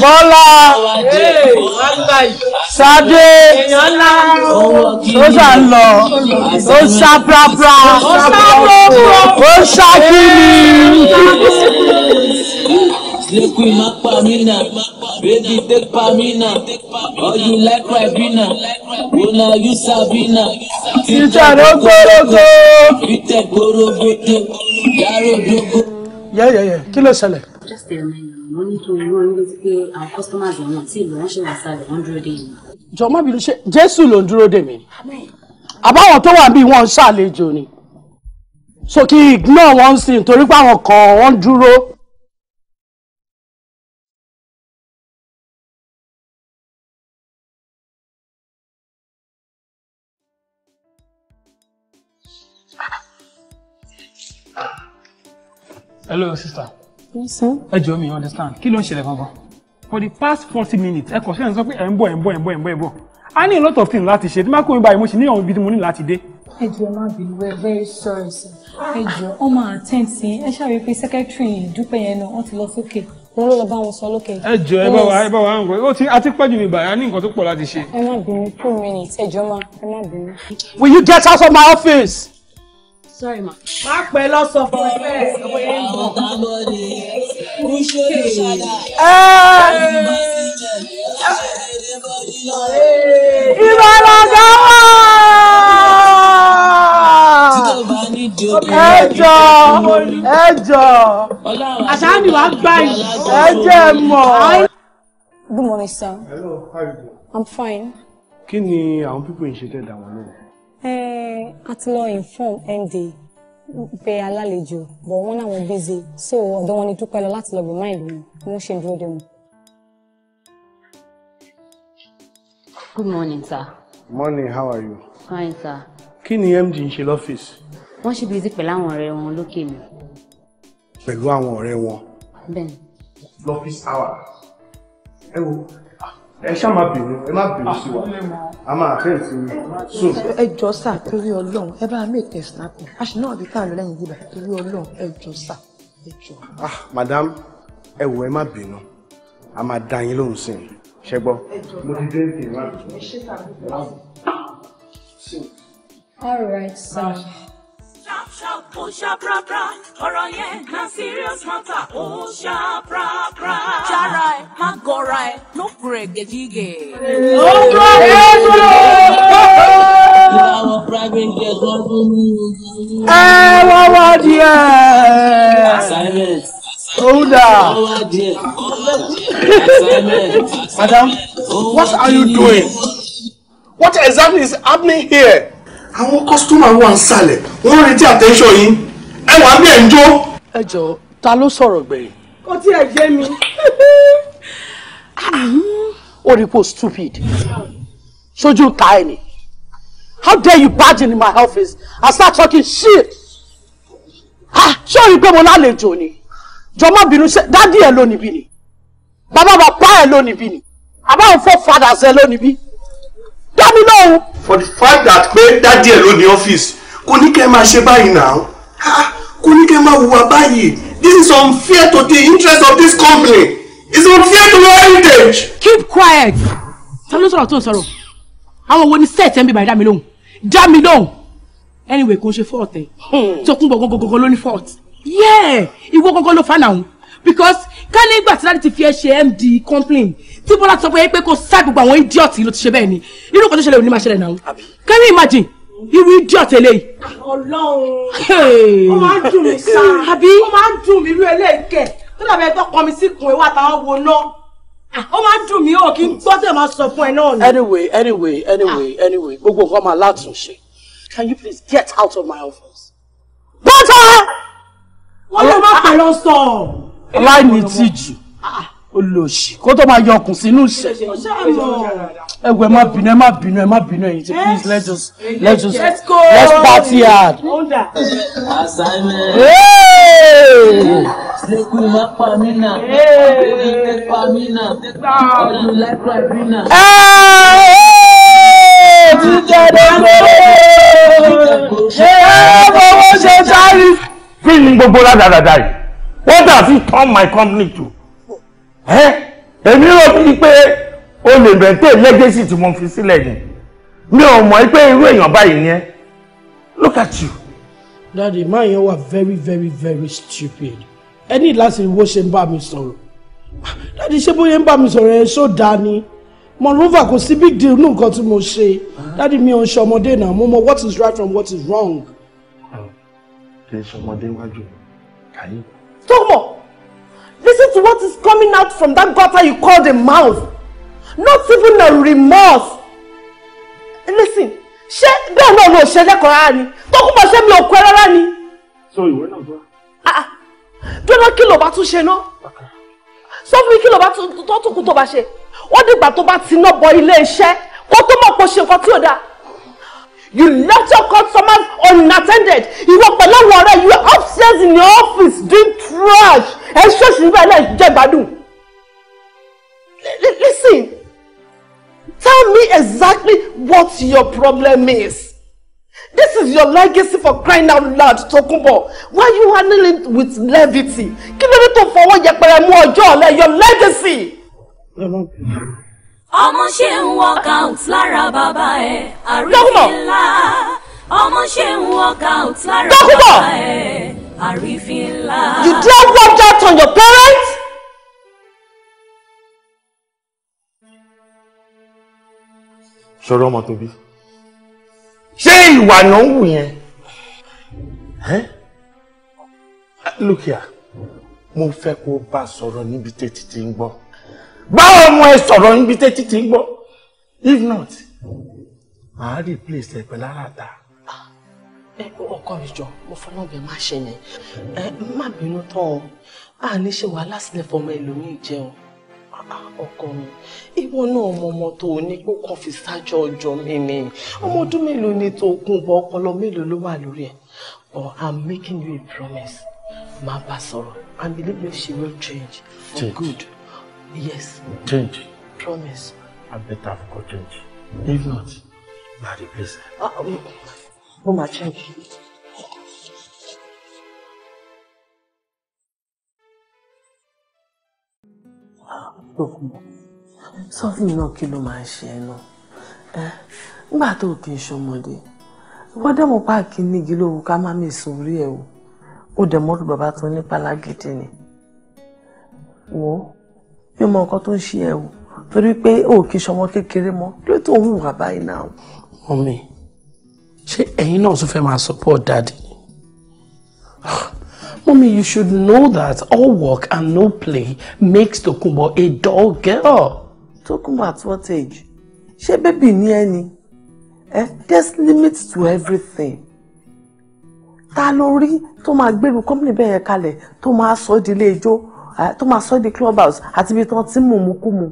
Bọ́lá Ṣadé ó ṣà ń lọ ó ṣá prapra ó ṣá kíni. Liquid mark Pamina, baby take Pamina, all you like Rabina, una you Sabina. Títà ló gbórógó. Títà gbórógó tẹ, yàrá òdòdó. Yẹ́yẹ́yẹ́, kí ló ṣẹlẹ̀? Just a minute nítorí rán yín létí pé àwọn customers ẹ̀wọ̀n tí ìlú ránṣẹ́ wà ṣe jésù ló ń dúró dè mí àbáwọn tó wà bíi wọn ń ṣàlejò ni so kí ignore wọn sí nítorí pé àwọn kan wọn dúró. Hello, sister ẹ jọ mi understand kí ló ń ṣẹlẹ̀ gangan for the past forty minutes ẹ kọ̀ ṣẹ́yìn sọ pé ẹ̀ ń bọ̀ ẹ̀ ń bọ̀ ẹ̀ ń bọ̀ ẹ̀ ń bọ̀ ẹ̀ ń bọ̀ a ní a lot of things láti ṣe tí má kó mi báyìí mo ṣì ní àwọn ibi tí mo ní láti dé. ẹ jọ má we are very sorry sir ẹ jọ ọmọ àtẹ̀ǹt sí ẹ ṣàwé pé secretary dúpẹ́ yẹn náà wọ́n ti lọ sókè wọn ló lọ bá wọn sọ lókè. ẹ ẹ bá wa ẹ bá wa ń gbọ́ ó ti àti pẹ́jù mi bàyà ní nǹkan tó pọ̀ láti ṣe. ẹ má bínú two minutes ẹ jọ má ẹ má bínú. will you get out of my office. sorry ma. má pẹ́ lọ́sọ̀ fún ẹ Eh, ìbálòdà wà. ẹjọ ẹjọ àṣàmì wàá gbà yìí ẹjẹ mọ. good morning sir. hello how you doing. i'm fine. kí ni àwọn pípọ̀ yìí ṣe tẹ̀ dà wọ́n lóhùn. ẹ eh, a ti lọ inform MD bẹ alálejò bọ̀ wọ́n náà wọ́n bíze so ọ̀dọ̀ wọn ni dúpẹ́ lọ láti lọ bẹ̀ mi wọ́n ṣe dúró dé wọn. good morning sir. morning how are you. fine sir. kí ni md ń ṣe lọ́fíìsì. wọ́n ṣe bíze pẹ̀lú àwọn ọ̀rẹ́ wọn lókè mi. pẹ̀lú àwọn ọ̀rẹ́ wọn. bẹ́ẹ̀ni. lọ́fíìsì hour ẹ wo ẹ ṣá máa bínú ẹ má bínú sí wa ah, a máa fẹ́ sí so. ẹ jọ sà torí Ọlọ́run ẹ bá mi tẹ sinapọ a sì náà bí tá lẹ́yìn yìí torí Ọlọ́run ẹ jọ sà ẹ jọ. ah madam ẹ wò ẹ má bínú a máa dá yín lóhùn sí i ṣe gbọ́. mo ti dé ìpè wá. all right sir. So. Ah sharp sharp ó ṣàprapra serious matter ó oh, ṣàprapra. jara ẹ má gọra ẹ ló kúrẹ gẹjígẹ. ó gbọ́ ẹ̀rọ. Àwọn private jet wọ́n tó ní ojú. wá díẹ̀. Assignment. Madam, what are you doing? What exactly is happening here? àwọn kọ́sítọ́mà wà ń sàlẹ̀ wọ́n retí attention yín ẹ wà bí ẹ̀ ń jó. ẹ jọ̀ọ́ ta ló sọ̀rọ̀ gbẹ̀yìn. kò tí ẹ jẹ́ mi. ó rí kó stupid ṣojú ta ẹ ni how dare you barge in my office and start talking shit ṣé o rí pé mo lálejò ni jọmọ bínú ṣe dádì ẹ ló níbí ni bàbá bàbá ẹ ló níbí ni àbáwọn forefathers ẹ ló níbí dámi lóhùn for the fact that pé dádì ẹ̀ ló ní ọ́fíìsì kò ní kẹ́ máa ṣe báyìí náà ah, ah, kò ní kẹ́ máa hùwà báyìí this is unfair to the interest of this company it's unfair to your heritage. keep quiet ta ló sọ̀rọ̀ tó sọ̀rọ̀ àwọn wo ni set ẹ̀ ń bí bàdá mi lóhùn dá mi lóhùn anyway kò ń ṣe fault ẹ̀ tó hmm. kún gbọ̀ngàn gbọ̀ngàn ló ní fault yeah ìwọ gbọ̀ngàn ló fà náà because ká nígbà tí láti fi ẹ ṣe md complain tí bọ́lá ti sọ pé pé kò sá gbogbo àwọn idiot ló ti ṣe bẹ́ẹ̀ ni irú nǹkan tó ṣẹlẹ̀ ò ní máa ṣẹlẹ̀ náà can you imagine irú idiot eléyìí. ọlọ́run ó máa ń dùn mí sáà ó máa ń dùn mí irú eléyìíkẹ́ tó dàbí ẹjọ́ kọ́ mi sí kun ìwà àtàwọn wo náà ó máa ń dùn mí ò kí n gbọ́ tẹ̀ máa sọ fún ẹ náà ni. anyway anyway anyway anyway gbogbo nǹkan máa látúnṣe can you please get out of my office. bọ́tà wọ́n ló máa pẹ̀lú sọ. aláìní tìjú. Ah, ah olóòṣì kó tó máa yọ ọkùn sínú iṣẹ́ ẹgbẹ má bínú ẹ má bínú ẹ má bínú ẹ̀yin tí please let's just let's just let's party hard. gbogbo ládàdàdà yìí? What does it turn my company to? èmi rò bíi pé o lè bẹ̀ntẹ́ lẹ́gẹ́sì tí mo fi sílẹ̀ ni mi ò mọ̀ pé irú èèyàn báyìí ni ẹ́ look at you. dáàdi máa yẹn wà very very very stupid ẹ ní láti wo ṣe ń bá mi sọ̀rọ̀ dáàdi ṣé bóyá ń bá mi sọ̀rọ̀ ẹ ṣó dáa ni moreover kò sí big deal nù nǹkan tí mo ṣe dáàdi mi ò ń ṣọmọdé náà mo mọ what is right from what is wrong. kì í ṣọmọdé wájú kàyé. tó mọ̀. Listen to what is coming out from that gutter you call the mouth. Not even a remorse. Listen, she. ṣé bẹ́ẹ̀ náà ló She lẹ́kọ̀ọ́ rárá ni? Tọ́kùn bọ̀ ṣé mi ò kọ́ rárá ni? Sọ ìwé náà bá. Ah! Dọ́lá ah. kí ló bá tún she náà? Sọ fún mi kí ló bá tún tó tún kú she. bá ṣe? Wọ́n dìgbà tó bá ti she. bọ ilé iṣẹ́ kó tó mọ̀ pé ó ṣe nǹkan tí ò dáa you left your customers unattended ìwọ pẹ̀lú àwọn ọ̀rẹ́ you were upstairs in your office doing trash ẹ̀ ṣọ́ọ̀ṣì nígbà náà jẹ́ gbádùn. listen tell me exactly what your problem is. This is your legacy for crying out loud, Tokunbo. Why are you handling it with levity? Kí ló dé tó fọwọ́ yẹpẹrẹ mú ọjọ́ ọ̀la your legacy? ọmọ ṣe ń work out lára bàbá ẹ àrífín ńlá ọmọ ṣe ń work out lára bàbá ẹ àrífín ńlá. you dare walk out on your parents. sọ̀rọ̀ ọmọ tóbi ṣé ìwà náà ń wù yẹn look here mo fẹ́ kó bá sọ̀rọ̀ níbi tètè tí ń gbọ́ báwo ọmọ ẹ sọ̀rọ̀ níbi tẹ́tí ti ń gbọ́ if not màá replace ẹ pẹ̀lú aláta. ọkọ mi jọ mo fọlọ́ bẹ má ṣe yẹn ẹ má bínú tán o a ní ṣe wàhálà sílẹ̀ fọmọ ẹlòmíì jẹun ọkọ mi ìwọ náà ọmọ ọmọ tó o ní kó kàn fi ṣáájú ọjọ́ mi ni ọmọ ọdún mélòó ni tó kún bọ ọpọlọ mélòó ló wà lórí ẹ but i'm making you a promise má bá sọ̀rọ̀ i believe you she will change for good. Yes. Change. Promise. I better have got change. If not, marry replace Uh, oh, um, my change. sọ fún mi náà kí ló máa No. Eh. ẹ náà ẹ nígbà tó o kì í ṣọmọdé wọ́n dẹ́mọ̀ páàkì nígi lóru ká má mi sùn rí ẹ o ó dẹ̀ mi ò mọ nǹkan tó ń ṣe ẹ torí pé o kì í ṣọmọ kékeré mọ́ lórí tó ń hùwà báyìí náà. mọ́mí ṣé ẹ̀yin náà tún fẹ́ máa support daddy ni you should know that all work and no play makes Tokunbo a dull girl. Tokunbo at what age? ṣé bébì ní ẹni? Eh? There's limits to everything ta ló rí tó máa gbèrú kọ́mìnì bẹ́ẹ̀ yẹn kalẹ̀ tó máa sọ ọ́ di ilé ijó tó máa sọ di clubhouse àti ibi tó ti mú mu kú mu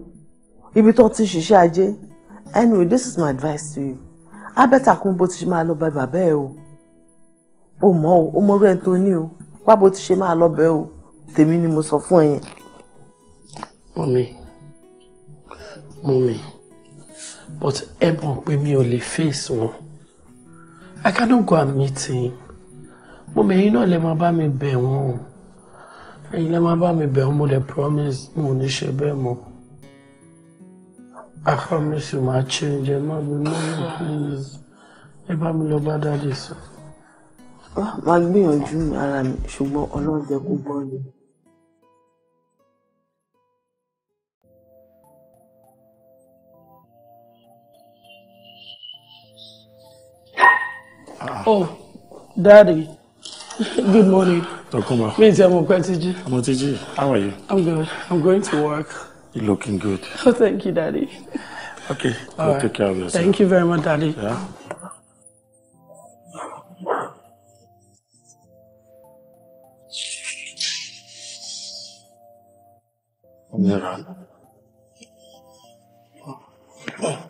ibi tó ti ṣiṣẹ́ ajé anyway this is my advice to you abẹ́ta kún bó ti ṣe máa lọ bá bàbá ẹ o ò mọ̀ o ó mọ̀rú ẹ̀ tó ní o wá bó ti ṣe máa lọ bẹ́ẹ̀ o tèmi ni mo sọ fún ẹ yẹn. mọ̀mí mọ̀mí but ẹ mọ̀ pé mi ò lè face wọn I cannot go and meet him mọ̀mí ẹ̀yin náà lè máa bá mi bẹ̀ wọ́n o ẹ̀yin lẹ máa bá mi bẹ̀ ọ́ mo dẹ̀ promise mo ní ṣe bẹ́ẹ̀ mọ́ I promise you máa change ẹ má mi mọ́ mi please ẹ bá mi lọ bá dáàdì sọ. máa gbìyànjú ara mi ṣùgbọ́n ọlọ́run jẹ́ kó gbọ́ ni. Oh, daddy. Good morning. Dokuma. Me too, I'm Okwetiji. I'm Otiji. How are you? I'm good. I'm going to work. You're looking good. Oh, thank you, Daddy. Okay, All I'll right. take care of yourself. Thank you very much, Daddy. Yeah. Never. Oh.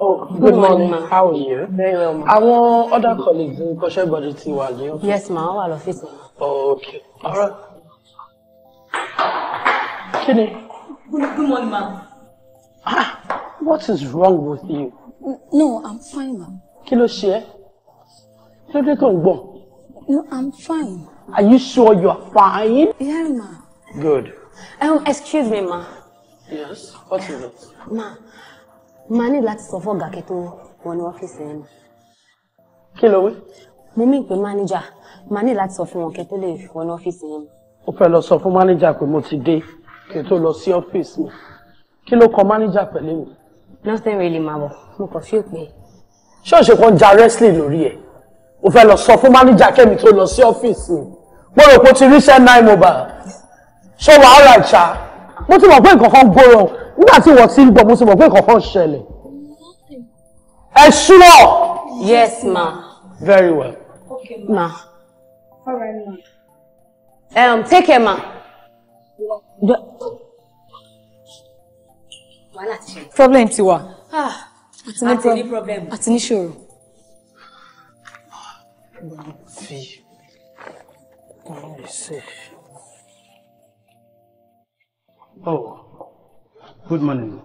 Oh, good, morning. morning How are you? Very well, ma'am. Àwọn other colleagues in Kosher Body ti wà ní ọ́fíìsì. Yes, ma'am. Wà lọ́fíìsì. Okay. All right. Kíni? Good, good morning, ma'am. Ah, what is wrong with you? No, I'm fine, ma'am. Kí ló ṣe ẹ́? Kí ló dé tó ń gbọ̀n? No, I'm fine. Are you sure you are fine? Yeah, ma. Good. Um, excuse me, ma. Yes, what is it? Ma, máa ní láti sọ fọ́gà kí tó wọn ní ọ́fíìsì ẹ̀ náà. kí ló wí. mo mí pé mánéjà máa ní láti sọ fún wọn kí tó lè wọn ní ọ́fíìsì ẹ̀ náà. ó fẹ́ lọ sọ fún mánéjà pé mo ti dé kí tó lọ sí ọ́fíìsì mi kí ló kọ mánéjà pẹ̀lú mi. nothing really ma bọ̀ mo kàn fi òpin. ṣé o ṣe kàn ja wrestling lórí ẹ̀ o fẹ́ lọ sọ fún mánéjà kẹ́mi tó lọ sí ọ́fíìsì mi mo rò pé o ti ríṣẹ́ nine mobile ṣé wàhálà ìṣá mo ti mọ̀ pé nǹkan kan gbòòrò nígbà tí wọ́n ti ń gbọ́ mo ti mọ̀ pé kankan ṣẹlẹ̀ ẹ ṣúná. yes ma. very well. okay ma. ma. all right ma. Um, take care ma. Yeah. problem ti wà. Ah, àti ní problem àti ní ṣòro. Oh. Good morning.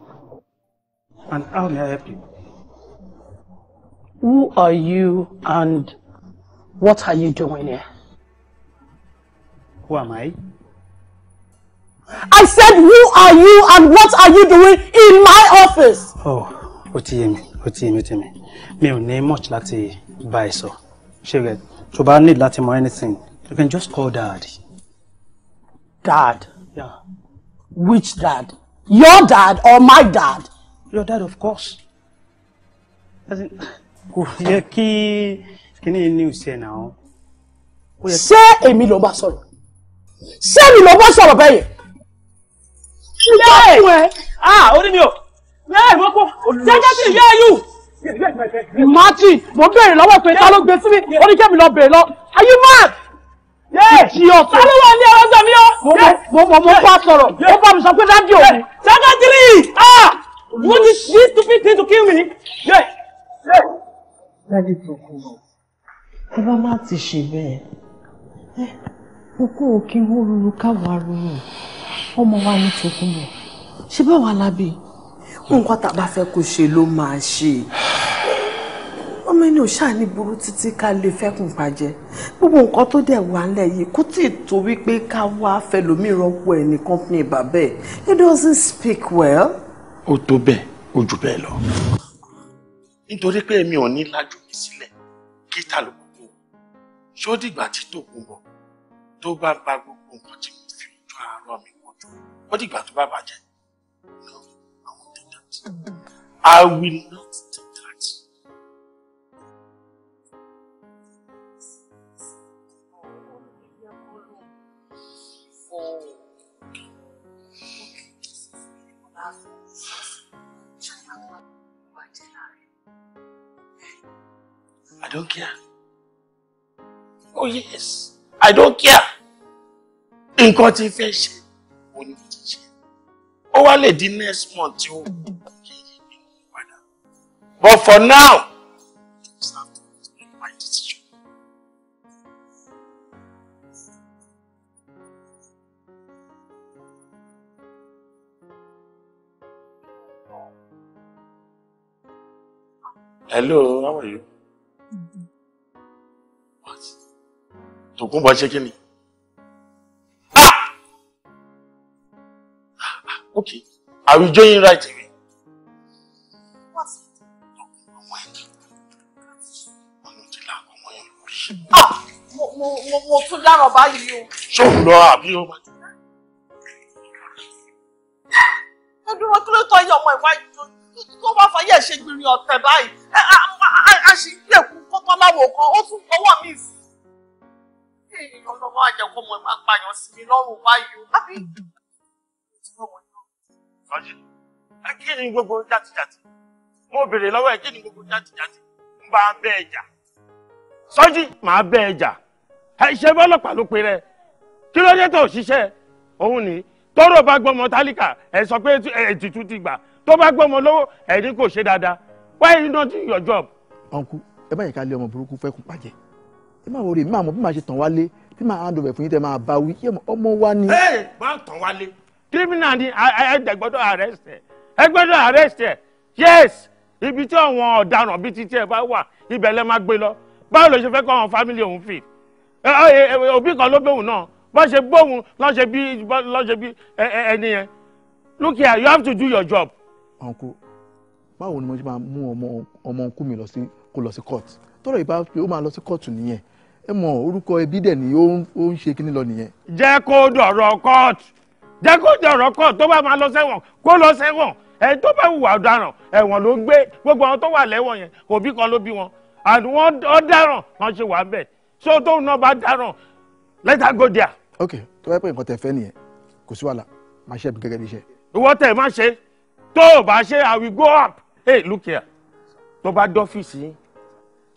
And how may I help you? Who are you and what are you doing here? Who am I? I said, who are you and what are you doing in my office? Oh, ó ti yé Me ó ti much lati bá so. sọ. Ṣé rẹ̀ tó need lati mo anything, you can just call dad. Dad? Yeah. Which dad? Your dad or my dad? Your dad, of course. Kò yẹ kí kíní ní ìṣe náà. Ṣé èmi ló bá sọ̀rọ̀? Ṣé èmi ló bá sọ̀rọ̀ bẹ́ẹ̀ Ṣé ìwé ẹ̀? Ah, orí mi ò. Bẹ́ẹ̀ mo kọ́, jẹ́jẹ́ sí ìyá ẹ̀yù. Martin, mo béèrè lọ́wọ́ pé ta ló gbé sí mi, ó ní kẹ́mi lọ béèrè lọ. Are you mad? jí ọ̀tọ̀. sálúwà ni ẹ̀rọ sọ mi o. mo mo bá sọ̀rọ̀ ó bá mi sọ pé dádì òun. secretary ah what is she stupid thing to kill me. dádì tó kú lọ ẹ bá má ti ṣe bẹ́ẹ̀ okun òkè ń wóruru káwa rúru ọmọ wa ní tòkun bọ̀ ṣé báwa la bí nǹkan tàbá fẹ́ kó ṣe ló máa ṣe ọmọ ẹni ò ṣáà ní burú títí ká lè fẹ́kùn pàjẹ́ gbogbo nǹkan tó dẹ̀ wà ńlẹ̀ yìí kó tí ì tó wípé ká wá fẹlòmíì rọ́pò ẹ̀ ní company bàbá ẹ̀ he doesn't speak well. ó tó bẹ́ẹ̀ ó jù bẹ́ẹ̀ lọ. nítorí pé èmi ò ní lájú mi sílẹ̀ kí ta ló gbogbo ṣó dìgbà tí tó kún bọ̀ tó bá ba gbogbo nǹkan tí mo fi ojú àárọ̀ mi kojú ó dìgbà tó bá bàjẹ́ I will not I don't care nǹkan tí fẹ́ ṣe ó ní ti ṣe ó wá lè di next month tí ó yẹ yìí nínú padà but for now Hello, how are you? Tòkunbọ̀ ṣe kí ni? Okay, are we joining right away? What's it? Ọmọ ẹ̀ ọ̀nà ti là ọmọ yẹn ah! Mo mo mo tún dáràn báyìí o. Ṣóun lọ àbí o máa jẹ́? Ẹ dúró kí ló tọ́ yẹ ọmọ ìwádìí tó tó bá fàyè ṣe gbìyànjú ọ̀tẹ̀ báyìí. A ṣì ń gbèkú kọ́tọ́ láwò kan, ó tún ọwọ́ mi sí ọlọ́wọ́ àjẹkọ́ ọmọ ìmọ̀ apààyàn sí mi lọ́rùn báyìí o. Sọ́jí, ẹ kí ni gbogbo jàtìjàtì? Mo béèrè lọ́wọ́ ẹ kí ni gbogbo jàtìjàtì? N bá bẹ́ ẹ jà. Sọ́jí, màá bẹ́ ẹ jà. Iṣẹ́ bọ́lọ́pàá ló pe rẹ. Kí ló dé tó ṣiṣẹ́? Òun ni tọ́rọ̀ bá gbọ́mọ tálíkà ẹ sọ pé ètùtù ti gbà tó bá gbọ́mọ lọ́wọ́ ẹ ní kò ṣe dáadáa. Why you not do your job? Ọ̀nkú, ẹ bá yẹ ká lé ọmọ burúkú fẹ́ pàjẹ́ ẹ máa wọlé máa mọ bí màá ṣe tàn wálé bí màá hand over fún yín tẹ máa bá wí ọmọ wa ni. ẹ bá ń tàn wálé criminal ni ẹ gbọ́dọ̀ arrest ẹ ẹ gbọ́dọ̀ arrest ẹ yes ibi tí àwọn ọ̀daràn bíi títí ẹ bá wà ibẹ̀ lẹ máa gbé lọ báwo ló ṣe fẹ́ kọ́ àwọn fámìlì òun fi òbí kan ló bóun náà bọ́n ṣe bóun lọ́n ṣe bí lọ́n ṣe bí ẹni yẹn look here you have to do your job. ọ̀nkú báwo ni mo ṣe máa mú ọmọ ọmọ nkú mi lọ sí kó lọ sí court tọ́rọ̀ ìbá ó máa lọ sí court nìyẹn ẹ mọ orúkọ ẹbí dẹ̀ ni ó ń ṣe kíní lọ nìyẹn. jẹ́ kó dọ̀rọ̀ kóòtù jẹ́ kó dọ̀rọ̀ kóòtù tó bá máa lọ sẹ́wọ̀n kó lọ sẹ́wọ̀n ẹ tó bá hùwà ọ̀daràn ẹ̀wọ̀n ló gbé gbogbo àwọn tó wà lẹ́wọ̀n yẹn òbí kan ló bí wọn àwọn ọ̀daràn kan ṣe wà bẹ́ẹ̀ so tó ń nọba dáràn lẹ́tà gòdìà. ok tó bá yẹ pé nǹkan tẹ fẹ́ nìyẹn kò sí wàhálà máa ṣe gẹ́gẹ́ bí iṣẹ́. ìwọ tẹ má ṣe tó o bá ṣe i will go up hey look here tó bá dọ́fíìsì yín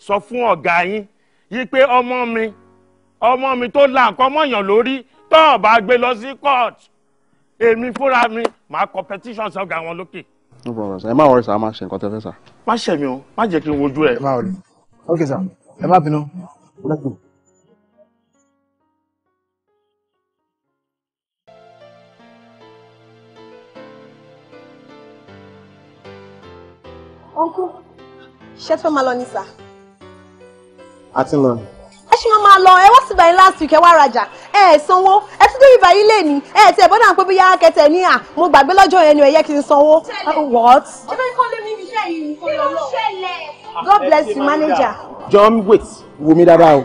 sọ fún ọ̀gá yín yí pé ọmọ mi ọmọ mi tó la nǹkan mọ̀yàn lórí tó o bá gbé lọ sí court èmi fúnra mi màá kọ petition sọ́gà wọn lókè. no problem sir ẹ má wọrí sir a máa ṣe nǹkan tẹ́ fẹ́ sir. má ṣe mi o má jẹ́ kí n wojú ẹ. ẹ má wọrí ok sir ẹ má bínú lẹ́kùn. uncle ṣé tó máa lọ ní sà àti lọ. ẹ ṣe máa máa lọ ẹ wá síbà last week ẹ wá rajà ẹ ẹ sanwó ẹ tún dé ibà yín lè ní ẹ ẹ tẹ ẹ bọ́dà ń pé bí yára kẹtẹ ní à mo gbàgbé lọ́jọ́ yẹn ni ẹ yẹ kí n sanwó. Uh, what. ṣé bẹ́ẹ̀ kọ́ lé mi iṣẹ́ yìí kò lọ lọ. God bless you manager. John wait wò mí dáadáa o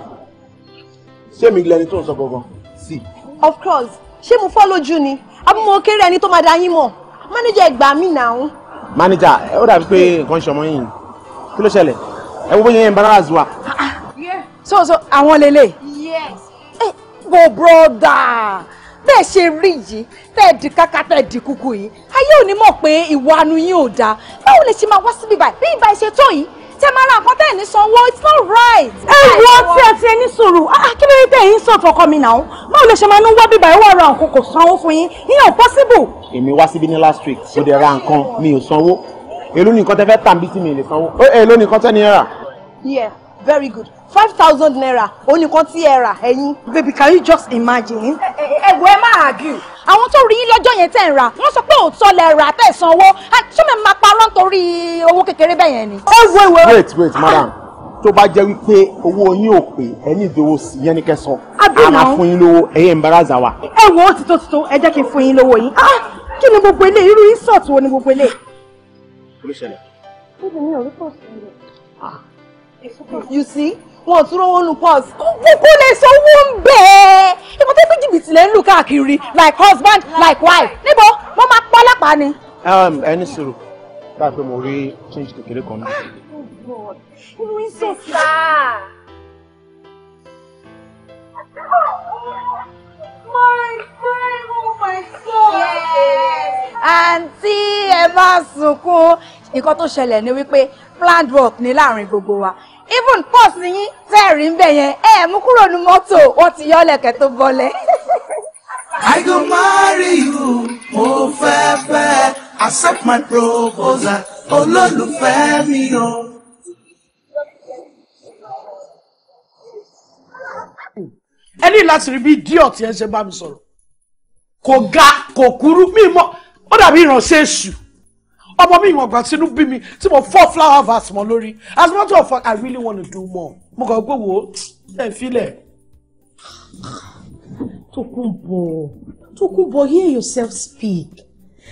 ṣé mi lẹni tó ń sọ gangan sí. of course ṣé mo fọ́ lójú ni abúmọ̀ kéré ẹni tó máa da yín mọ̀ manager ẹ gbà mí náà. manager ó dàbí pé nǹkan ṣọmọ yìí kí ló ṣẹlẹ̀ ẹ wo bóyá embarrass wa so so àwọn lele. yes. ẹ eh, wo broda tẹ́ ẹ ṣe rí yìí tẹ́ ẹ di káká tẹ́ ẹ di kúkú yìí ayé ò ní mọ̀ pé ìwà anu yín ò dáa báwo lè ṣe máa wá síbi báyìí bí ìbá ṣe tó yìí tẹ máa ra nǹkan tẹ́ ẹ̀ ní sanwó it's not right. ẹ wọ tí ẹ ti ẹni sùúrù ah, ah, kí ló dé tẹ ẹ̀yin sọ fọkọ mi náà báwo lè ṣe máa ń wá bíbá ẹ wọ ra nǹkan kò sanwó fún yín ìyẹn ò possible. èmi wá síbi ní last week mo dẹ̀ ra nǹkan mi ò sanwó èló nìkan tẹ fẹ́ tàbí tí mi lè sanwó èló nìkan tẹ́ ni ẹ rà. yeah very good five thousand naira oníkan tí ẹ rà ẹyin. baby can you just imagine. ẹ̀gbọ́n ẹ máa argue. àwọn tó rí yín lọ́jọ́ yẹn tẹ̀ ń ra wọ́n sọ pé òótọ́ lẹ rà tẹ̀ sanwó ṣé mi máa parọ́ nítorí owó kékeré bẹ́ẹ̀ yẹn ni. wait wait madam tó bá jẹ́ wípé owó yín ò pé ẹni ìdòwò sí yẹn ní kẹsàn án a máa fún yín lówó ẹ̀yẹ embarrass wa. ẹ wo ó ti tó ti tó ẹ jẹ́ kí n fún yín lówó yín ah, kí ni gbogbo ilé irú insult wo ni gbogbo ilé. olùṣèlè. bíbí mi ò rí pọ̀ sí i. Ah. you see wọn ò tún rówó nu pọ́s kúkú lè sanwó ń bẹ̀ ẹ́ ìmọ̀ tó fi jìbìtì lẹ́ ń lù káàkiri like husband ah. like wife níbo wọ́n máa pọ́ lápá ni. Um, ẹni sùúrù bá a pé mo rí change kékeré kan náà. inú iṣẹ́ sá. my friend oh my God. àǹtí ẹ má sunkún nǹkan tó ṣẹlẹ̀ ni wípé plant work ni láàrin gbogbo wa even pọ́s yín tẹ́ẹ̀rí ń bẹ̀ yẹn ẹ mú kúrò ní mọ́tò wọ́n ti yọ ọlẹ́kẹ̀ tó bọ́lẹ̀. I go marry you, mo fẹ́ fẹ́, accept my proposal, olólùfẹ́ mi o. ẹ ní láti rí bí idiot yẹn ṣe bá mi sọ̀rọ̀ kò ga kò kúrú mímọ́ ó dàbí ìrànṣẹ́ èṣù ọmọ mi ìwọ̀n gbà sínú bí mi tí mo fọ́ flower vase mọ́ lórí as a matter of fact i really want to do more mo kàn gbé wo ẹ filẹ̀. Tokunbo Tokunbo hear yourself speak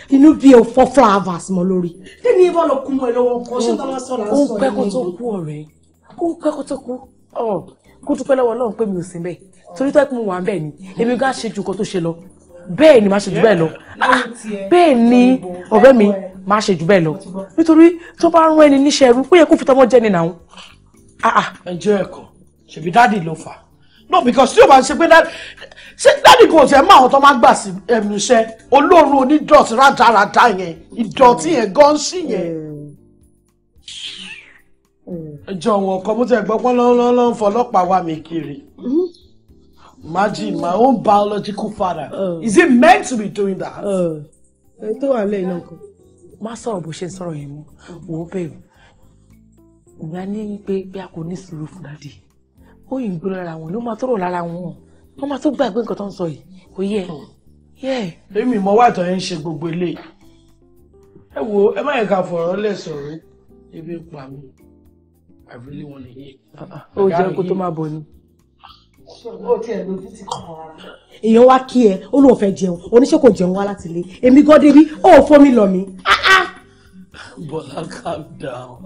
inú bí o fọ́ flower vase mọ́ lórí. kí ni ibà lọ kú mọ́ ẹ lọ́wọ́ kan ṣé táwọn sọ̀rọ̀ àṣọ yìí. ó ń pẹ́ kó tó kú ọ̀rẹ́ ó ń pẹ́ kó tó kú kó dúpẹ́ lọ́wọ́ náà pé mi ò sí bẹ́ẹ̀ torí tó ẹ̀ wà ń ni èmi gan ṣe ju nǹkan tó ṣe lọ bẹ́ẹ̀ ni màá ṣe jù bẹ́ẹ̀ lọ bẹ́ẹ̀ ni ọ̀rẹ́ mi má ṣe jù bẹ́ẹ̀ lọ nítorí tó bá rán ẹni níṣẹ́ ẹrú ó yẹ kó fi tọmọ jẹ ni nàún. Ah, ah. ẹjọ́ ẹ̀kọ́ ṣèbí dáàdì ló fà á no because tí o bá ṣe pé ṣe dáàdì kò tẹ mọ àwọn tó máa gbà sí ẹnu iṣẹ́ olóòórùn onídọ̀tí rádaràda yẹn ìdọ̀tí yẹn gan sí yẹn. ẹjọ́ wọn kan mo tẹ gbọ́ pọ́n lọ́nà fọlọ́pàá wa mi kiri imagine my own biological father oh. is he meant to be doing that. Oh. ẹ tó wà lẹ́yìn náà kan má sọ̀rọ̀ bó ṣe ń sọ̀rọ̀ yẹn mọ́ wò ó bẹ̀rù ìgbà ní pé bí a kò ní sùúrù fún dádì ó yìn gbó lára wọn ló máa tó rò lára wọn wọn máa tó gbàgbé nǹkan tó ń sọ yìí kò yẹ hmm. yẹ. èmi mọ wá àtọ̀ yẹn ń ṣe gbogbo eléyìí ẹ wo ẹ má yẹ ká fọ̀rọ̀ lẹ̀ sọ̀rọ̀ ebi pa mi I really wanna ah, ah. ó jẹ́ kó tó máa bọ̀ ni èèyàn wá kí ẹ ó lóun fẹ́ jẹun oníṣẹ́ kò jẹun wá láti ilé èmi gan débi ó ò fomi lọ mi. Ah, ah. Bọ́lá calm down.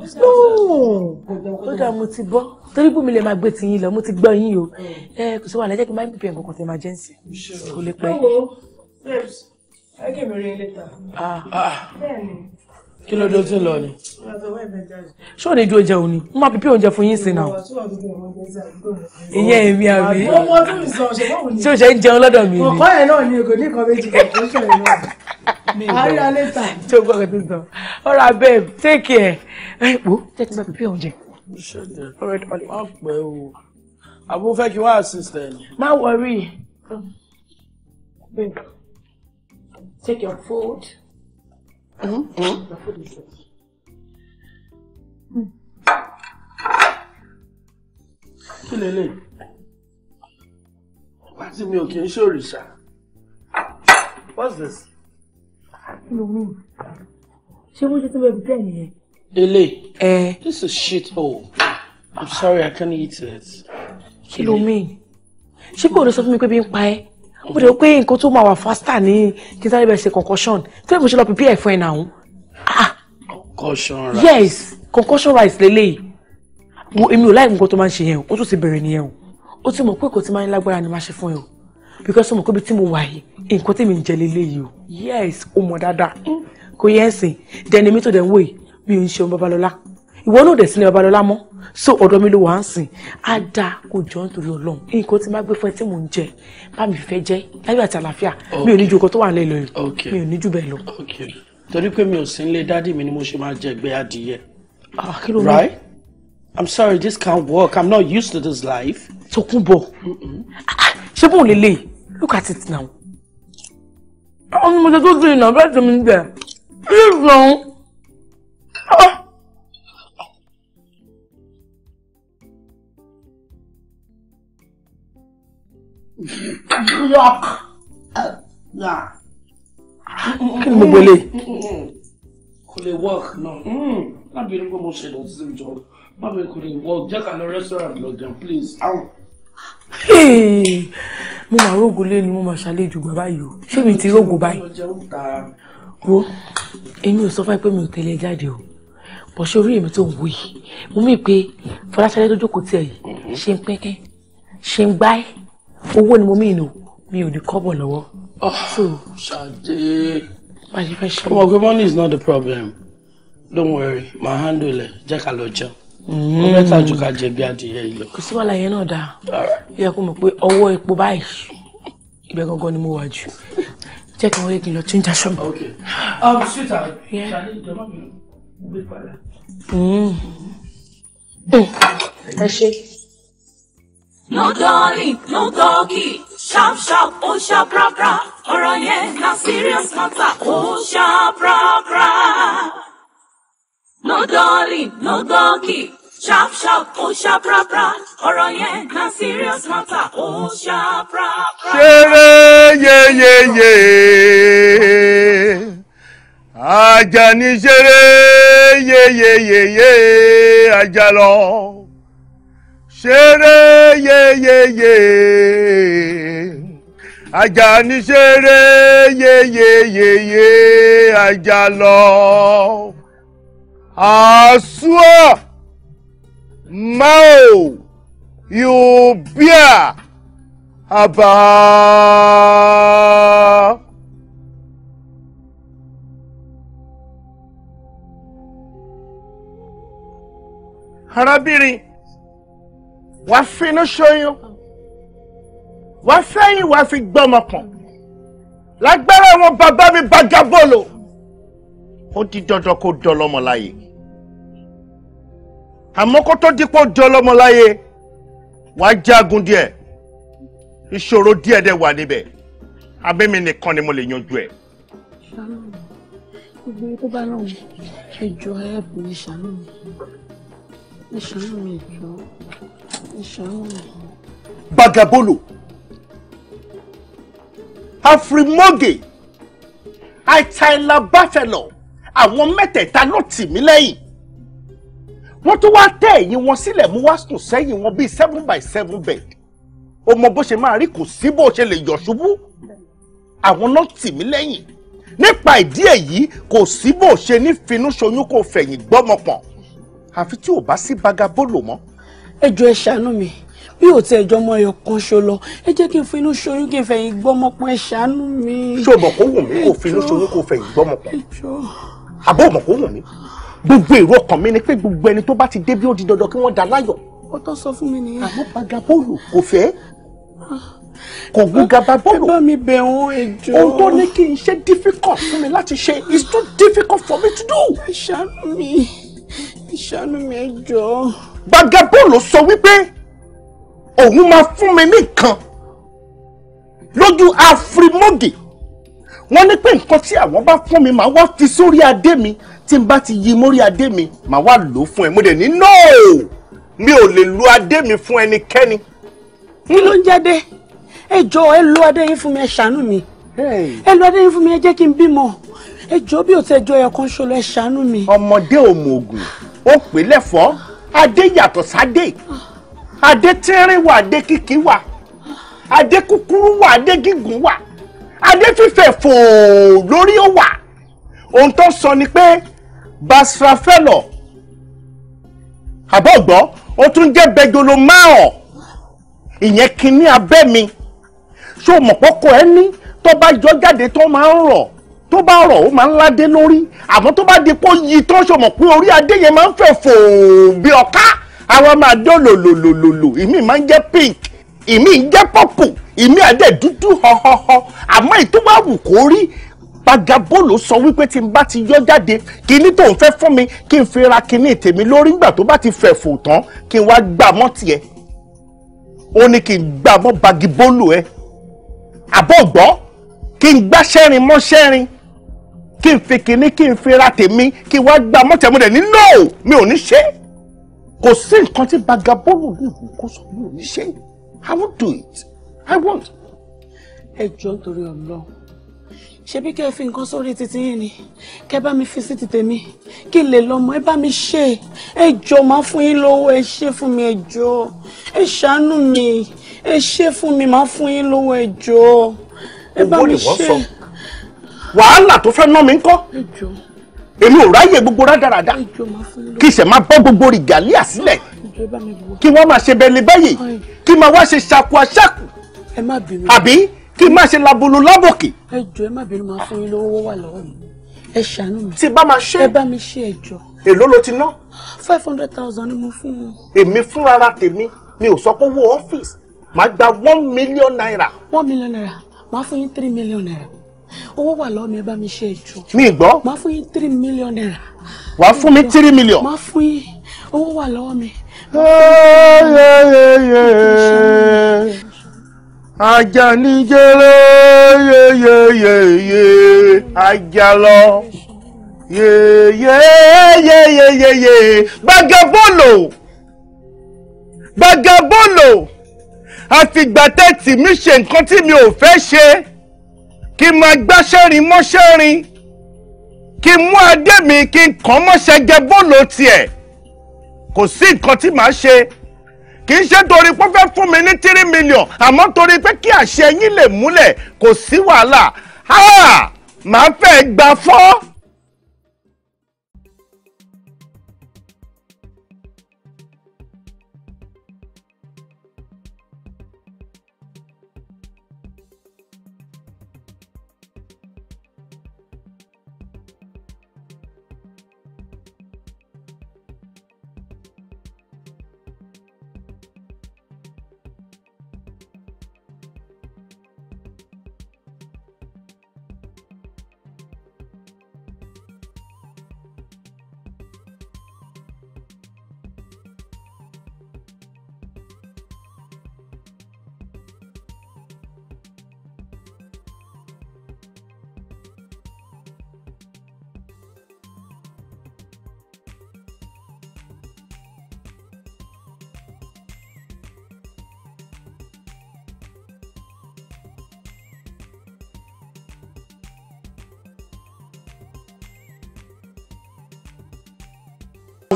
ó dà mo ti gbọ́ torí bùnmi lè máa gbé tiyín lọ mo ti gbọ́ yín o mm. ẹ kò sí wàhálà jẹ́ kí n máa ń bìbẹ̀ nǹkan kan tẹ̀ máa jẹ́ ǹsìn kò lè pẹ́. ẹ kì í mi rí i létà. Ah. bẹ́ẹ̀ ni kí ló dé tí ń lọ ni. ṣé ò ju oúnjẹ òní mo máa pípé oúnjẹ fún yín sí náà. ìyẹn èmi àbí tí o ṣe ń jẹun lọ́dọ̀ mi ni. ọkọ yẹn náà ni ègò nìkan méjì kan tó ṣe ìlú àríyá lẹ́tà. tí o gbọ́ kẹ́tẹ́ sọ ọ̀rọ̀ abẹ́ take care ẹ̀ wò jẹ́ kí n bá pípé oúnjẹ. má pẹ́ o àbú fẹ́ kí wọ́n assist ẹ̀. má worry. take your food. Mm -hmm. The food is ready. Kí lélẹ̀? Wá tí mi ò kí ń ṣòrìṣà. What's this? Kí ló mú? Ṣé wọ́n ṣe tó bẹ̀rù bẹ́ẹ̀ nìyẹn? Ele. This is shit hole. Oh. I'm sorry I can't eat it. Kí ló mú? Ṣé kò lè sọ fún mi pé bí ń pa ẹ́? ó bẹ̀rẹ̀ pé nǹkan tó máa wà faster ní kí n sáré bẹ̀rẹ̀ ṣe concussion tó yẹ kó ṣe lọ prepare fún ẹ̀ náà. concussion rice yes concussion rice lélẹ́yìí wo èmi ò láì nǹkan tó máa ń ṣe yẹn o ó tún ti bẹ̀rẹ̀ nìyẹn o ó ti mọ̀ pé kò ti máa ń lágbára ni máa ṣe fún ẹ o because ó mọ̀ pé ibi tí mo wà yìí nǹkan tèmi ń jẹ lélẹ́yìí o yes ó mọ̀ dáadáa kò yẹ ẹ̀sìn dẹ́ni mi tó dẹ̀ ń wò yìí mi ò ń ṣe ọmọ ìwọ náà dẹ̀ sí babalọ́lá mọ́ so ọ̀dọ̀ mi ló wà á sìn á dáa kó jọ nítorí ọlọ́run nǹkan tí máa gbé fún ẹ tí mò ń jẹ bá mi fẹ́ jẹ́ láyé àti àlàáfíà mi ò ní ju nǹkan tó wà nílẹ̀ lọ mi ò ní jù bẹ́ẹ̀ lọ. torí pé mi ò sí nílé dádì mi ni mo ṣe máa jẹ ẹgbẹ́ adìyẹ. right i'm sorry this can't work i'm not used to this life. Tókunbọ̀ ṣé bóun lè lè look at it now. ọmọ mi tó tún ìnáwó bẹ́ẹ̀ tó mi ń bẹ̀ ẹ́ kí ni gbogbo eléyìí. kò lè work náà lábìrin mm. pé mo ṣe lọ sí ìjọ báwo kò lè work jẹ́ ká lọ restaurant lọ jẹun please. mo máa rògùn lé ni mo máa ṣàlejò bàbá yìí o ṣé mi ti rògùn báyìí. wo èmi ò sọ fún ẹ pé mi ò tẹ̀lé jáde o bọ̀ ṣe orí èmi tó ń wò yìí mo mí pé Fọláṣadé tó jókòó tiẹ̀ yìí mm-hmm. ṣe ń pẹ́kẹ́ ṣe ń gbáẹ́ owó ni mo mí nù mi ò ní kọ́bọ̀ lọ́wọ́. Ah, so ṣàdé ọmọ pé money is not the problem don't worry my handle ẹ jẹ́ ká lọ jẹun ó mẹ́ta jù ká jẹ bí adìyẹ ilẹ̀. kò sí wàhálà yẹn náà dáa ó yẹ kó mọ̀ pé ọwọ́ epo báyìí you gangan ni mo wà jù jẹ́ kí wọ́n yé kí change aṣọ mi. ok um, sweetheart uh, ṣàlẹ́ ìjọba mi ò gbé padà. Mm. ẹ ṣe no darling no doggy sharp sharp ó oh, sharp rárá ọ̀rọ̀ yẹn na serious matter oh ó sharp rárá. no darling no doggy sharp sharp ó oh, sharp rárá ọ̀rọ̀ yẹn na serious matter oh ó yeah yeah yeah, yeyeyeye ajá ní ṣeré yeyeyeye ajá lọ ṣeré yeyeyeye Àjàní ṣeré yeyeyeye ajá lọ àṣùọ mao a àbá. arábìnrin wà á finú ṣoyún wà á fẹ́yìn wà á fi gbọ́mọ pọ̀n lágbára àwọn bàbá mi bàjábọ́ọ̀lù ó di dandan kó dán lọ́mọ láyè àmọ́ kó tó dípò dán lọ́mọ láyè wà á jagun díẹ̀ ìṣòro díẹ̀ dẹ̀ wà níbẹ̀ abẹ́mi nìkan ni mo lè yanjú ẹ̀. gbogbo tó bá náà ẹjọ́ ẹ̀ bùn ìṣàánú mi ìṣàánú ìjọ. Bagabolo, Afrimoge, Àìtàìlà Buffalo, àwọn mẹ́tẹ̀ẹ̀ta ló tì mí lẹ́yìn. Wọ́n tún wá tẹ́ ẹ̀yìn wọn sílẹ̀ mú wá sùn sẹ́yìn wọn bíi seven by seven bed. O mọ bó ṣe máa rí kò sí bó ṣe lè yọ̀ ṣubú. Àwọn náà tì mí lẹ́yìn. Nípa ìdí èyí, kò sí bó ṣe ní finú ṣoyún kò fẹ̀yìn gbọ́mọpọ̀n. Àfi tí ò bá sí Bagabolo mọ́ ẹ jọ̀ọ́ ẹ mi bí ò tẹ ẹjọ́ mọ́ ẹyọ ṣo lọ ẹ jẹ́ kí n finú ṣoyún kí n fẹ̀yìn gbọ́mọpọ̀ ẹ mi. ṣé o wù mí kó finú ṣoyún kó fẹ̀yìn gbọ́mọpọ̀ àbọ̀ mọ̀ kó wù mí gbogbo èrò ọkàn mi ni pé gbogbo ẹni tó bá ti dé bí ó di dandan kí wọ́n da láyọ̀. ó tọ́ sọ fún mi nìyẹn. àmọ́ padà bọ́ọ̀lù kò fẹ́ kò ah, gbúga bá bọ́ọ̀lù. ẹ bá mi bẹ̀ wọ́n ẹjọ́. ohun tó ní kí n ṣe difficult fún mi láti ṣe is too difficult for me to do. ẹ ṣàánú mi ẹ ṣàánú vagabond ló sọ wípé òun máa fún mi ní nǹkan lójú àfrimọ́gì wọ́n ní pé nǹkan tí àwọn bá fún mi màá wá fi sórí adé mi tí n bá ti yí mórí adé mi màá wá lò ó fún ẹ mo dẹ̀ ní nóò mi ò lè lo adé mi fún ẹnikẹ́ni. kí ló ń jáde ẹ jọ ẹ lo adé yín fún mi ẹ ṣàánú mi ẹ lo adé yín fún mi ẹ jẹ́ kí n bímọ ẹ jọ bí òtún ẹ jọ ẹ kan ṣọlọ ẹ ṣàánú mi. ọmọdé òmùgùn ó pè lẹ́fọ̀ọ́ adé yàtọ̀ sáde adé tínrín wà adé kìkì wà adé kúkúrú wà adé gígùn wà adé fífẹ̀ fòó ó wà ohun tó sọ ni pé basrafelo àbọ̀gbọ́ ó tún jẹ́ bẹjolo márùn ìyẹn kínní abẹ́ mi ṣó mọ̀pọ́kọ ẹni tó bá jọ jáde tó máa ń rọ̀ tó bá rọ̀ ó máa ń ládé lórí àmọ́ tó bá di pé ó yí tán ṣọmọ pé orí adé yẹn máa ń fẹ̀ fòó bí ọ̀ká àwọn máa dán lòlòlòlò ìmí máa ń jẹ́ pink ìmí ń jẹ́ pọ́pù ìmí àdẹ̀ dúdú họhọhọ àmọ́ ìtúwà wù kó rí gbagabóòlù sọ wípé tí n bá ti yọ jáde kíní tó ń fẹ́ fún mi kí n fi ra kíní tèmi lórí ńgbà tó bá ti fẹ̀ fò tán kí n wá gbà mọ́ tiẹ̀ ó ní kí n gbà mọ́ bagibóòlù ẹ àbọ̀ gbọ́ kí n gbá sẹ́rin mọ́ sẹ́rin kí n fi kinní kí n fi ra tèmi kí wá gba mọ́tẹ̀mọ́tẹ̀ ní no mi ò ní ṣe kò sí nǹkan tí bagabọ́ọ̀lù ní ìlú sọ mi ò ní ṣe I won't do it I won't. ẹ jọ nítorí Ọlọ́run ṣebí kẹ́ fi nǹkan sórí títí yín ni kẹ́ bá mi fi sí ti tèmi kí lè lọ́mọ ẹ bá mi ṣe ẹ jọ máa fún yín lówó ẹ ṣe fún mi ẹ jọ ẹ ṣàánú mi ẹ ṣe fún mi máa fún yín lówó ẹ jọ ẹ bá mi ṣe wàhálà tó fẹ́ ná mi ń kọ́ èmi ò ráyè gbogbo rádaràda kí ìṣẹ̀ máa bọ́ gbogbo rìgàlíà sílẹ̀ kí wọ́n máa ṣe bẹ́ẹ̀ báyìí kí máa wá ṣe ṣàkó aṣáku àbí kí máa ṣe labolo lábòkè. ẹ jọ̀ọ́ ẹ má bínú máa fún yín lówó wà lọ́wọ́ mi ẹ ṣàánú mi. tí bá máa ṣe ẹ bá mi ṣe ẹ jọ̀ọ́. èló ló ti ná. five hundred thousand ni mo fún wọn. èmi fúnra tèmi mi ò sọ pé owó ọ́fíìsì máa gba one million naira. one million naira máa fún yín three million naira owó wà lọ́wọ́ mi ẹ bá mi ṣe ìjọ. mi gbọ́. máa fún yín three million naira. wà á fún mi three million. máa fún yín owó wà lọ́wọ́ mi. ajá ní jẹ́rẹ́ yeyeyeye ajá lọ yeyeyeyeye gbàgàbọ́lò gbàgàbọ́lò àfìgbà tẹ́tì mi ṣe nǹkan tí mi ò fẹ́ ṣe kí n máa gbáṣẹ́rin mọ́ṣẹ́rin kí n mú adé mi kí n kàn mọ́ṣẹ́ jẹ bóòlù tiẹ̀ kò sí nǹkan tí màá ṣe kì í ṣe torí pé fẹ́ fún mi ní tírí mílíọ̀n àmọ́ torí pé kí àṣẹ yín lè múlẹ̀ kò sí wàhálà màá fẹ́ gbà fọ́.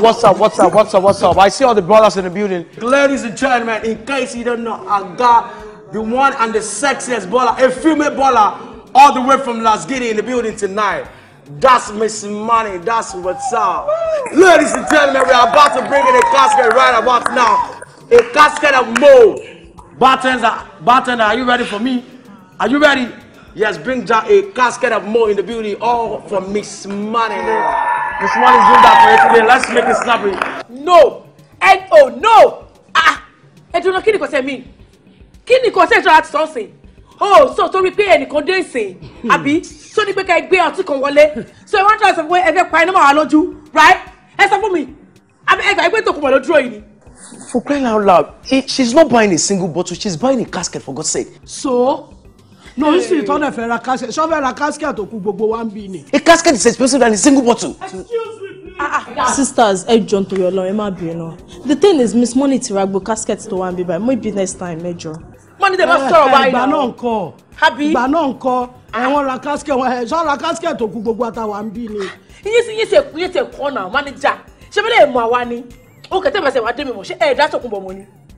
what's up, what's up, what's up, what's up? I see all the brothers in the building. Ladies and gentlemen, in case you don't know, I got the one and the sexiest baller, a female baller, all the way from Las Guinea in the building tonight. That's Miss Money, that's what's up. Ladies and gentlemen, we are about to bring in a casket right about now. A casket of mold. Bartender, bartender, are you ready for me? Are you ready? Yes, bring down a casket of more in the beauty, all for Miss Money. Miss Money's doing that for you today. Let's make it snappy. No! Ẹ oh no! Ah! Ẹ dúró kí ni kò sẹ́ mi? Kí ni kò sẹ́ ìtura ti sọ́ọ̀sì? Oh, so torí pay any dé ìsìn, hmm. so you ní a big gbé ọtí kan wọlé. So I want ń tọ́ ẹ sọ pé ẹ fẹ́ pa iná màá lójú, right? Ẹ sọ fún mi, àbí ẹ gbà pé tòkùnbọ̀ ló dúró yìí ni. For crying out loud, she's not buying a single bottle, she's buying a casket for God's sake. So? no n sì tọ́nà fẹ́ ra casket sọ́fẹ́ a casket tó kú gbogbo wa ń bí ni. a casket is expensive than a single bottle. excuse me please. Ah, ah, sisters ẹ jọ nítorí Ọlọ́run ẹ má No, the thing is miss money ti ra gbo casket tó wà ń bí báyìí mo next time Major. money they must throw báyìí náà ìgbà Happy. ń kọ́ I want a ah. casket. ẹ̀wọ̀n ra casket sọ́ casket tó kú gbogbo àtàwà ń bí ni. iye ti iye ti iye ti ẹ̀kọ́ náà manager ṣé bí lè mọ àwa ni ó kẹ́tẹ́ mẹ́sẹ̀ wá dé mi mọ̀ ṣé ẹ̀ẹ́dá tó kún bọ̀ mọ́ ni.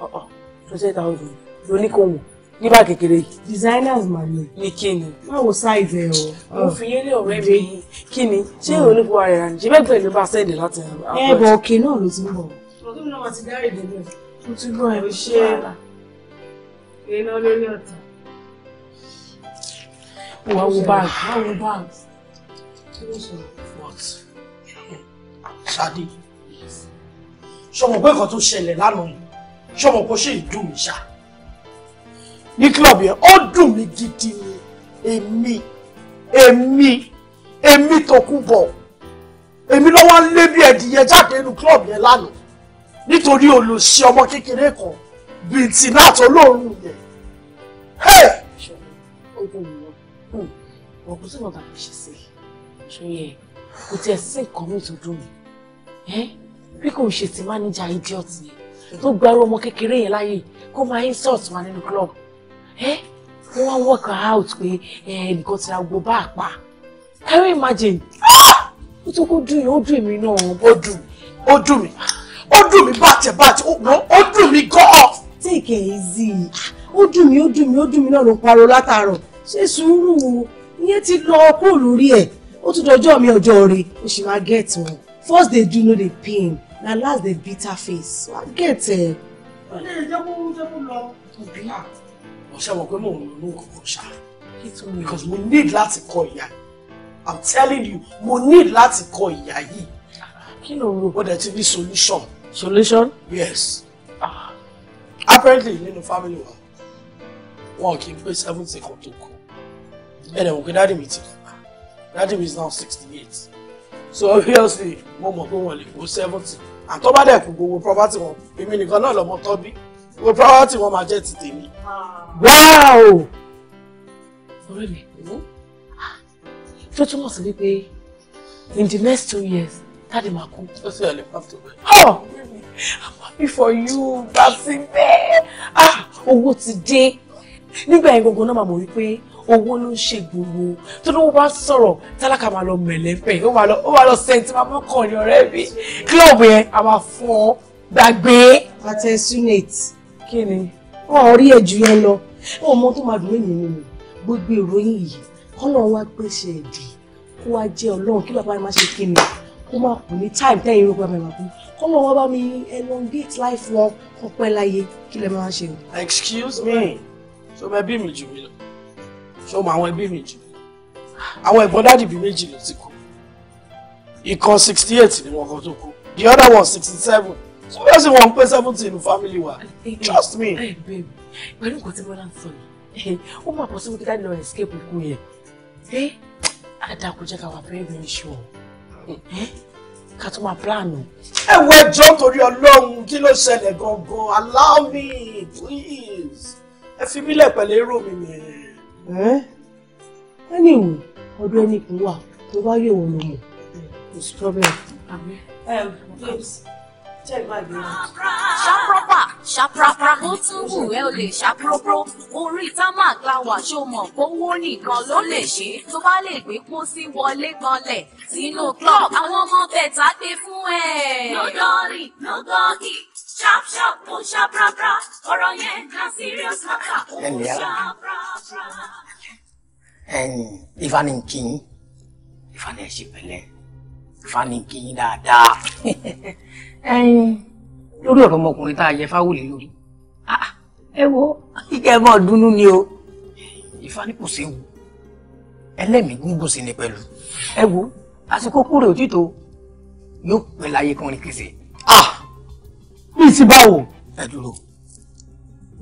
Ah, ah, twenty thousand lóní kò wọ̀ ní bá kékeré yìí. designers màmí. ní kíni. báwo ṣáìzì ẹ o. mo fi yẹlé ọ̀rẹ́ mi kíni ṣé olùkọ́ rẹ̀ rà ní ṣe bẹ́ẹ̀ ló bá sẹ́ẹ̀dẹ̀ láti. ẹ bọ òkè náà ló ti ń bọ̀. ọ̀gá mi náà máa ti dárí ìdẹ́gbẹ̀. mo ti gbọ́ ẹ̀ ṣe é iná lórí ọ̀tá. wà á wo báàgì wà á wo báàgì. what? Sadi ṣọmọ pé nǹkan tó ṣẹlẹ̀ lánàá yìí ṣọmọ kò ṣe ìdùn mi ṣá ní club yẹn ó dùn mí gidi ni èmi èmi èmi tó kú bọ̀ èmi ló wá lé bí ẹ̀dìyẹ jáde nínú club yẹn lánàá nítorí olùsí ọmọ kékeré kan bìntì náà tó lóorùn yẹn ọkùnrin hmm. tí wọn bá fi ṣe sí ṣe yẹ kò tiẹ̀ sí nǹkan mi tó dùn mí bí kò ṣe ti mánéjà idiot yẹn tó gbarú ọmọ kékeré yẹn láyè kó máa insult wa nínú club ẹ wọn wá work out pé ẹnìkan ti ra gbogbo bá a pa can you imagine ah! ó tó kó dùn yẹn ó dùn mí náà ó dùn ó dùn mí ó dùn mí bàtẹ bàtẹ ó dùn mí gan. take it easy ó dùn mí ó dùn mí ó dùn mí náà ló parọ́ látàárọ̀ ṣé sùúrù ìyẹn ti lọ kúrò lórí ẹ̀ ó tún dọjọ́ mi ọjọ́ rẹ̀ ó sì máa gẹ̀ẹ́tì wọn first dey do no dey pain na last dey bitter face so i get ọlẹ́ ìjẹ́kú ìjẹ́kú lọ òbí à mo ṣe pé mo ń lo òkùnkùn ṣá because mo need láti kọ ìyá i'm telling you mo need láti kọ ìyá yìí. kí ló ń lò. ó dẹ̀ ti ní solution. solution. yes. Ah. apparently nínú family wa wọn kì í pé seventy kan tó kù ẹ̀ dẹ̀ wò pé dádì mi ti dádì mi is now sixty eight so obviously mo mọ̀ pé wọ́n lè kó seventy and tó bá dẹ̀ kú gbogbo property wọn èmi nìkan náà lọ́mọ tọ́ bí gbogbo property wọn máa jẹ́ ti tèmi. wow ọ̀rẹ́ mi tó túmọ̀ sí wípé in the next two years dáàdì máa kú. ó sì ẹ̀lẹ́ pàtó bẹ́ẹ̀. oh i'm happy for you bàtí bẹ́ẹ̀ ah owó ti dé nígbà yẹn gbogbo náà máa mọ̀ wípé owó ló ń ṣe gbogbo tó ló bá sọ̀rọ̀ tálákà máa lọ mẹ̀lẹ́fẹ̀ ó máa lọ ó máa lọ sẹ́ńtì máa mọ́kàn ní ọ̀rẹ́ mi club yẹn a máa fún ọ gbàgbé. àtẹ sunate kí ni wọn ò rí ẹjù yẹn lọ ọmọ tó máa dùn mí nínú gbogbo ìròyìn yìí kọ́nà wa gbèsè ẹ̀dì kó wa jẹ́ ọlọ́run kí bàbá mi má ṣe kí ni kó má kù ní táìmù tẹ́yìn irú bàbá mi má kú kọ́nà wa bá mi elongate life wọn kọ́ pẹ́ láyé kí lè máa ṣe. excuse me So maybe mi jù mí lọ. So o mọ àwọn ẹbí méjì àwọn ẹ̀gbọ́n dáàdì bíi méjì ló ti kú ìkan sixty eight ni wọn kan tó kú the other one sixty seven so wọ́n sì one pé seventy inú family wa trust me. pẹ̀lú nǹkan tí bọ́lá ń sọ yìí ó máa pọ̀ sí wípé dáàdì lọ escape ikú yẹn ẹ àdàkù jẹ́ ká wà very very sure ká tó plan. plánù. ẹ wo ẹjọ́ torí ọlọ́run kí ló ṣẹlẹ̀ gangan allow me please ẹ fi mílẹ̀ pẹ̀lú èrò mi nìyẹn anyway ọdún ẹni kò wà tó bá yẹ̀wò ló mọ̀ kò sí problem. babes check my bill. ṣàprópà ṣàprápra ó tún wù ẹ́ o lè ṣàprópró orí támàk la wà ṣó mọ̀ kówó nìkan ló lè ṣe tó bá lè gbé pósí wọlé ganlẹ̀ sínú club àwọn ọmọ bẹ̀ẹ̀ gbé fún ẹ̀. no dọ́rì no gọ́gì sharp sharp ó oh, sharp rabra ọ̀rọ̀ yẹn na serious matter ó sharp rabra. ifá ni kí yín ifá ni ẹ ṣe pẹ̀lẹ́ ifá ni kí yín dáadáa lórí ọ̀rọ̀ ọmọkùnrin tá a yẹ fáwọlé lórí ah, ah, ẹ wo kíkẹ́ ẹ máa dunnú ni o ifá ni kò séwu ẹlẹ́mìí gúngùn sí ni pẹ̀lú ẹ wo àsìkò kúrò òtítọ́ yóò pẹ́ láyé kan ní kìsì sí báwo. ẹ dúró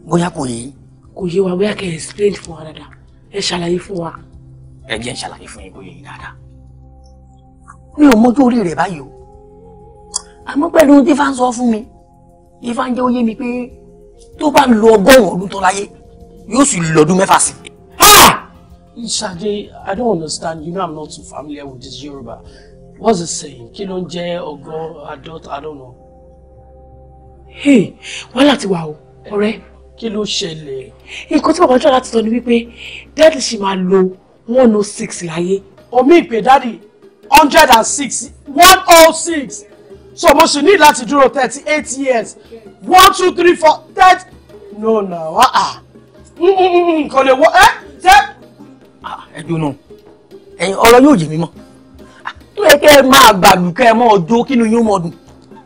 bóyá kò yé. kò yé wa bóyá kẹ́ ẹ explain fún wa dáadáa ẹ ṣàlàyé fún wa. ẹ jẹ́ ń ṣàlàyé fún yín bóyá yín dáadáa. mi ò mójú orí rẹ̀ báyìí o àmọ́ pẹ̀lú Ifá ń sọ fún mi Ifá ń jẹ́ ó mi pé tó bá lo ọgọ́rùn-ún ọdún tó láyé yóò sì lọ́dún mẹ́fà sí. Ah! Ṣadé, I don't understand. You know I'm not too familiar with this Yoruba. What's the saying? Kí ló ń jẹ́ ọgọ́, adult? I don't know wàhálà ti wà o ọ̀rẹ́. kí ló ṣẹlẹ̀. nǹkan tí bàbá jọ láti sọ ni wípé dáàdì ṣì máa lo one oh six láyé. omi ìpè dáàdì hundred and six one oh six so mo ṣì ní láti dúró thirty eight years one two three four thirty no na wa ah nǹkan lè wọ eh, ah, ẹ tẹ. ẹ jóná ọ̀rọ̀ yóò jẹ mímọ́ kí ẹ máa gbàgbù kẹ́ ẹ mọ́ ọjọ́ kínú yín ó mọ̀ ọdún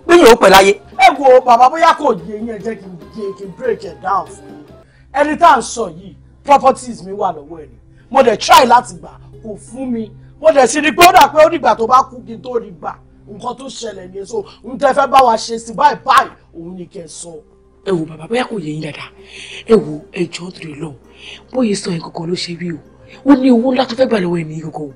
bí yóò pẹ̀ láyé ẹ wo bàbá bóyá kò yé yín ẹ jẹ́ kí n yé kí n break it down fún yín ẹni tá à ń sọ yìí properties mi wà lọ́wọ́ ẹ̀ ni mo dẹ̀ try láti gbà kò fún mi mo dẹ̀ sì rí pé ó dà pé ó dìgbà tó bá kú kí n tó rí gbà nǹkan tó ṣẹlẹ̀ ni so n tẹ́ fẹ́ bá wa ṣe sí báyìí báyìí òun ni kẹ́ ẹ sọ. ẹ wo bàbá bóyá kò yé yín dáadáa ẹ wo tó lè lọ bóyá sọ yẹn kankan ló ṣe wí o ó ní owó ńlá tó fẹ́ gbà lọ́wọ́ ènìyàn gògò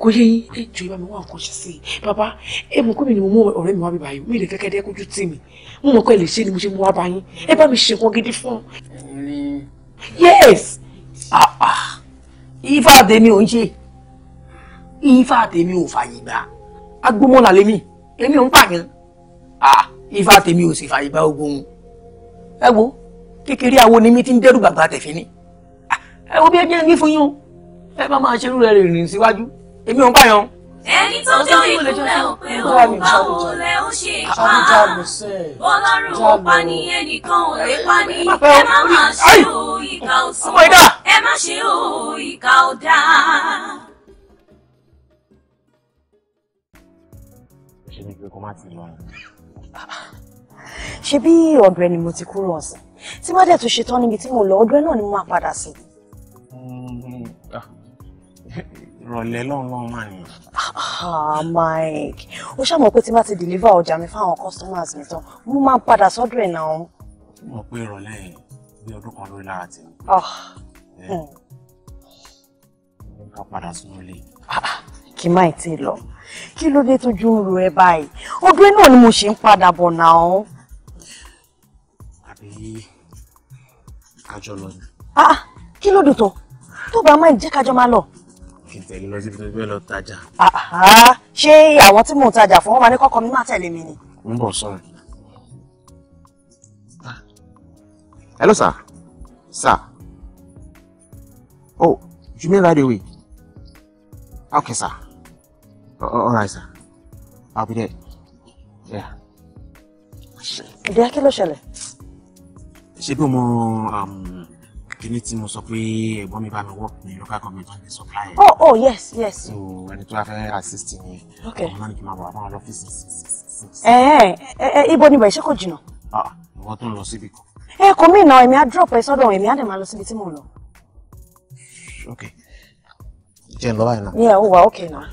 kò yẹ yín ẹ jọ ìbá mi wá nǹkan ṣe sí i bàbá ẹ mọ̀ pé mi ni mo mú ọ̀rẹ́ mi wá bíbá yìí mi lè kẹ́kẹ́ dẹ́ kójú tì mí mo mọ̀ pé lè ṣe ni mo ṣe mú wá bá yín ẹ bá mi ṣe nǹkan gidi fún yes ah, ah. ifá tèmi ò ń ṣe ifá tèmi ò fàyè gbà agbómọ̀là lèmi èmi ò ń pààyàn ah, ifá tèmi ò sì fàyè gbà ogun ẹ wo kékeré awo ni mi ti ń dẹ́rù bàbá tẹ̀fín ni ẹ wo bí ẹ jẹ́ ń gbé fún yín o ẹ bá máa ṣerú rẹ̀ rìn síwájú èmi ò ń báyọ̀. ẹni tó jó ìkúnlẹ̀ òpin òun báwo lẹ ó ṣe ìpamọ́ ah, bọ́lárùn ó pa ní ẹnìkan ò lè pa ní ẹ má máa ṣe o ìka ò sùn ẹ má ṣe o ìka ò dáa. ṣe ni pé kó má ti lọ rìn. ṣe bí ọ̀dọ̀ ẹ ni mo ti kúrò ọ̀sán tí bá dẹ̀ tó ṣetán níbi tí mo lọ ọ̀dọ̀ náà ni mo máa padà sí. Mm-hmm ìrọ̀lẹ́ lọ́run lọ́run mà ní. Ah, Mike ó ṣàmọ̀ pé tí bá ti deliver ọjà mi fáwọn customers mi tán mo máa ń padà sọ́dọ̀ ẹ̀ náà. mo pe ìrọ̀lẹ́ yìí bí ọdún kan lórí lára tèmi. Ah, hmm. mo máa padà sínú ilé. Ah, kí má ì tí ì lọ kí ló dé tójú ń ro ẹ báyìí ọdún náà ni mo ṣe ń padà bọ̀ náà. àbí kájọ lọ ni. kí ló dùn tó tó bá máa ń jẹ́ kájọ máa lọ kí n tẹ̀lé lọ síbi tó fẹ́ lọ tajà. ṣé àwọn tí mò ń tajà fún wọn máa ní kọ́kọ́ mi máa tẹ̀lé mi ni. ń bọ̀ sọ̀rọ̀. Ah. hello sir sir oh you mean right away okay sir uh, all right sir i'll be there yeah. ìdí akíló ṣẹlẹ̀. ṣé bí mo. Um, kíní tí mo sọ pé ẹ̀gbọ́n mi bá mi work ní local government and supply. oh oh yes yes. so ẹni tó wá fẹ́ assist mi. ok ọmọ náà ni kí n máa bọ̀ àwọn ọ́fíìsì six. Eh, ẹ eh, ẹ eh, ibo ni bẹ̀rẹ̀ ṣé kò jìnnà. Ah, ìwọ tó ń lọ síbi kan. ẹ kò mí ìná èmi á drop ẹ sọ́dọ̀ èmi á dẹ̀ máa lọ síbi tí mò lọ. ok jẹ́ ń lọ báyìí náà. yẹ ó wà ókè náà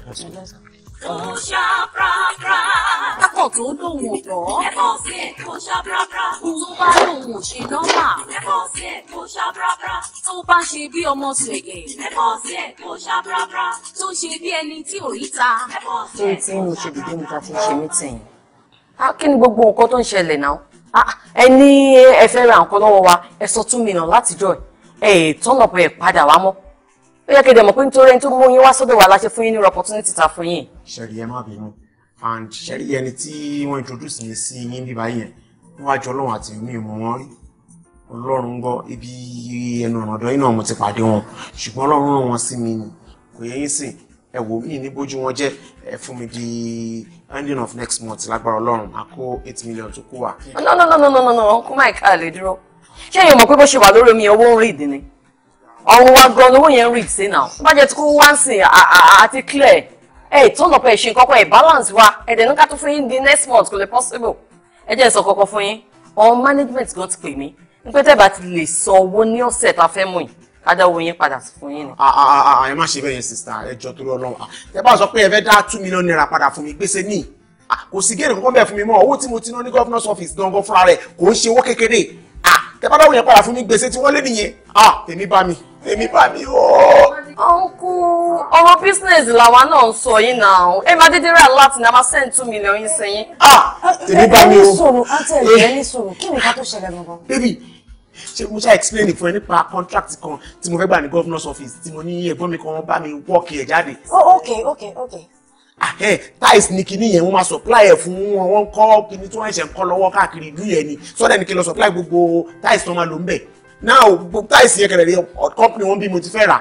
kọ̀ tó lòun ò gbọ́. ẹ kọ́ sí ẹ̀ kó ṣá brábra. tó bá lòun ò ṣe nọ́mà. ẹ kọ́ sí ẹ̀ kó ṣá brábra. tó bá ṣe bí ọmọ sẹ̀gẹ̀. ẹ kọ́ sí ẹ̀ kó ṣá brábra. tó ṣe bí ẹni tí ò rí ta. ẹ kọ́ sí ẹ̀ kó ṣá brábra. tí mo ṣe ni gbogbo nǹkan tó ń wa ẹ sọ tún mi nà látijọ́ ẹ̀ ẹ̀ tọ́lọ̀pọ̀ ẹ̀ padà wá mọ́ ó yẹ kéde mọ̀ pé nítorí ẹni tó mú wa la ṣe fún yín ní opportunity ta fún yín. ṣẹ̀rí ẹ má bínú and ṣẹ́rí ẹni tí wọ́n introduce mi sí yín bíbá yẹn níwájú ọlọ́run àti mi ò mọ̀ wọ́n rí ọlọ́run gbọ́ ibi ẹnu ọ̀nà ọ̀dọ́ yìí náà mo ti pàdé wọn ṣùgbọ́n ọlọ́run ràn wọ́n sí mi ni kò yẹ yín sìn ẹ wò mí ní bójú wọn jẹ ẹ fún mi di ending of next month lágbára Ọlọ́run a kó eight million tó kú wa. no no no no no no no uncle mike a lè dúró ṣé èèyàn mọ̀ pé bó ṣe wà lórí omi owó ń read ni ọ̀run wa gan owó yẹn ń read sí náà bá jẹ́ tí kò wá sí àti clear ẹ turn up ẹ ṣe kọ́kọ́ ẹ balance wa ẹ dẹ̀ nígbà tó fún yín di next month kò lè possible ẹ jẹ́ sọ kọ́kọ́ fún yín ọ̀n management gan ti pè mí nípa tẹ́ bá ti lè san owó ní ọ̀sẹ̀ tá a fẹ́ mú yìí kájà owó yín padà fún yín ni. Ah, ah, ah, ẹ má ṣe bẹ́ẹ̀ yẹn sista ẹ jọ torí ọlọ́run ẹ bá sọ pé ẹ fẹ́ dá two million naira padà fún mi gbèsè níì kò sí géèrè kankan bẹ́ẹ̀ fún mi mọ́ owó tí mo ti ná ní gọ́fúnọ́sì ọ́fíìsì gangan fúnra rẹ̀ kò ń ṣe owó kékeré tẹ bá dáwọ yẹn padà fún mi gbèsè tí wọ́n lé nìyẹn ah èmi bá mi èmi bá mi ooo. ọ̀nkú ọ̀rọ̀ business làwa náà ń sọ yìí náà ẹ máa dédé rà láti náà máa send two million yín sẹ́yìn. ah èmi bá mi o. ẹni sọ̀rọ̀ àti ẹ̀jẹ̀ kí ni ká tó ṣẹlẹ̀ gangan. baby ṣe mo ṣá explain fún ẹ nípa contract kan tí mo fẹ́ gbà ní governor's office tí mo ní ẹ̀gbọ́n mi kan bá mi work ẹ̀ jáde. oh okay okay okay ahẹ́ tiles eh, ní kinní yẹn wọ́n máa supply ẹ̀ fún wọn wọ́n kọ́ kinní tí wọ́n ṣẹ̀ ń kọ́ lọ́wọ́ káàkiri ìlú yẹn ni sọ́dẹ̀ ní kí lọ supply gbogbo tiles tó máa lò ń bẹ̀ now gbogbo tiles yẹn kẹ̀lẹ̀ rẹ̀ company wọn bí mo ti fẹ́ rà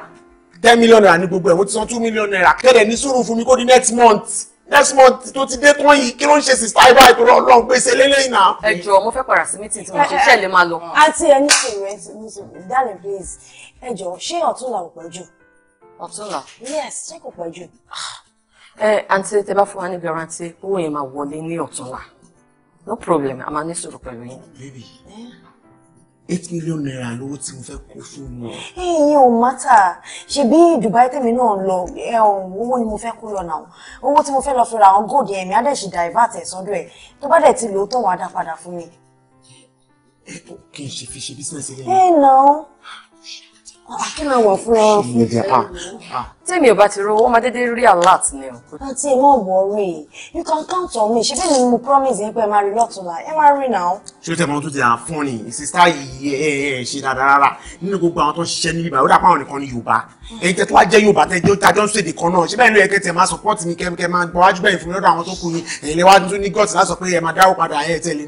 ten million naira ní gbogbo ẹ̀ mo ti san two million naira kẹ̀lẹ̀ ní sùúrù fún mi kó di next month next month tó ti dé tán yìí kí ló ń ṣe sí style báyìí tó lọ́ọ́ lọ́ọ́ gbèsè lélẹ́yìn náà. ẹ jọ̀ọ́ mo fẹ́ padà sí meeting tí mo ṣe ṣe lè máa lọ. àti ẹni tí ìrẹ darling please ẹ jọ̀ọ́ ṣé ọ̀túnla ò pẹ́ jù. ọ̀túnla. yes ṣé kò pẹ́ jù. Ah ẹ àǹtí tẹ bá fún wa ní garanti owó yẹn máa wọlé ní ọ̀túnla no problem a máa ní sùúrù pẹ̀lú yín. baby eight million naira lówó tí mo fẹ́ kó fún mi. ìyẹn ò mátà ṣe bí Dubai tèmi náà lọ owó ni mo fẹ́ kó lọ náà owó tí mo fẹ́ lọ fi ra àwọn góòdì ẹ̀mí á dẹ̀ ṣì divert ẹ̀ sọ́dọ̀ ẹ̀ tó bá dẹ̀ ti lò ó tán wàá dá padà fún mi. ẹ kí n ṣe fi ṣe business lẹ́yìn. ẹ kí ló wọ̀ fún ọ fún ìdí à. tèmi ò bá ti rówó ó máa dédé worry you can count on me ṣebí ni mo promise yẹn pé ẹ máa rí lọ́tùnla ẹ máa rí náà. ṣé o tẹ̀ mọ́ tó ti àfún ni ìsísá yìí ẹ ẹ ṣe dáadáa rárá nínú gbogbo àwọn tó ń ṣiṣẹ́ níbí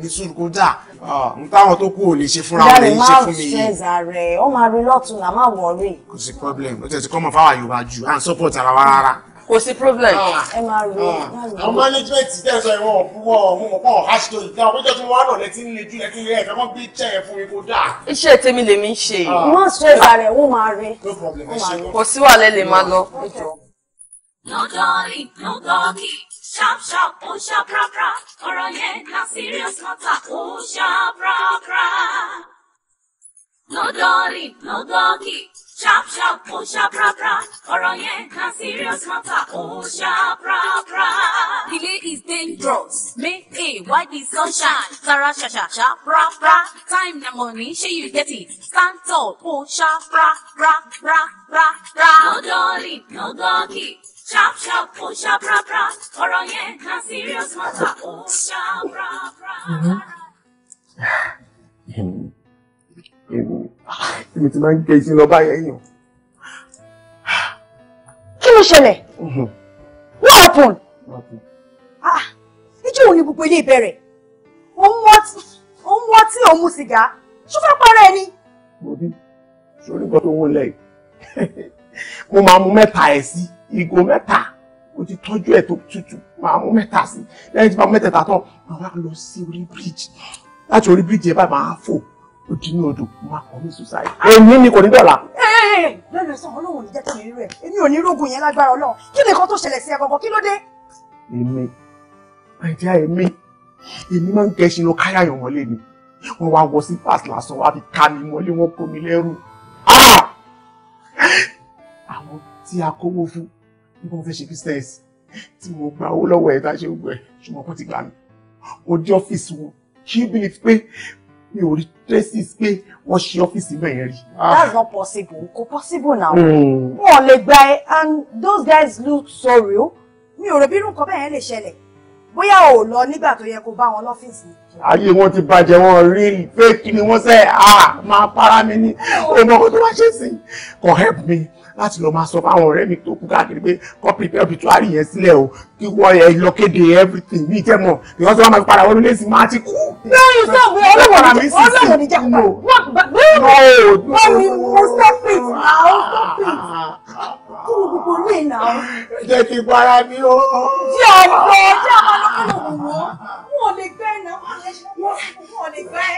báyìí ó dà Ah, n táwọn tó kú ò lè ṣe fúnra wọn lè ṣe fún mi. ìyá rẹ̀ máa ṣẹ̀zà rẹ̀ ó máa rí lọ́tún là máa wọ̀ọ́rì. kò sí problem ó tẹ̀sí kọ́mọ fáwọn Yorùbá jù à ń support ara wa rárá. kò sí problem. Ah, ah, ẹ máa rí àwọn management tẹ̀sán ìwọ̀n òkúwọ̀ ọ̀hún ọ̀pọ̀ hashtag ìdá ọ̀pẹ́jọ́ tí wọ́n á lọ̀lẹ́ tí ń le jù lẹ́tí ilé ẹ̀fẹ́ wọ́n bí tẹ̀ fún mi kó dáa. iṣẹ́ tèmi lèmi ń ṣe. má ṣẹ̀zà rẹ̀ ó máa rí sharp sharp ó oh, ṣàprapra ọ̀rọ̀ yẹn na serious matter ó oh, ṣàprapra. no darling oh, no doggy sharp sharp ó ṣàprapra ọ̀rọ̀ yẹn na serious matter ó ṣàprapra. delay is dangerous make a wide discussion tara ṣaṣaṣa prapra time na money she you get it stand tall ó ṣàprapra ra ra ra ra. no darling no doggy. Chop chop, push, oh, sharp ó sharp For all yẹn na serious matter Hmm. sharp rárá. èmi ti máa ń gé iṣẹ́ lọ báyẹn yàn. kí ló ṣẹlẹ̀? Mm-hmm. what happened? ìjọ ah, òun ni gbogbo ilé ìbẹ̀rẹ̀ òun mú ọtí òun mu sìgá ṣó fẹ́ parẹ́ ni. mo bí sórí nǹkan tó wọlé mo máa mu mẹ́ta ẹ̀ sí i ìgò mẹ́ta mo ti tọ́jú ẹ̀ tó tútù máa mú mẹ́ta sí lẹ́yìn tí máa mú mẹ́tẹ̀ẹ̀ta tán máa wá lọ sí orí bíríìjì láti orí bíríìjì ẹ̀ báyìí máa fò òdì ní odò máa kọ́ ní sòsáì èmi ni kò ní dọ̀la. lọ́nà sọ ọlọ́run ò ní jẹ́ kí n rí rẹ̀ èmi ò ní rógun yẹn lágbára ọlọ́run kí nìkan tó ṣẹlẹ̀ sí ẹ gangan kí ló dé. èmi àìjá èmi èmi máa ń gẹṣin lọ káyà yàn wọlé ni wọn wá wọ sí pass lásán wá fi ká mi mọ́lé wọn kó mi lẹ́rù. Ah! àwọn tí a kówó fún nígbà fẹ́ ṣe business tí mo gba owó lọ́wọ́ ẹ̀ tá a ṣe gbọ́ ẹ̀ ṣùgbọ́n kò ti gbà mí ó ọ́fíìsì wọn kí ó bìlì pé mi ò rí traces pé wọ́n ṣe ọ́fíìsì bẹ́ẹ̀ rí. Ah. that's not possible kò possible now. Hmm. wọn lè gba ẹ and those guys look so real mi ò rò bí irú nǹkan bẹ́ẹ̀ lè ṣẹlẹ̀ bóyá ò lọ nígbà tó yẹ kó bá wọn lọ́fíìsì. ayé wọn ti bàjẹ́ wọn rí fake ni wọ́n sẹ́ ah, máa para mi ní ọmọ ọkọ tó wá ṣe sí kan help me láti lọ máa sọ fáwọn ọ̀rẹ́ mi tó kú káàkiri pé kọ́ prepare obituary yẹn sílẹ̀ o kí wọ́n yẹ lọ kéde everything bíi tẹ́ mọ̀ because wọ́n máa para wọlé lẹ́sìn máa ti kú. lórí sọ́ọ̀bù ọlọ́wọ̀n mi ọlọ́wọ̀n mi No, no, no, no. mi mo stop it. Ah, ah, ah, kí ni gbogbo orí ìnà o. jẹ́ kí n para mi o. jẹ́ ọ̀pọ̀ jẹ́ ọmọ lọ́kọ̀lọ́kọ̀ wò ó wọn ò lè gbẹ́ iná wọn ò lè gbẹ́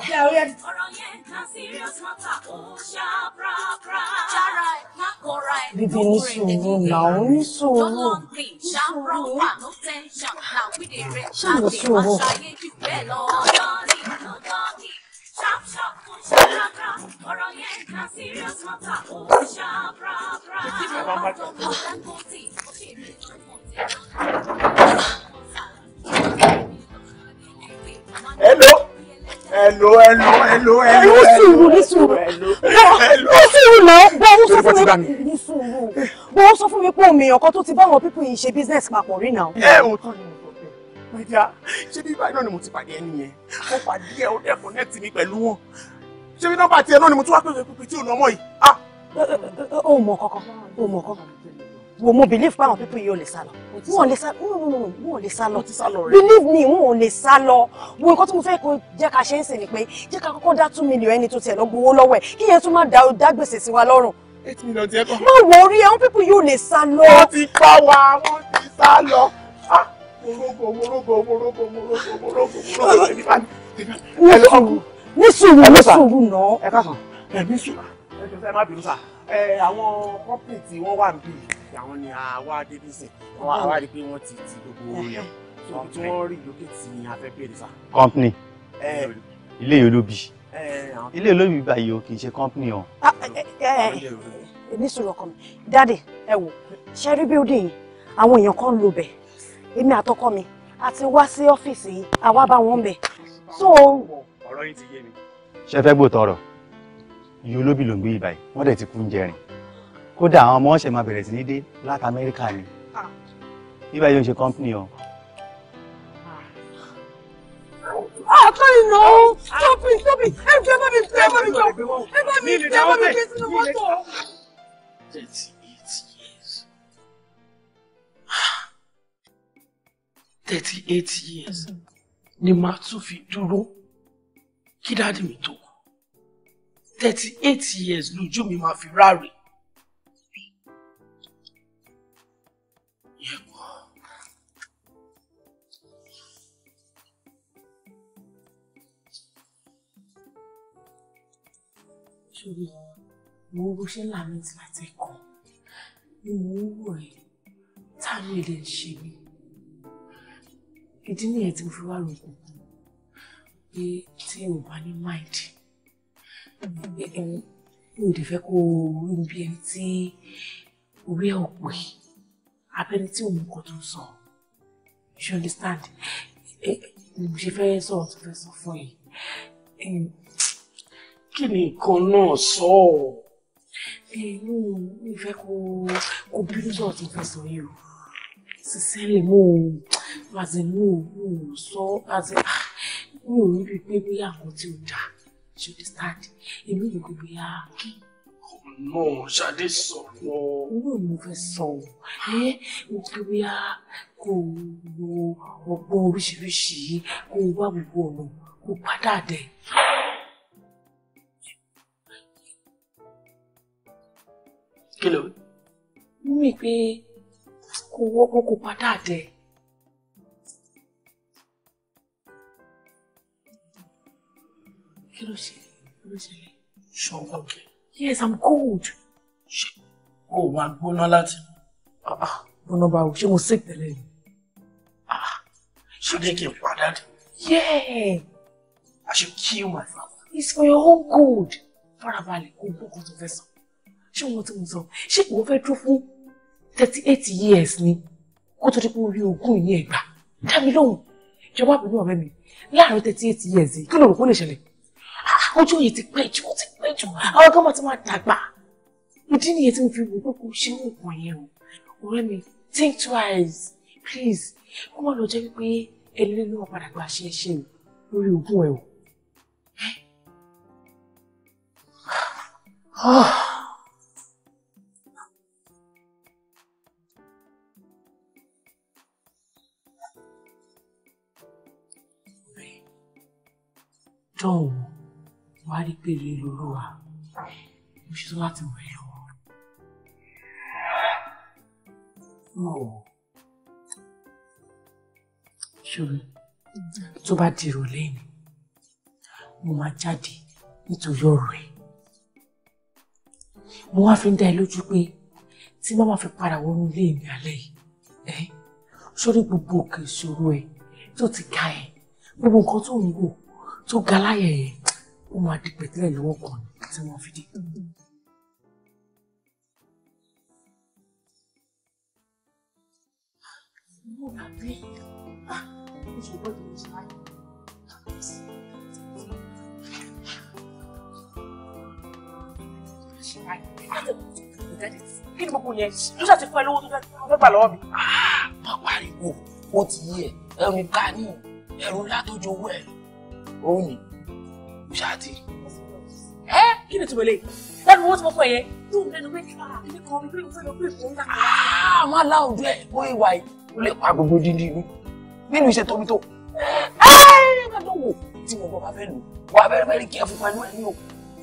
ìjà orí ẹ̀. ọ̀rọ̀ yẹn ká serious matter kò ṣá prapra jára ẹ̀ má kọra ẹ̀ bíbí ní sùúrù làwọn ní sùúrù sùúrù ṣàmùsùúrù. hello hello hello hello hello sùúrù ní sùúrù ní sùúrù náà bọ́ ó sọ fún mi ní sùúrù bọ́ ó sọ fún mi pé omi ọ̀kan tó ti báwọn pípò yìí ṣe business papọ̀ rí náà. ẹ ò tó ni mo sọ pé pẹ̀lú ṣé bí báyìí náà ni mo ti pàdé ẹni yẹn mo pàdé ẹ ó dẹ̀ connect mi pẹ̀lú wọn ṣé bí nọ́mbà tiẹ̀ náà ni mo tún wá pé pé tí ò lọ́mọ yìí ah Oh mọ kankan ó mọ kankan wo mo believe pé àwọn pípọ̀ yìí ò lè sá lọ wọn ò lè sá wọn ò lè sá believe me wọn ò lè sá lọ wo nǹkan tí mo fẹ́ kó jẹ́ ká ṣe ń sìn ni pé jẹ́ ká kọ́kọ́ dá two million ẹni tó tiẹ̀ lọ gbowó lọ́wọ́ ẹ̀ kí yẹn tún má dá gbèsè sí wa lọ́rùn eight million tiẹ̀ kọ́. má wọ orí àwọn pípọ̀ yóò lè power, lọ. wọ́n ti pa Morocco, Morocco, Morocco. sá lọ. morogo ah! morogo morogo morogo morogo morogo ẹ̀mí bá ní. ní sùúrù ní sùúrù náà. ẹ ká sàn ẹ má bínú sà ẹ àwọn kọ́pì tí wọ́n wà níbí àwọn ni àwa débísìn àwọn àwa rí i pé wọ́n ti ti gbogbo yẹn so tí wọ́n rí lókè tí a fẹ́ bèrè sà. company ilé yìí olóbi ilé olóbi báyìí o kì í ṣe company o. èmi ah, sọ̀rọ̀ ọkọ mi dáàdì ẹ wò ṣẹ́rí building àwọn èèyàn kan ló bẹ̀ èmi àtọkọ mi a ti wá sí ọ́fíìsì yìí àwa bá wọn bẹ̀ so. ọ̀rọ̀ yìí ti yé mi. ṣe fẹ́ gbòòtọ̀ ọ̀rọ̀ iye olóbì ló ń gbé yìí báyìí wọ́n dẹ̀ ti kú ń jẹrin kódà àwọn ọmọ ọ̀sẹ̀ máa bẹ̀rẹ̀ sí ní dé láti amẹ́ríkà ni ibà yóò ṣe kọ́ńpìnì o. I can't know. Stop it, stop it. Ẹ jẹ́ bá mi jẹ́ bá mi jọ. Ẹ bá mi jẹ́ bá sínú mọ́tò. Thirty-eight years. Thirty-eight years ni màá tún fi dúró kí dáàdì mi tó thirty eight years lójú mi máa fi ráre. sórí mo ń bóṣẹ́ láàmì tí máa ti kàn ni mo ń wò ẹ́ táàmì èdè ń ṣe mí ìdí nìyẹn tí mo fi wá rògbò pé tí o bá ní máìdì mi ò dẹ̀ fẹ́ kó rí mi bí ẹni tí orí ẹ̀ ò pè abẹ́ni tí òun kò tó sọ you understand ni mo ṣe fẹ́ sọ̀rọ̀ tó fẹ́ sọ fún yìí kí ni nǹkan náà sọ ọ́ inú mi fẹ́ kó kó bínú sọ̀rọ̀ tó fẹ́ sọ yìí o sincerely mo mo sọ as ah, rí bíi pé bóyá nǹkan tí ò dáa you understand èmi yìí kò bóyá. ọ̀nà ṣadé sọ̀rọ̀. wúrò mo fẹ́ sọ ọ́ ẹ́ mo fi bóyá kò lo ọgbọ́n oríṣiríṣi kò wá gbogbo ọ̀nà kò padà dẹ̀. kí ló. mú mi pé kò wọ́pọ̀ kò padà dẹ̀. kí ló ṣe kí ló ṣe ṣọwọ́ kẹ. yes i'm cold. ṣe o máa gbóná láti. Ah, ah, gbóná bá wò she mo sick tẹ́lẹ̀ ni. Ah, ṣé kí n padà dé. yeah. i should kill my father. it's for your own good. farabalẹ̀ kó go kan tó fẹ́ sọ. ṣé wọ́n ti mú sọ ṣé ìwọ fẹ́ dúró fún thirty eight years ni kó tó dé pé orí ogún ìní ẹ̀gbà dá mi lóhùn ìjọba àbúrò ọ̀rẹ́ me? láàárín thirty eight years You know, ló rò kó ọjọ́ yìí ti pẹ́ jù ó ti pẹ́ jù àwọn kan máa ti máa dàgbà ìdí nìyẹn tí mo fi wò pé kò ṣe oògùn yẹn o ọ̀rẹ́ mi think twice please kó má lọ jẹ́ wípé ẹlẹ́lẹ́ ló wà padà gba ṣe é ṣe o lórí oògùn ẹ̀ o. Oh. dùn wá rí pé rèé lolúwa mo ṣetán láti wọ ẹ lọ́wọ́. mo ṣòro tó bá di ìrọ̀lẹ́ mi mo máa jáde nítorí ọ̀rọ̀ ẹ̀ mo wá fi ń dá ẹ lójú pé tí má má fi padà wọnú ilé mi alẹ́ yìí ẹ sórí gbogbo òkè ìṣòro ẹ tó ti ka ẹ gbogbo nǹkan tó ń wò tó ga láyẹ̀ yẹn ó máa di pẹ̀tẹ́lẹ̀ lọ́wọ́ kan tí wọ́n fi dé. mo rà bẹ́ẹ̀ ah mo ṣe gbọ́dọ̀ ah, mo ṣe láyé. Kí ni gbogbo yẹn? Mo ṣàti fún ẹ lówó tó fẹ́ gbà lọ́wọ́ mi. Ah, má pariwo, ó ti yí ẹ̀, ẹrù ká ní ẹrù ńlá tó jowó ẹ̀. Ó ní ṣáàtì. ẹ kí ni tùmọ̀lẹ́ lẹ́nu owó tí mo fọ yẹn yóò lẹ́nu méjì lára kí ni kan mi pé mo fẹ́ lọ pé ìfún ńlá. àwọn aláwùjọ ẹ bó ìwà yìí ó lè pa gbogbo dídí inú nínú iṣẹ́ tóbi tó. ẹ ẹ má tó wò tí mo bọ̀ wá fẹ́ lò wá fẹ́rẹ́ fẹ́rẹ́ kí ẹ fún pẹ̀lú ẹ̀ ní o.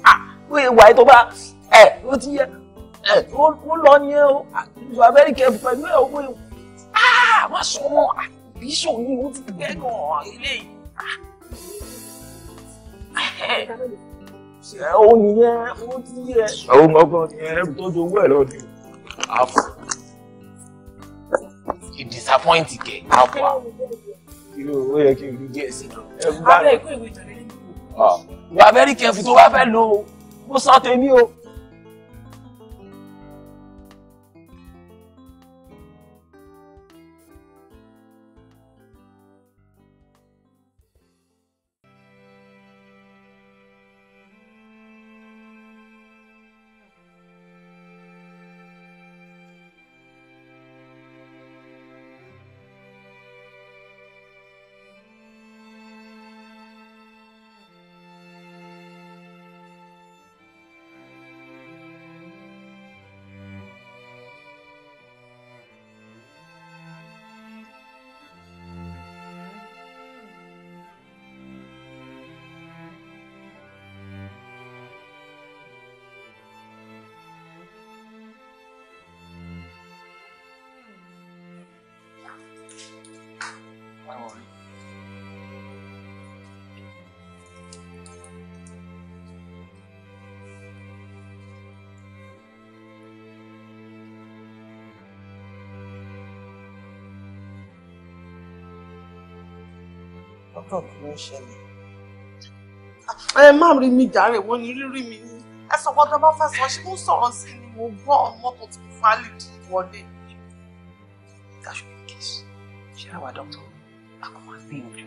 Ah, ó yẹ ìwà yìí tó bá ẹ ó ti yẹ ẹ ó lọ ní ẹ o ah, wá fẹ́rẹ́ kí ẹ fún pẹ̀lú ẹ̀ ó wọ́n yìí. Ah, má sọ ọmọ àbíṣọ́ mi ó ti gbẹ́gàn ilé yìí ó nìyẹn ó ti yẹ very careful tó bá fẹ́ lo bó sọ tèmi o. laptop ló ń ṣẹlẹ̀. Ah, ẹ má rí mi jàre wọ́n ní rírí mi ní ẹ sọ pé ọjọ́ bá ṣé mo sọ̀rọ̀ sí ni mo gbọ́ ọmọkùn tí mo fà lè di wọlé. dáṣọ ìkẹsì ṣe àwa dọ́kítọ̀ àkọ́kọ́ àti ìjọ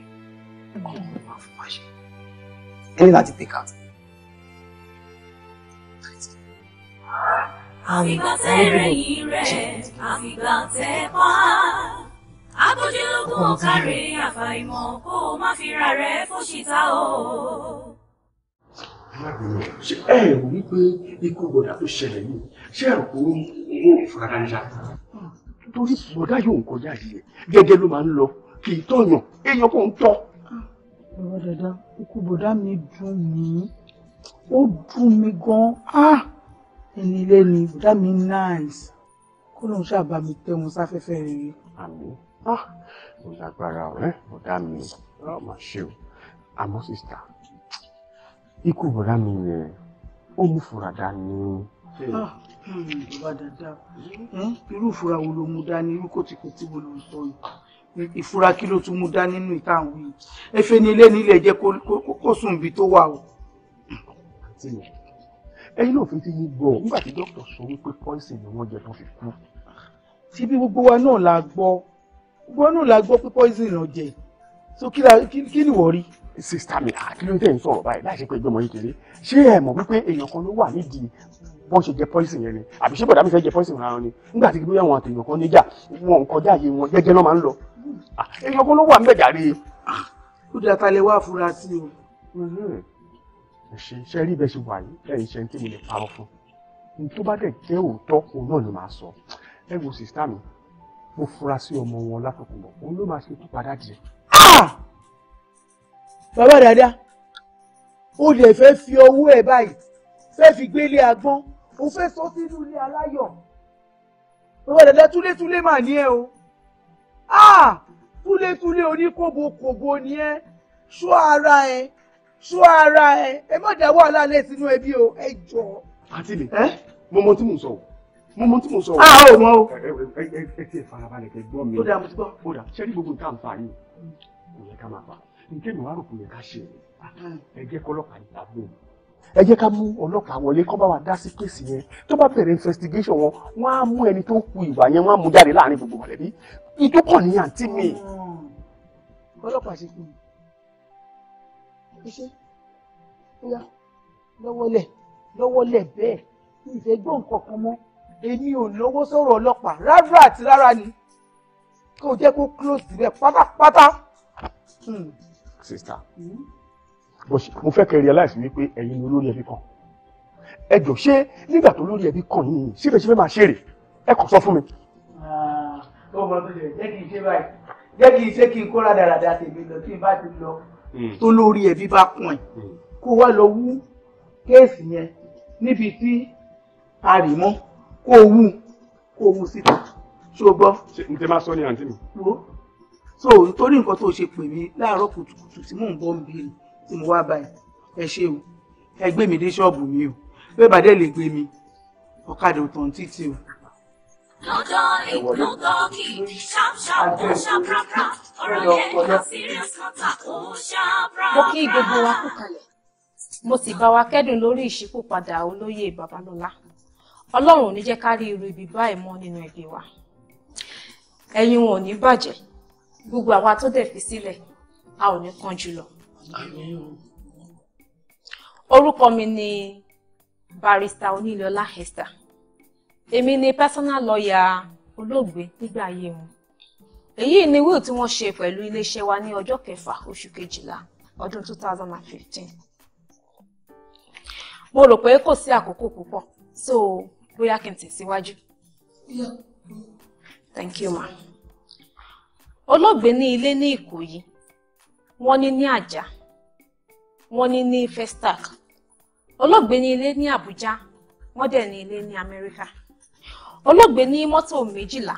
ọmọ máa fún wa ṣe ẹni láti take out. àfìgbà tẹ́rẹ̀ yìí rẹ̀ àfìgbà tẹ́ pa abójúlógún ò kárí àfàìmọ̀ kó o má fira rẹ̀ fóṣìta o. ṣé ẹ rò wípé ikú bọ̀dá tó ṣẹlẹ̀ yìí ṣé ẹ rò pé ó ń fara ńlá torí bọ̀dá yóò ń kọjá yìí gẹ́gẹ́ ló máa ń lọ kì í tọ̀yàn èèyàn kò ń tọ́. bàbá dàda ikú bọ̀dá mi dùn mí ó dùn mí gan-an ẹni ilé ni mi náà kó lóun ṣáà bá mi wọn sáfẹ́fẹ́ rere. Ah, mo lágbára ọ̀rẹ́ ọ̀dá mi ọ̀ mà ṣe o àmọ́ sísá ikú bọ̀dá mi yẹn ó mú fura dání. ìwà ah, hmm, dáadáa irú ìfura wo ló mú dání irú kòtìkòtì wo ló ń sọ yìí ìfura kí ló tún mú dá nínú ìtàwọn yìí efe ni ilé nílẹ̀ jẹ́ kó sùn ibi tó wà o. ẹ̀yin náà fi ti yí gbọ́ nígbà tí dókítà sọ wípé pọ́ìsì ni wọ́n jẹ tó fi kú. síbi gbogbo wa náà la gbọ́ gbọ́n náà la gbọ́ pé poison náà jẹ so kí ni wọ́n rí. sista mi ah, kí ló ń tẹ̀ ń sọ̀rọ̀ báyìí láì ṣe pé gbọ́mọ yìí kéré ṣé ẹ mọ̀ wípé èèyàn kan ló wà nídìí wọ́n ṣe jẹ poison yẹn ni àbí ṣé bọ̀dá mi fẹ́ jẹ poison ara wọn ni nígbà tí gbé àwọn àtẹ̀yàn kan níjà wọn ń kọjá yìí wọn jẹ́jẹ́ náà máa ń lọ ah, èèyàn kan ló wà níbẹ̀ jàre. Ah. ó dà ta lẹ wá fura sí o. ṣe mm-hmm. ṣe rí bẹ́ẹ̀ ṣe wà yìí ẹ̀yìn ṣe ń tí mo lè parọ́ fún un tó bá dẹ̀ jẹ́ òótọ́ òun náà ni màá sọ ẹ wo sista mi mo fura sí ọmọ wọn látọkùnbọ òun ló máa ṣe kú padà díẹ̀. bàbá dada ó lè fẹ́ fi owó ẹ̀ báyìí fẹ́ fi gbélé agbọ́n ó fẹ́ sọ sínú ilé aláyọ̀ bàbá dada túlétúlé mà ní ẹ o túlétúlé oníkóbokòbo ni ẹ ṣọ́ ara ẹ ṣọ́ ara ẹ ẹ má dá wàhálà lẹ sínú ẹbí o ẹ jọ. àti lè mo mọ tí mò ń sọ o mo mọ tí mo sọ. a ah, ò mọ o. ẹ ẹ ẹ ti farabalẹ̀ kẹ gbọ́ mi. ó dà mo ti gbọ́. ó dà ṣé ní gbogbo nǹkan àǹfààní kò yẹ ká máa fà nkéèmí wàá rò kò yẹ ká ṣe é mm. ẹ jẹ́ kọ́lọ́pàá yìí tàbí òun ẹ jẹ́ ká mú ọlọ́pàá wọlé kó bá wa dá sí kéèsì yẹn tó bá bẹ̀rẹ̀ investigation wọn wọ́n á mú ẹni tó ku ìwà yẹn wọ́n á mú jáde láàrin gbogbo mọ̀lẹ́bí ìdókọ̀ ní àǹtí mi. Mm. ọlọ́pàá ṣe fún mi iṣẹ́ ó yá lọ́wọ́lẹ̀ lọ́wọ́lẹ̀ bẹ́ẹ̀ ìfẹ́ gbọ́ nǹkan kan mọ́ èmi ò náwó sọ̀rọ̀ ọlọ́pàá rárá àti rárá ni kò jẹ́ kó close síbẹ̀ pátápátá. Hmm. sista mo fẹ́ kẹ́ realize wípé ẹ̀yin ni olórí ẹbí kan ẹ jọ ṣé nígbà tó lórí ẹbí kan yìí síbẹ̀ ṣe fẹ́ máa ṣeré ẹ kàn sọ fún mi. ọmọ ah, tó lè jẹ́ kí n ṣe báyìí jẹ́ kí n ṣe kí n kóra dáradára tèmi lọ kí n bá ti lọ hmm. tó lórí ẹbí bá kún ẹ̀ hmm. kó wá lọ wú kéèsì yẹn níbi tí a rì mọ́ kó o wú kó o wú síta ṣó o gbọ́. ṣe n tẹ máa sọ ní àǹtí mi. wo so nítorí nǹkan tó ṣe pè mí láàárọ̀ kùtùkùtù tí mò ń bọ̀ ń bí tí mo wá báyìí ẹ ṣe o ẹ gbé mi dé ṣọ́ọ̀bù mi o bẹ́ẹ̀ bá dẹ̀ lè gbé mi ọ̀kadà òtàn títì o. lọ́dọ̀ ìgbọ́dọ̀ kì ṣàpṣàpọ̀ ṣàprápra ọ̀rọ̀ yẹn ká serious matter ó ṣàprápra. mo kí gbogbo wa kú kalẹ̀ mo sì bá wa kẹ́dùn lórí ìṣípòpadà olóyè babalọ́lá ọlọ́run ò ní jẹ́ ká rí irú ibi báyìí mọ́ nínú ẹbí wa ẹ̀yin wọn ò ní bàjẹ́ gbogbo àwa tó dẹ̀ fi sílẹ̀ a ò ní kán jù orúkọ mi ni barista onílọ́lá Esther èmi ni personal lawyer olóògbé nígbà ayé wọn èyí ni wíwò tí wọ́n ṣe pẹ̀lú iléeṣẹ́ wa ní ọjọ́ kẹfà oṣù kejìlá ọdún 2015 mo rò pé kò sí àkókò púpọ̀ so bóyá kí n tẹ̀síwájú. thank you ma. olóògbé ní ilé ní ìkòyí wọ́n ní ní àjà wọ́n ní ní festac olóògbé ní ilé ní àbújá wọ́n dẹ̀ ní ilé ní amẹ́ríkà olóògbé ní mọ́tò méjìlá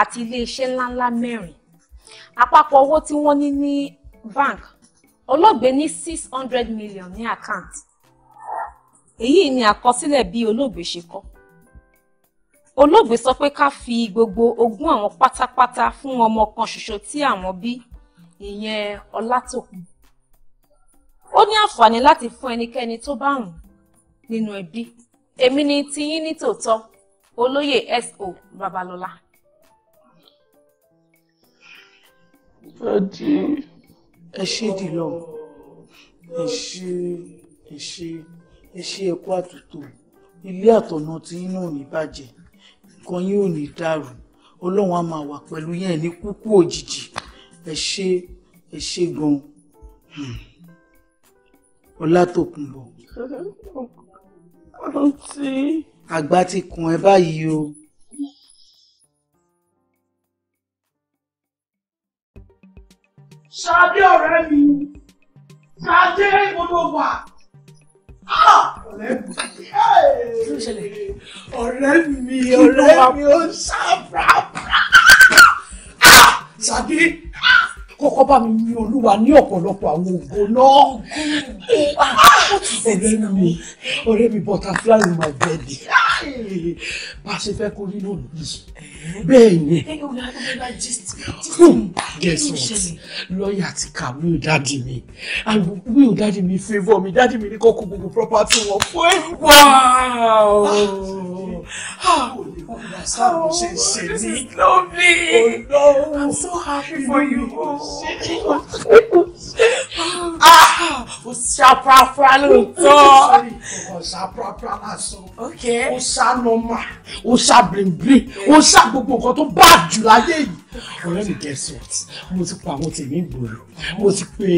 àti iléeṣẹ́ ńláńlá mẹ́rin àpapọ̀ owó tí wọ́n ní ní bank olóògbé ní six hundred million ní account èyí ni àkọsílẹ̀ bí olóògbé ṣe kọ́ olóògbé sọ pé ká fi gbogbo ogún àwọn pátápátá fún ọmọ kan ṣoṣo tí àwọn bí ìyẹn ọlátòkun ó ní àǹfààní láti fún ẹnikẹ́ni tó bá wùn nínú ẹbí èmi ni tiyín ní tòótọ́ olóyè S.O. Babalọ́lá. dádì ẹ ṣe dìlọ ẹ ṣe ẹ ṣe ẹ ṣe ẹkọ àtúntò ilé àtọ̀nà tí inú ní bàjẹ́ nǹkan yín ò ní dàrú ọlọ́run á máa wà pẹ̀lú yẹn ní kúkú òjijì ẹ ṣe ẹ ṣe gan hmm. Ọlátòkunbọ̀. àgbà ti kùn ẹ báyìí o. Ṣadé ọ̀rẹ́ mi Ṣadé mo wà ọ̀rẹ́ mi ọ̀rẹ́ mi ó ṣàfàfà ṣàdé kọ́kọ́ bá mi ní olúwa ní ọ̀pọ̀lọpọ̀ àwọn ògo náà ọ̀rẹ́ mi ọ̀rẹ́ mi butterfly in my belly bá a ṣe fẹ́ kó rí lónìí yìí bẹ́ẹ̀ ni guess what lọ́ọ̀yà ti ka will dáàdì mi and will dáàdì mi favour mi dáàdì mi ní kó kó gbogbo property wọn fún ẹ. wow understand what she said. This is lovely. I'm so happy for you. Ah, o ṣàpàpà lóòótọ́. Sorry, o ṣàpàpà lásán. Okay. O sá nọmà ó sá bìrìbìrì ó gbogbo nǹkan tó bá jù láyé yìí ọ̀rẹ́ mi guess what mo ti pa àwọn tèmi gbòòrò mo ti pe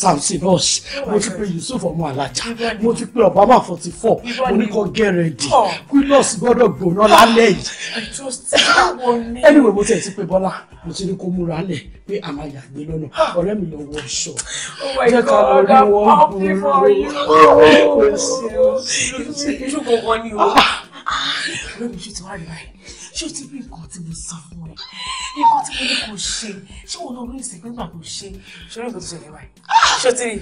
samson us mo ti pe yusuf ọmọ alájà mo ti pe obama forty four oníkọ gẹrẹdì quillos gbọ́dọ̀ gbòòrò lálẹ́ yìí anyway mo tẹ̀ sí pé bọ́lá mo ti ní kó múra lẹ̀ pé a máa yàgbé lọ́nà ọ̀rẹ́ mi lọ wọ aṣọ jẹ́ ká lọ rí wọn gbòòrò. ìtúkọ̀ kan ni o lóbi ṣó ti wá rí báyìí ṣó ti rí nǹkan tí mo sọ fún ẹ nǹkan tí mo ní kò ṣe ṣé wọn náà rí ìsìnkú nígbà kò ṣe ṣé orí nǹkan tó ṣẹlẹ̀ báyìí ṣó ti rí.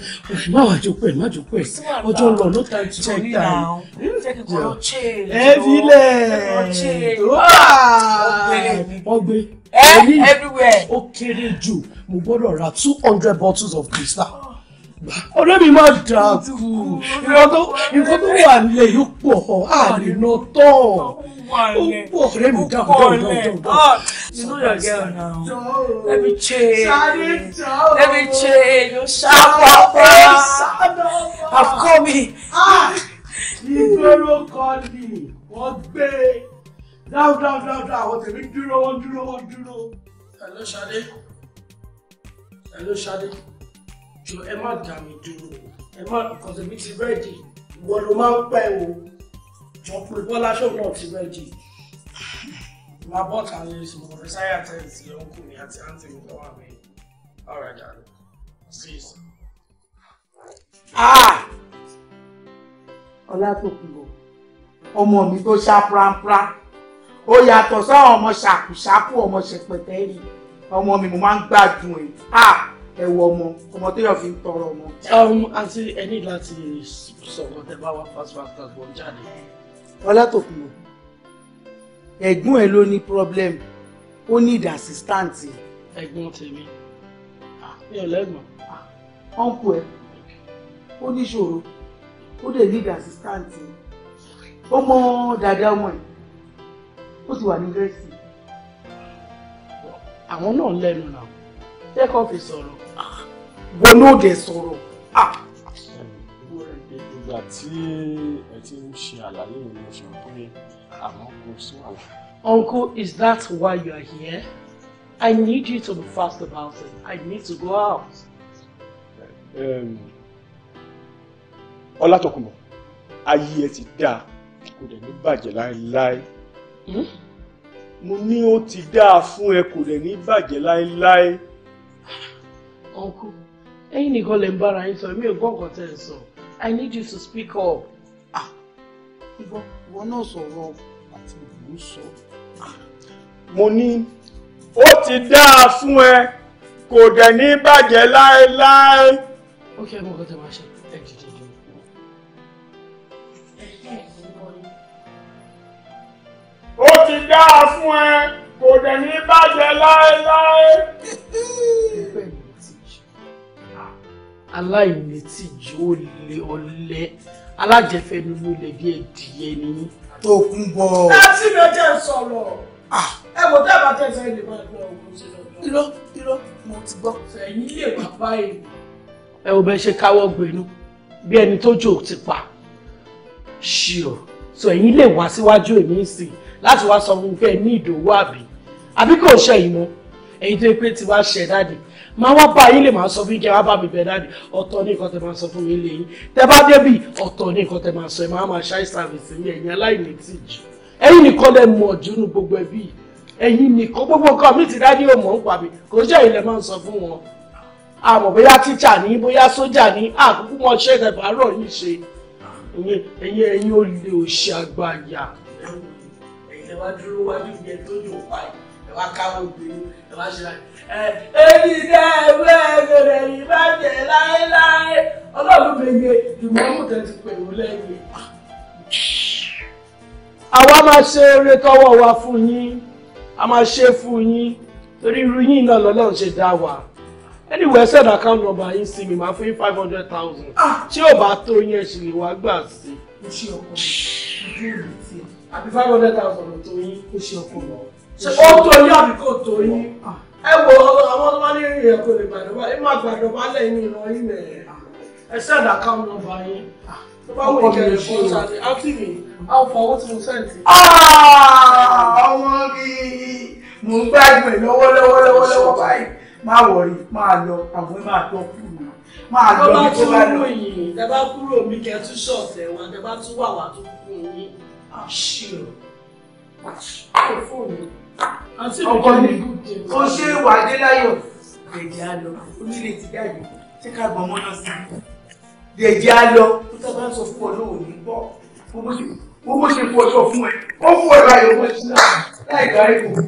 má wàá jókòó ẹ má jókòó ẹ ọjọ́ lọ ló ta ìtura ẹ ta ẹ jẹ́ kí kò lọ ṣe é. ẹ fi lẹ̀ ọgbẹ́ ẹni ó kéré jù mo gbọ́dọ̀ ra two hundred bottles of crystal ọ̀rẹ́ mi máa dà kú nǹkan tó wà nílẹ̀ yìí pọ̀ àdènà tọ̀ ó pọ̀ ọ̀rẹ́ mi dà kú dà kú. You know your girl now. Let me change. Let me change. You sharp up face. I've come in. Ah! Ìgbéró kan ni wọ́n gbé dáhùn dáhùn dáhùn àwọn tèmi dúró wọ́n dúró wọ́n dúró. Hello Ṣadé. Hello Ṣadé jọ ẹ má dà mí dúró ẹ má because èmi ti rẹ́dì ìwọ ló máa ń pẹ́ o jọ pé bọ́lá ṣó náà ti rẹ́dì máa bọ́ ta ní oṣù mo fẹ́ sáyà tẹ́ǹtì ọkùn mi àti àǹtí mi lọ́wọ́ mi ọ̀rọ̀ ẹ̀dá ló sí ìsọ. ọlátòkùnbọ ọmọ mi tó ṣá pranpra ó yàtọ̀ sáwọn ọmọ ṣàkùṣàkù ọmọ ṣẹpẹtẹ rí ọmọ mi mo máa ń gbádùn ẹ̀. Ah! ẹ wọ ọmọ ọmọ tó yà fi ń tọrọ ọmọ. Um, àǹtí ẹ ní láti sọ̀rọ̀ tẹ bá wa fast fast fast bọ̀ jáde. ọlátòkùnbọ̀ ẹ̀gbọ́n ẹ ló ní problem ó ní ìdá assistant. ẹ̀gbọ́n tèmi mi ò lẹ́gbọ̀n. ọ̀npù ẹ ó níṣòro ó dẹ̀ ní ìdá assistant ó mọ dáadáa ọmọ ẹ ó sì wà ní gẹ̀ẹ́sì. àwọn náà lẹ́nu náà jẹ́ kó fi sọ̀rọ̀ wọn náà dẹ̀ sọ̀rọ̀. Ah! ìgbà tí ẹ ti ń ṣe àlàyé mi mo ṣe pé àmọ́ kò sún àwọn. Uncle, is that why you are here? I need you to be fast about it. I need to go out. Ọlátọkùnbọ̀, ayé ẹ ti dáa, kò dẹ̀ ní bàjẹ́ láéláé hmm? mo ní ó ti dáa fún ẹ kò lè ní bàjẹ́ láéláé. uncle ẹ̀yin nìkan lè ń bára yín sọ èmi ò gbọ́ nǹkan tẹ́ ẹ̀ sọ i need you to speak up. Ah, ìbọn ìwọ náà sọ̀rọ̀ àti ìbò ń sọ. Ah, mo ní ó ti dáa fún ẹ kò dẹ̀ ní bàjẹ́ láéláé. ó kí ẹ mọ nǹkan tẹ máa ṣe ẹ dìde jù. ó ti dáa fún ẹ kò dẹ̀ ní bàjẹ́ láéláé aláìnítìjú olè ọ̀lẹ alájẹfẹnu olè bí ẹdìyẹ nìyí. tókun bọ. láti mi ọjọ́ sọ̀rọ̀ ẹ mọ̀ tẹ́ bá tẹ̀sán ilé bá ẹgbẹ́ ọ̀gbọ́n ṣe lọ. irọ́ irọ́ mo ti gbọ́. ẹ̀yin lè wà báyìí. ẹ ò bẹ ṣe káwọ́ gbénu bí ẹni tó jò ti pa ṣíọ so ẹ̀yin lè wá síwájú èmi sí láti wá sọ fún fẹ ní ìdòwò àbí àbí kò ṣe ìmọ̀ ẹ̀yin tó pé ti wá ṣẹ dáàdì máa wá bá yín lè máa sọ fún kí ẹ wá bá mi bẹ dáàdì ọ̀tọ̀ ní nǹkan tẹ máa sọ fún mi lè yín tẹ bá débì ọ̀tọ̀ ní nǹkan tẹ máa sọ ẹ máa máa ṣáì sàfìsì mi ẹ̀yin aláìní tìjú ẹ̀yin nìkan lẹ mọ̀ jù nù gbogbo ẹbí ẹ̀yin nìkan gbogbo nǹkan mi ti dáàdì ò mọ̀ ń pàbí kò jẹ́ ilẹ̀ máa ń sọ fún wọn àmọ́ bóyá tíjà ní bóyá sójà ní àkókò wọn ṣe ẹ̀kẹ́ bàárọ̀ yìí ṣe ẹ̀yin ẹ̀yin olè òṣì àgbàyà ẹ̀yin lè wá dúró wá káwọ́ obìnrin ẹ wá ṣe láì. èmi dá ẹgbẹ́ yìí bá jẹ láéláé ọlọ́run gbẹ̀gbẹ̀ ìmọ̀ọ́mù tẹ̀ ti pè wọ́n lẹ́yìn. àwa máa ṣe eré tọwọ́ wa fún yín a máa ṣe fún yín torí irú yín náà lọ́lọ́run ṣe dá wa anyway send account number yín sí mi máa fún yín five hundred thousand ah! tí ò bá tó yín ẹ sì lè wá gbà sí. ó ṣe ọkọ mi ojú ìrètí àbí five hundred thousand tó yín ó ṣe ọkọ mi ṣe ó torí àbí kò torí ẹ wo àwọn tó bá ní ìrìn ẹ̀kọ́ lè gbàdọ̀bá ẹ má gbàdọ̀bá lẹ́yìn ìran yìí nẹ̀ ẹ ṣẹ̀dá káwọn lọ bá yín tó bá wù kí ẹ fún ṣáàtì átìmì á fọ owó tí mo sẹ́ǹtì. Ah! Ah! ọmọ mi mò ń gbàgbé lọ́wọ́lọ́wọ́ lọ́wọ́lọ́wọ́ báyìí má wọ̀rí máa lọ àwọn máa tọ́ fún mi lọ bí tó bá lọ. tẹ bá kúrò mí kẹ tún ṣọ̀tẹ̀ wọn tún wà ọkọ mi ó ṣe wà dé láyọ̀ dèjì á lọ onílé ti dàbí ṣé ká gbọ́n mọ́ náà sí i dèjì á lọ tó tá a bá ń sọ fún ọ lóò ní gbọ́ bó bó ṣe fún ọ sọ fún ẹ ó fún ẹ láyọ̀ bó ṣe náà láì dárí kò.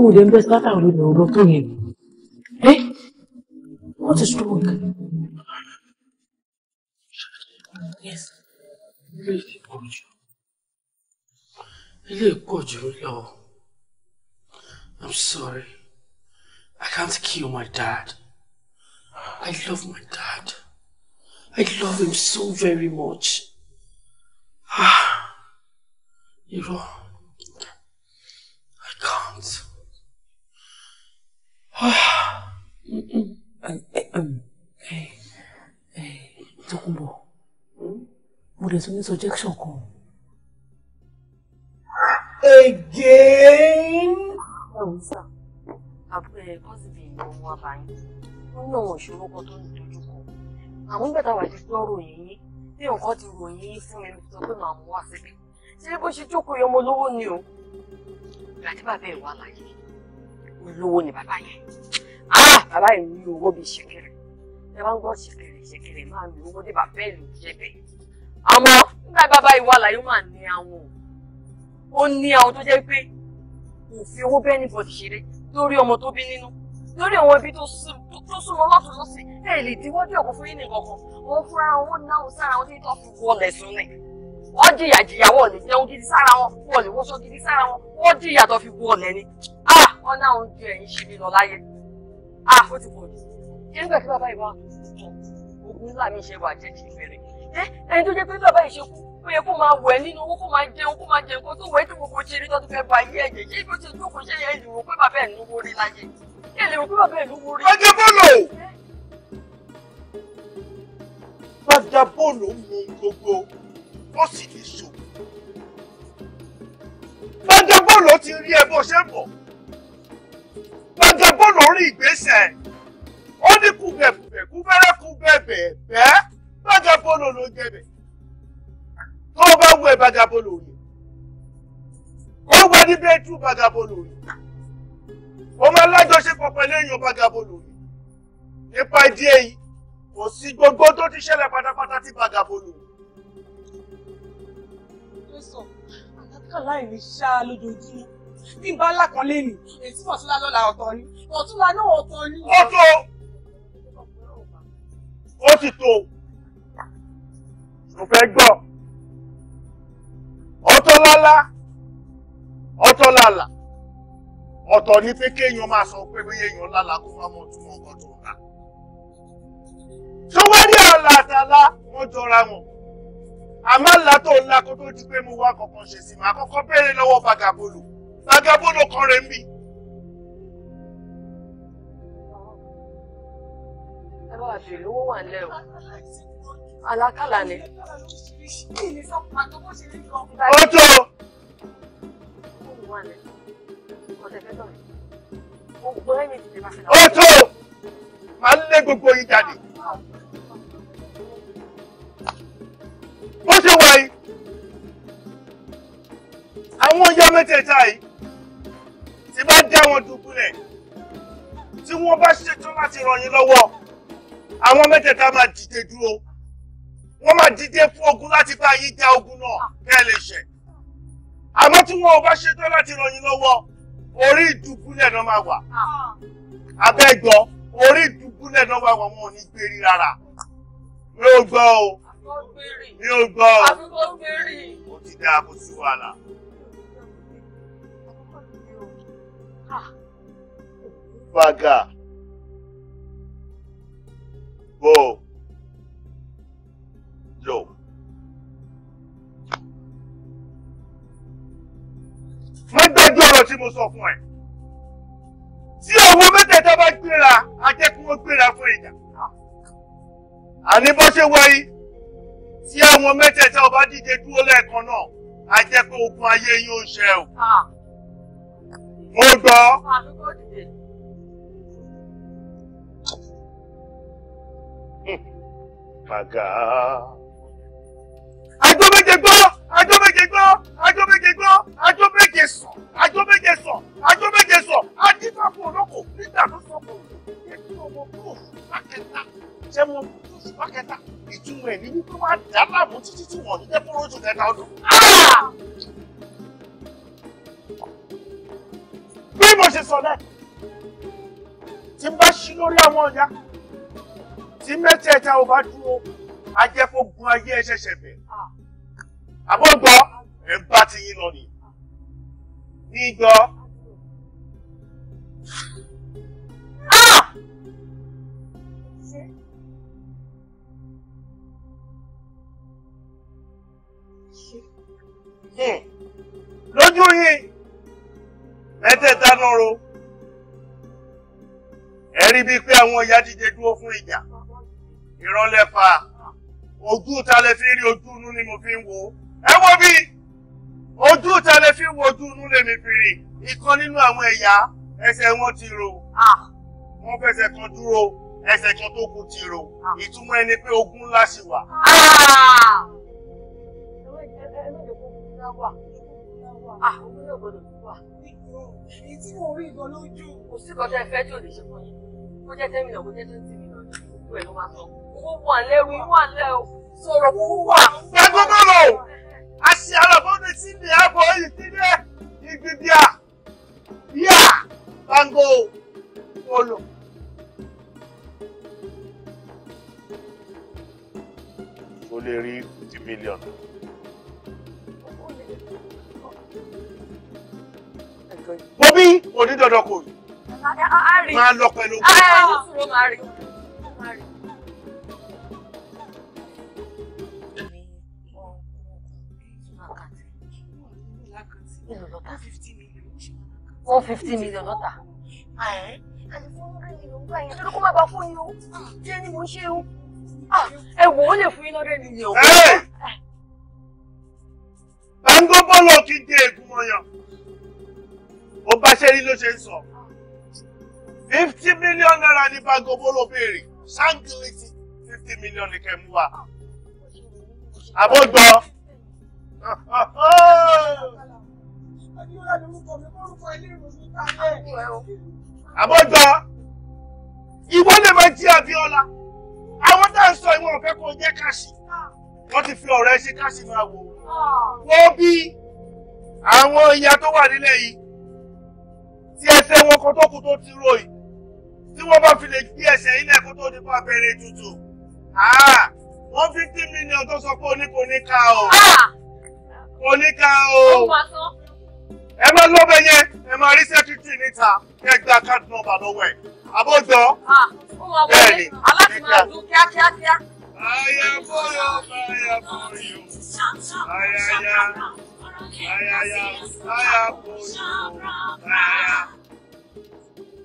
who that him. Hey, what is wrong? Yes. Really good Really good I'm sorry. I can't kill my dad. I love my dad. I love him so very much. insurrection kan. again. ẹ̀wọ̀n oh, sà àbúrò ẹ̀ kọ́sìbì ìlú wa báyìí wọ́n náà wọ́n ṣòro kan tó ń dojú kọ àwọn ìgbà táwa ti gbọ́ ròyìn yín bí nǹkan ti ròyìn yín fún mi sọ o ìgbà tí bàbá ẹ̀ wà láyé olówó ni bàbá yẹn ah! bàbá yẹn ní owó bíi ṣẹ̀kẹ̀rẹ̀ ẹ bá ń gbọ́ ṣẹ̀kẹ̀rẹ̀ ṣẹ̀kẹ̀rẹ̀ máa mi àmọ́ nígbà bàbá ìwà àlàyé mà ní àwọn ó ní àwọn tó jẹ́ pé kò fi owó bẹ́ẹ̀ níbọ̀ ṣeré lórí ọmọ tó bí nínú lórí àwọn ibi tó súnmọ́ lọ́tún lọ́sìn ẹ̀ lè díwọ́ bí ọkọ̀ fún yín nìkan kan wọ́n fúnra wọn náà sára wọn nítorí tó fi wọlé sùn ni wọ́n jìyà jìyà wọ́n lè jẹun gidi sára wọn wọ́n lè wọ́ṣọ gidi sára wọn wọ́n jìyà tó fi wọlé ni ah! wọ́n náà ń ju ẹ̀yìn ṣe mi lọ láyé ah! ó ti pọ̀ jù nígbà tí bàbá ìwà ogun ńlá mi ṣe wà jẹ́ kí n bẹ̀rẹ̀ ẹni tó jẹ́ pé bàbá ìṣekú ó yẹ kó máa wẹ̀ nínú owó kó máa jẹun kó máa jẹun kó tó wẹ̀ tó gbogbo ṣe rí tọ́tù fẹ́ ba ayé ẹ̀jẹ̀ ṣé ibi ó ti jókòó ṣe yẹn ìlú pé bàbá ẹ̀ lówó rí láyé ṣé ìlú pé bàbá ẹ̀ lówó rí. bàjẹ́ bọ́ọ̀lù bàjẹ́ bọ́ọ̀lù mú gbogbo ó sì lè so bàjẹ́ bọ́ọ̀lù ti rí ẹ bó ṣe bọ̀ bàjẹ́ bọ́ọ̀lù rí ìgbésẹ̀ ó ní kùbẹ̀kùbẹ̀ kúbẹ́rẹ́ kúbẹ̀ bẹ̀ẹ̀ bẹ́ẹ̀ bàjàpọ̀lò ló jẹ bẹ̀ tó bá wù ẹ́ bàjàpọ̀lò rẹ̀ ó wà ní bẹ́ẹ̀tù bàjàpọ̀lò rẹ̀ ó máa lájọṣepọ̀ pẹ̀lú èèyàn bàjàpọ̀lò rẹ̀ nípa ìdí èyí kò sí gbogbo tó ti ṣẹlẹ̀ pátápátá tí bàjàpọ̀lò rẹ̀. jésù àlákàlà ìní ṣá lójoojúmọ́ bí n bá lákànlé nì èsì fọ̀túnlá lọ́la ọ̀tọ̀ ni fọ̀túnlá náà ọ̀tọ̀ ni. ó tó ó ti tó mo fẹ́ gbọ́ ọ̀tọ̀ lálá ọ̀tọ̀ ni pé kéèyàn máa sọ pé bóyá èèyàn lálà kó má mọ̀ túmọ̀ nǹkan tó ń ta tó wá ní àlà àtàlà wọ́n jọra wọn àmọ́ àlà tó ńlá kó tó di pé mo wá kankan ṣe sí màá kọ́kọ́ béèrè lọ́wọ́ vagabolo vagabolo kan rẹ̀ ń bì. ẹ̀rọ àbèlówó wà lẹ́wọ̀ alákàlà ni. ó tó. ó tó máa ń lé gbogbo yín jáde. bó ṣe wà yìí àwọn ọjà mẹ́tẹ̀ẹ̀ta yìí tí bá dá wọn dùbúlẹ̀ tí wọ́n bá ṣetán láti ràn yín lọ́wọ́ àwọn mẹ́tẹ̀ẹ̀ta máa dìde dúró wọ́n máa dìde fún ogun láti bá yín ja ogun náà kẹ́ lè ṣẹ̀. àmọ́ tí wọn ò bá ṣetán láti ràn yín lọ́wọ́ orí ìdúgbúlẹ̀ náà máa wà. abẹ́gbọ́ orí ìdúgbúlẹ̀ náà wà wọ́n ní gbérí rárá. mi ò gbọ́ o mi ò gbọ́ o ó ti dáa kó sí wàhálà. Vaga. Whoa lò. mo gbẹ́jú ọ̀rọ̀ tí mo sọ fún ẹ tí ọwọ́ mẹ́tẹ̀ẹ̀ta bá gbéra a jẹ́ kí wọ́n gbéra fún ìjà àní bó ṣe wáyé tí àwọn mẹ́tẹ̀ẹ̀ta ọba dìde dúró lẹ́ẹ̀kan náà a jẹ́ pé ogun ayé yín ó ṣe o ah. mo gbọ́. Ah. Màgàá. Hmm. ajó méje gbọ́ ajó méje sọ ajó méje sọ ajó méje sọ adífàpọ̀ ọlọ́kọ nígbà tó sọ fún mi ọmọ kúrò bákẹ́ta jẹ́ wọn kúrò sí ìtumọ̀ ẹ̀ ní wípé wọ́n dá láàmú títí tí wọ́n jẹ́ fún ojú kẹta ọdún. Ah! bí mo ṣe sọ náà tí n bá ṣí lórí àwọn ọ̀yá tí mẹ́tẹ̀ẹ̀ta ò bá dúró ajẹ́fógun ayé ẹ̀ ṣẹ̀ṣẹ̀ bẹ̀ ah! àbọ̀ gbọ́ ẹ bá ti yín lọ nìyí nígbọ́. Ah! Hmm. lójú yìí mẹ́tẹ̀ẹ̀ta náà ro ẹ rí bíi pé àwọn ìyá díje dúró fún ìjà ìrànlẹ́fà ojú ta lẹ fi rí ojú inú ni mo fi ń wo ẹ wọ́n bíi ojú tẹlẹ fi wo ojú inú lèmi fìrì ìkan nínú àwọn ẹ̀yà ẹsẹ̀ wọn ti ro wọn fẹsẹ̀ kan dúró ẹsẹ̀ kan tó kù ti ro ìtumọ̀ ẹni pé ogun ńlá sì wà. èyí tí mo rí ìbọn lójú. kò sí ìkọjá ẹfẹ tí ò lè ṣe fún yín kó jẹ tẹmínà kó jẹ tẹmínà ìlú ẹ ló máa sọ. owó wà lẹ́rù wà lẹ́ o sọ̀rọ̀ kó wà. ẹgbẹ́ bọ́ọ̀lù asiala foundation ni abo itide igbidia ya bango olo o lè rí fifty million. mo bí onídọ̀dọ̀ kò rí máa lọ pẹ̀lú. máa rí. million lọ́tà. one fifty million. one fifty million lọ́tà. ẹni kó má bàa fún yín o jẹ́ ni mo ń ṣe o ẹ wò ó lè fún yín lọ́dẹ̀ million. báńgó bọ́lọ̀ kí n dé ègún ọyàn ó bá ṣe rí ló ṣe ń sọ fifty million naira ní báńgó bọ́lọ̀ béèrè ṣáńgìlìtì fifty million ní kẹ́ mú wa àbójọ àbọ̀jọ ìwọ lè máa jí Abíọ́lá àwọn tá à ń sọ ìwọ̀n fẹ́ kó jẹ́ káṣí wọ́n ti fi ọ̀rẹ́ ṣe káṣí máa wò wọ́n bí àwọn ìyá tó wà nílẹ̀ yìí tí ẹsẹ̀ wọn kan tó kù tó ti rò yìí tí wọ́n bá fi lè gbé ẹsẹ̀ ilẹ̀ kó tó nípa abẹ́rẹ́ tutù wọ́n fifty million tó sọ pé oníkò ní ká o oníkà o ẹ máa lọ bẹ yẹn ẹ máa rí sẹkítì níta kẹ gba káàdì nọ́mbà lọ́wọ́ ẹ àbójọ. bẹ́ẹ̀ ni aláàfin máa dún kíákíákíá. ayaboyo ayaboyo ayaya ayaya ayaboyo ayaya.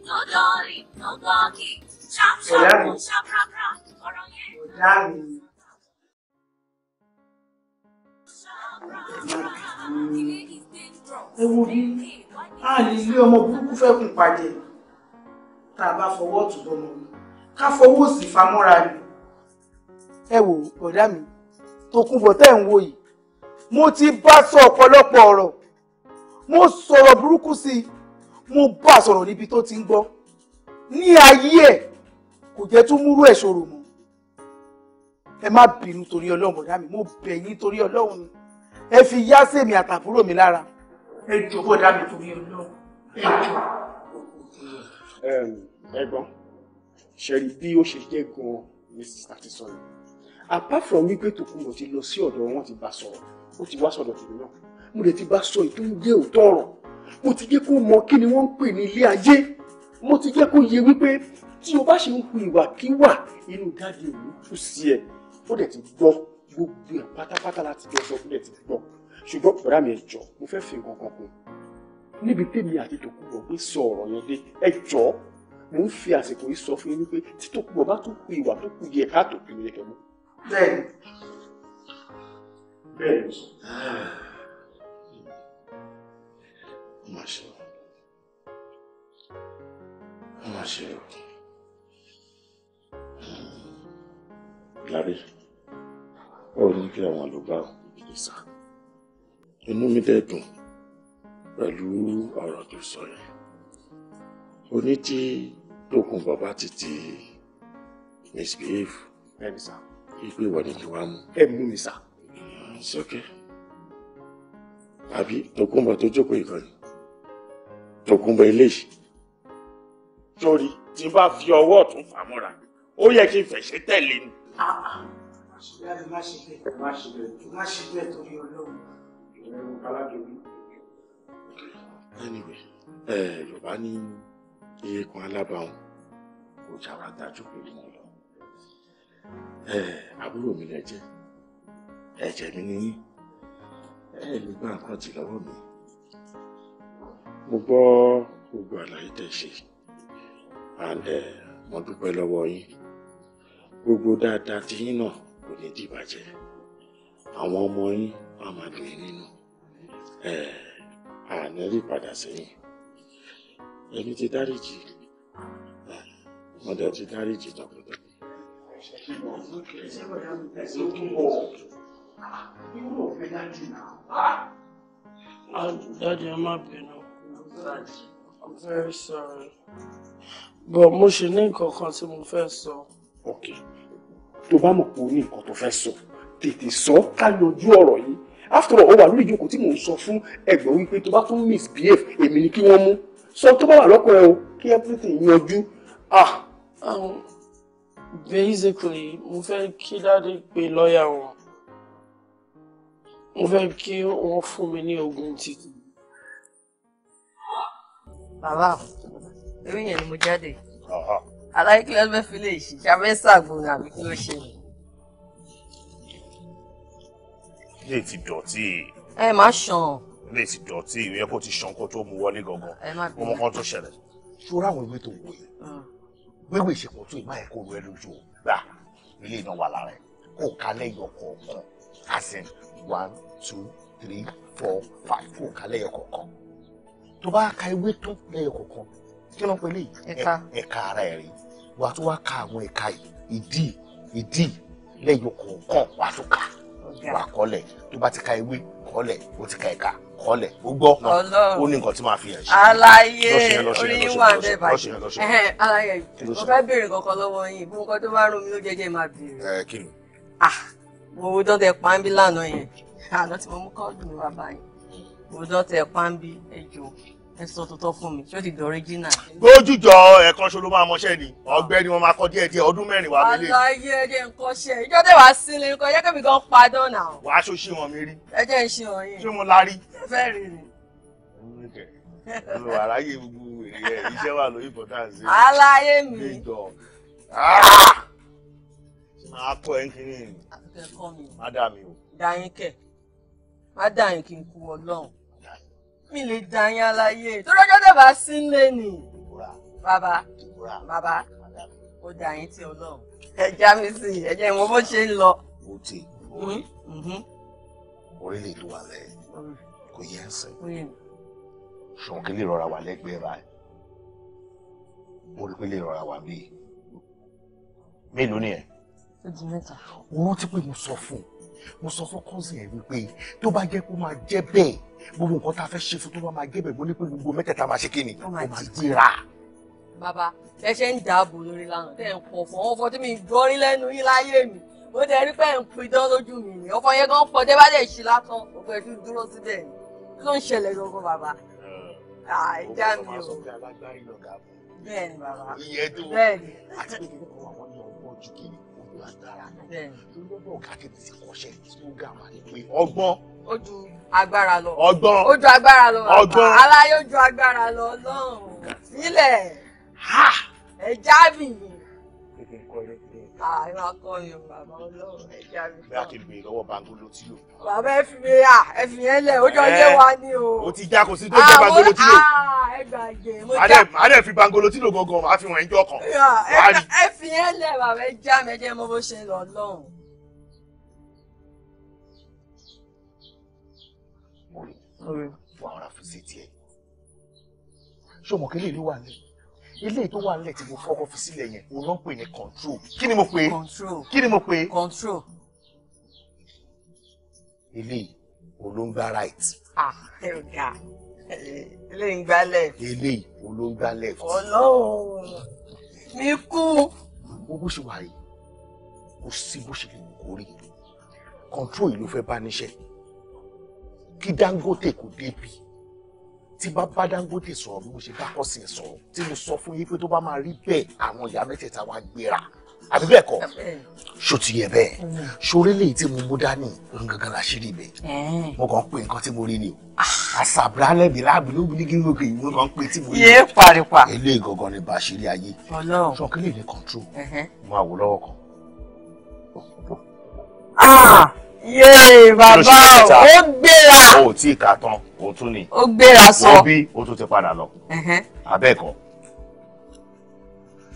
tọ́gọ́rì tọ́gọ́kì ṣàpṣàpù ṣàpàpà ọ̀rọ̀ yẹn. Thank you ewu bí a lè lé ọmọ burúkú fẹ́ kùn pàjẹ́ tá a bá fọwọ́ ọ̀tún bọ́mọ ká fọwọ́ òsì famọ́ra ni. ẹ wò ọ̀dà mi Tòkunbọ̀ tẹ́ ń wò yìí mo ti bá sọ ọ̀pọ̀lọpọ̀ ọ̀rọ̀ mo sọ̀rọ̀ burúkú sí i mo bá a sọ̀rọ̀ níbi tó ti ń gbọ́ ní ayé ẹ̀ kò jẹ́ tún múrú ẹ̀ ṣòro mọ́ ẹ má bínú torí ọlọ́run ọ̀dà mi mo bẹ̀ yín torí ọlọ́run ẹ fi yá sèmi àtàbúrò mi lára ẹ jọ bó dá mi torí Ọlọ́run ẹ jọ. ẹ̀gbọ́n ṣẹ̀rí bí ó ṣe jẹ́ gan ní sísá ti apart from wípé tòkunbọ̀ ti lọ sí ọ̀dọ̀ wọn ti bá sọ̀rọ̀ ó ti wá sọ̀dọ̀ tèmi náà mo lè ti bá sọ èyí tó ń jẹ́ òótọ́ ọ̀rọ̀ mo ti jẹ́ kó mọ kí ni wọ́n ń pè ní ilé ayé mo ti jẹ́ kó yé wípé tí o bá ṣe ń hu ìwàkiwà inú dáàdi òun kù sí ẹ ó dẹ̀ ti gbọ́ gbogbo ẹ̀ pátápátá láti jọ sọ fún ẹ̀ ti gbọ́ ṣùgbọ́n bọ̀dá mi ẹ jọ mo fẹ́ fi nǹkan kan kún níbi tèmi àti tòkúbọ̀ pé sọ ọ̀rọ̀ yẹn dé ẹ jọ mo ń fi àsìkò yìí sọ fún yín wípé tí tòkúbọ̀ bá tó kú ìwà tó kù yẹ ká tó kù yẹ kẹ mọ́. bẹ́ẹ̀ni má ṣe o má ṣe o lárí ó ní kí àwọn àlùbáwò ìgbésà inú mi dẹ̀ dùn pẹ̀lú ọ̀rọ̀ tó sọ yẹn ó ní tí tókun bàbá ti ti misbehave ẹni sá ipe ìwọ ni kí wá mú ẹ mú mi sá sókè àbí tókun bọ tó jókòó ìkànnì tókun bọ eléyìí torí tí n bá fi ọwọ́ ọ̀tún fà ó yẹ kí n fẹ̀ṣẹ̀ tẹ̀lé ni. àṣìlẹ́ ah, ah. bẹ́ẹ̀ má bẹ́ẹ̀ má bẹ́ẹ̀ torí ọlọ́run anyway ẹ yorùbá ní eékún alábàáhùn kò jáwá dájú pé wọn lọ ẹ àbúrò mi lẹ jẹ ẹ̀jẹ̀ mi ní ẹ nígbà nǹkan tì lọ́wọ́ mi mo gbọ́ gbogbo àlàyé tẹ́ ṣe and mo dúpẹ́ lọ́wọ́ yín gbogbo dáadáa ti yín náà kò ní dìbàjẹ́ àwọn ọmọ yín á máa dùn yín nínú àní rí padà sẹ́yìn èmi ti dáríjì mo ti dáríjì tọkàntọkàn. Daddy, I'm not I'm very sorry. But mo ṣe ní nǹkan kan tí mo fẹ́ sọ. Okay. Tó bá mọ̀ pé o ní nǹkan tó fẹ́ sọ, tètè sọ ká yanjú ọ̀rọ̀ yìí after all ó wà lórí ìjókòó tí mò ń sọ fún ẹ̀gbọ́n wípé tó bá tún misbehave èmi ni kí wọ́n mú sọ tó bá wà lọ́kọ̀ ẹ o kí everything yanjú ah. Um, basically mo fẹ́ kí dáadé pe lọ́ọ̀yà wọn mo fẹ́ kí wọ́n fún mi ní ogun títí. bàbá eré yẹn ni mo jáde aláìkílẹ̀ fẹ́ fi lè ṣiṣẹ́ abẹ́sàgbọ̀n àbí kí ló ṣe ilé ti dọ̀tí. ẹ má ṣàn. ilé ti dọ̀tí ìwé ẹ̀kọ́ ti ṣàn kó tó mu wọlé gangan ọmọ kan tó ṣẹlẹ̀. ṣọ́ra àwọn ìwé tó wù yìí wíwé ah. ìṣèpọ̀ tó ìmá ẹ̀kọ́ rẹ lójú o gbà ilé iná wà lára ẹ̀ kó ká lẹ́yìn ọkọ̀ asin one two three four five kó ká lẹ́yìn ọkọ̀ tó bá ka ìwé tó lẹ́yìn ọkọ̀ kí ló ń pè ẹ̀ka ara ẹ̀ rí wàá tó wá ka àwọn ẹ̀ka ìdí ìdí lẹ́yìn ọkọ̀ wàá tó kà wà kọ́lẹ̀ tó bá ti ka ewé kọ́lẹ̀ ó ti ka ẹ̀ka kọ́lẹ̀ o gbọ́ ó ní nǹkan tí máa fi hàn ṣe. aláyé orí wà bẹ́ẹ̀ báyìí aláyé mo fẹ́ béèrè kankan lọ́wọ́ yín bí nǹkan tó bá rún mi ló jẹ́jẹ́ máa béèrè. ẹ kí ni. ah mo wo dọ́tẹ̀ pàmbí lánàá yẹn àná tí mo mú kọ́ọ̀dù mi wá báyìí mo dọ́tẹ̀ pàmbí ẹjọ́ ẹ sọ tuntun fún mi ṣé o ti dọ̀rẹ́ jìnnà. gbójújọ ẹ̀kan ṣo ló máa mọṣẹ́ ni ọ̀gbẹ́ni wọn máa kọ́ díẹ̀ díẹ̀ ọdún mẹ́rin wà lélẹ̀. àlàyé ẹ̀jẹ̀ nǹkan ṣe ìjọ tẹ̀ wá sílé nǹkan jẹ́ kébì gan padàn náà. wàá ṣó ṣe wọn mi rí. ẹ̀jẹ̀ ń ṣe wọn yìí. ṣé mo la rí. fẹ́ẹ̀ rí ni. olùwà ráyè gbogbo èrè iṣẹ́ wà lórí importance. àlàyé mi. Ah! máa kọ ẹ kí ni. má dà mí o. dà yín kẹ̀ má dà yín kí n kú ọlọ́run mi lè dà yín aláyé torí ọjọ́ tẹ̀ bá sí ń lé nì. bàbá bàbá ó dà yín tí ọlọ́run ẹ já mi sí i ẹ jẹ́ ìwọ bó ṣe ń lọ. o ti orí lè lu alẹ́ kò yẹ ẹsẹ̀ ṣùgbọ́n kí lè rọra wà lẹ́gbẹ̀ẹ́ rà mo rí pé lè rọra wà bíi mélòó ni ẹ. ojú mẹ́ta. pé mo sọ fún mo sọ fún kọ́sì ẹ wípé tó bá jẹ́ kó máa jẹ́ bẹ́ẹ̀ gbogbo nǹkan tá a fẹ́ ṣe fún tó bá máa gébẹ̀ gbóní pé gbogbo mẹ́tẹ̀ẹ̀ta máa ṣe kí ni oh ó máa gbéra. bàbá ẹ ṣe ń dáàbò lórí lánàá tẹ ń pọ̀ fún ọfọ tí mi gbọ́rí lẹ́nu yín láyé mi ó dẹ rí pé ń pidán lójú mi ni ọfọ yẹn gan pọ̀ tẹ́ bá dẹ̀ ṣí látàn òkú ẹ̀ tún dúró síbẹ̀ ni kí ló ń ṣẹlẹ̀ lọ́gọ́ bàbá. àìjá ah, mi o bẹ́ẹ̀ ni bàbá bẹ́ẹ̀ ni agbára náà lọ́dọ̀ ọ̀gá tètè sí kọ́ṣẹ́ tí ó gà máa ní pé ọgbọ́n. ó ju agbára lọ ọgbọ́n ó ju agbára lọ ọgbọ́n aláyé ó ju agbára lọ Ọlọ́run sílẹ̀ ẹ jábì àìmọ̀ akọyọ̀ bàbá Ọlọ́run ẹ jábì. bí a ti bèèrè lọ́wọ́ bangolo tí lò. bàbá ẹ fi à ẹ fi yẹn lẹ̀ ó jọ yé eh, wa ni o. o ti já kò sí tó jẹ bangolo tí lò. ẹ gbàgbé mo já. adé fi bangolo tí lò gangan máa fi wọ̀nyí jọ kàn. ẹ fi yẹn lẹ̀ bàbá ẹ já mi ẹ jẹ́ mo bó ṣe lọ lọ́hùn. fún àwọn àfúnṣe tiẹ̀ ṣọmọ kí lèlú wà nílẹ̀ eléyìí tó wà nílẹ̀ tí mo fọkọ fi sílẹ̀ yẹn òun náà pè ní control kí ni mo pè kí ni mo pè control eléyìí olóńgbà right. ah ẹ ò dáa eléyìí ń gbá left. eléyìí olóńgbà left. ọlọ́run mi kú. o bó ṣe wà yìí kò sí bó ṣe lè wù kó control yìí ló fẹ́ bá níṣẹ́ kí Dangote kò débi tí bá bá Dangote sọ̀rọ̀ bí mo ṣe bá kọ́sì sọ̀rọ̀ tí mo sọ fún yín pé tó bá máa rí bẹ́ẹ̀ àwọn ìyá mẹ́tẹ̀ẹ̀ta wa gbéra àbí bẹ́ẹ̀ kọ́ ṣó ti yẹ bẹ́ẹ̀ ṣoré lèyí tí mo mú dání òun gangan la ṣe rí ibẹ̀ mo kàn ń pè nǹkan tí mo rí ni o àṣàbùrà lẹ́bi láàbì ló bí nígbà òkè ìwé kan pé tí mo rí yé paripa eléyìí gangan ni bá ṣe rí ayé ṣọkí lè ní control mo àwò lọ́wọ́ yéè bàbá ó gbéra. o ò tí ì kà tán o tún ni. ó gbéra sọ. wọ́n bí o tún ti padà lọ. abẹ́ẹ̀kọ́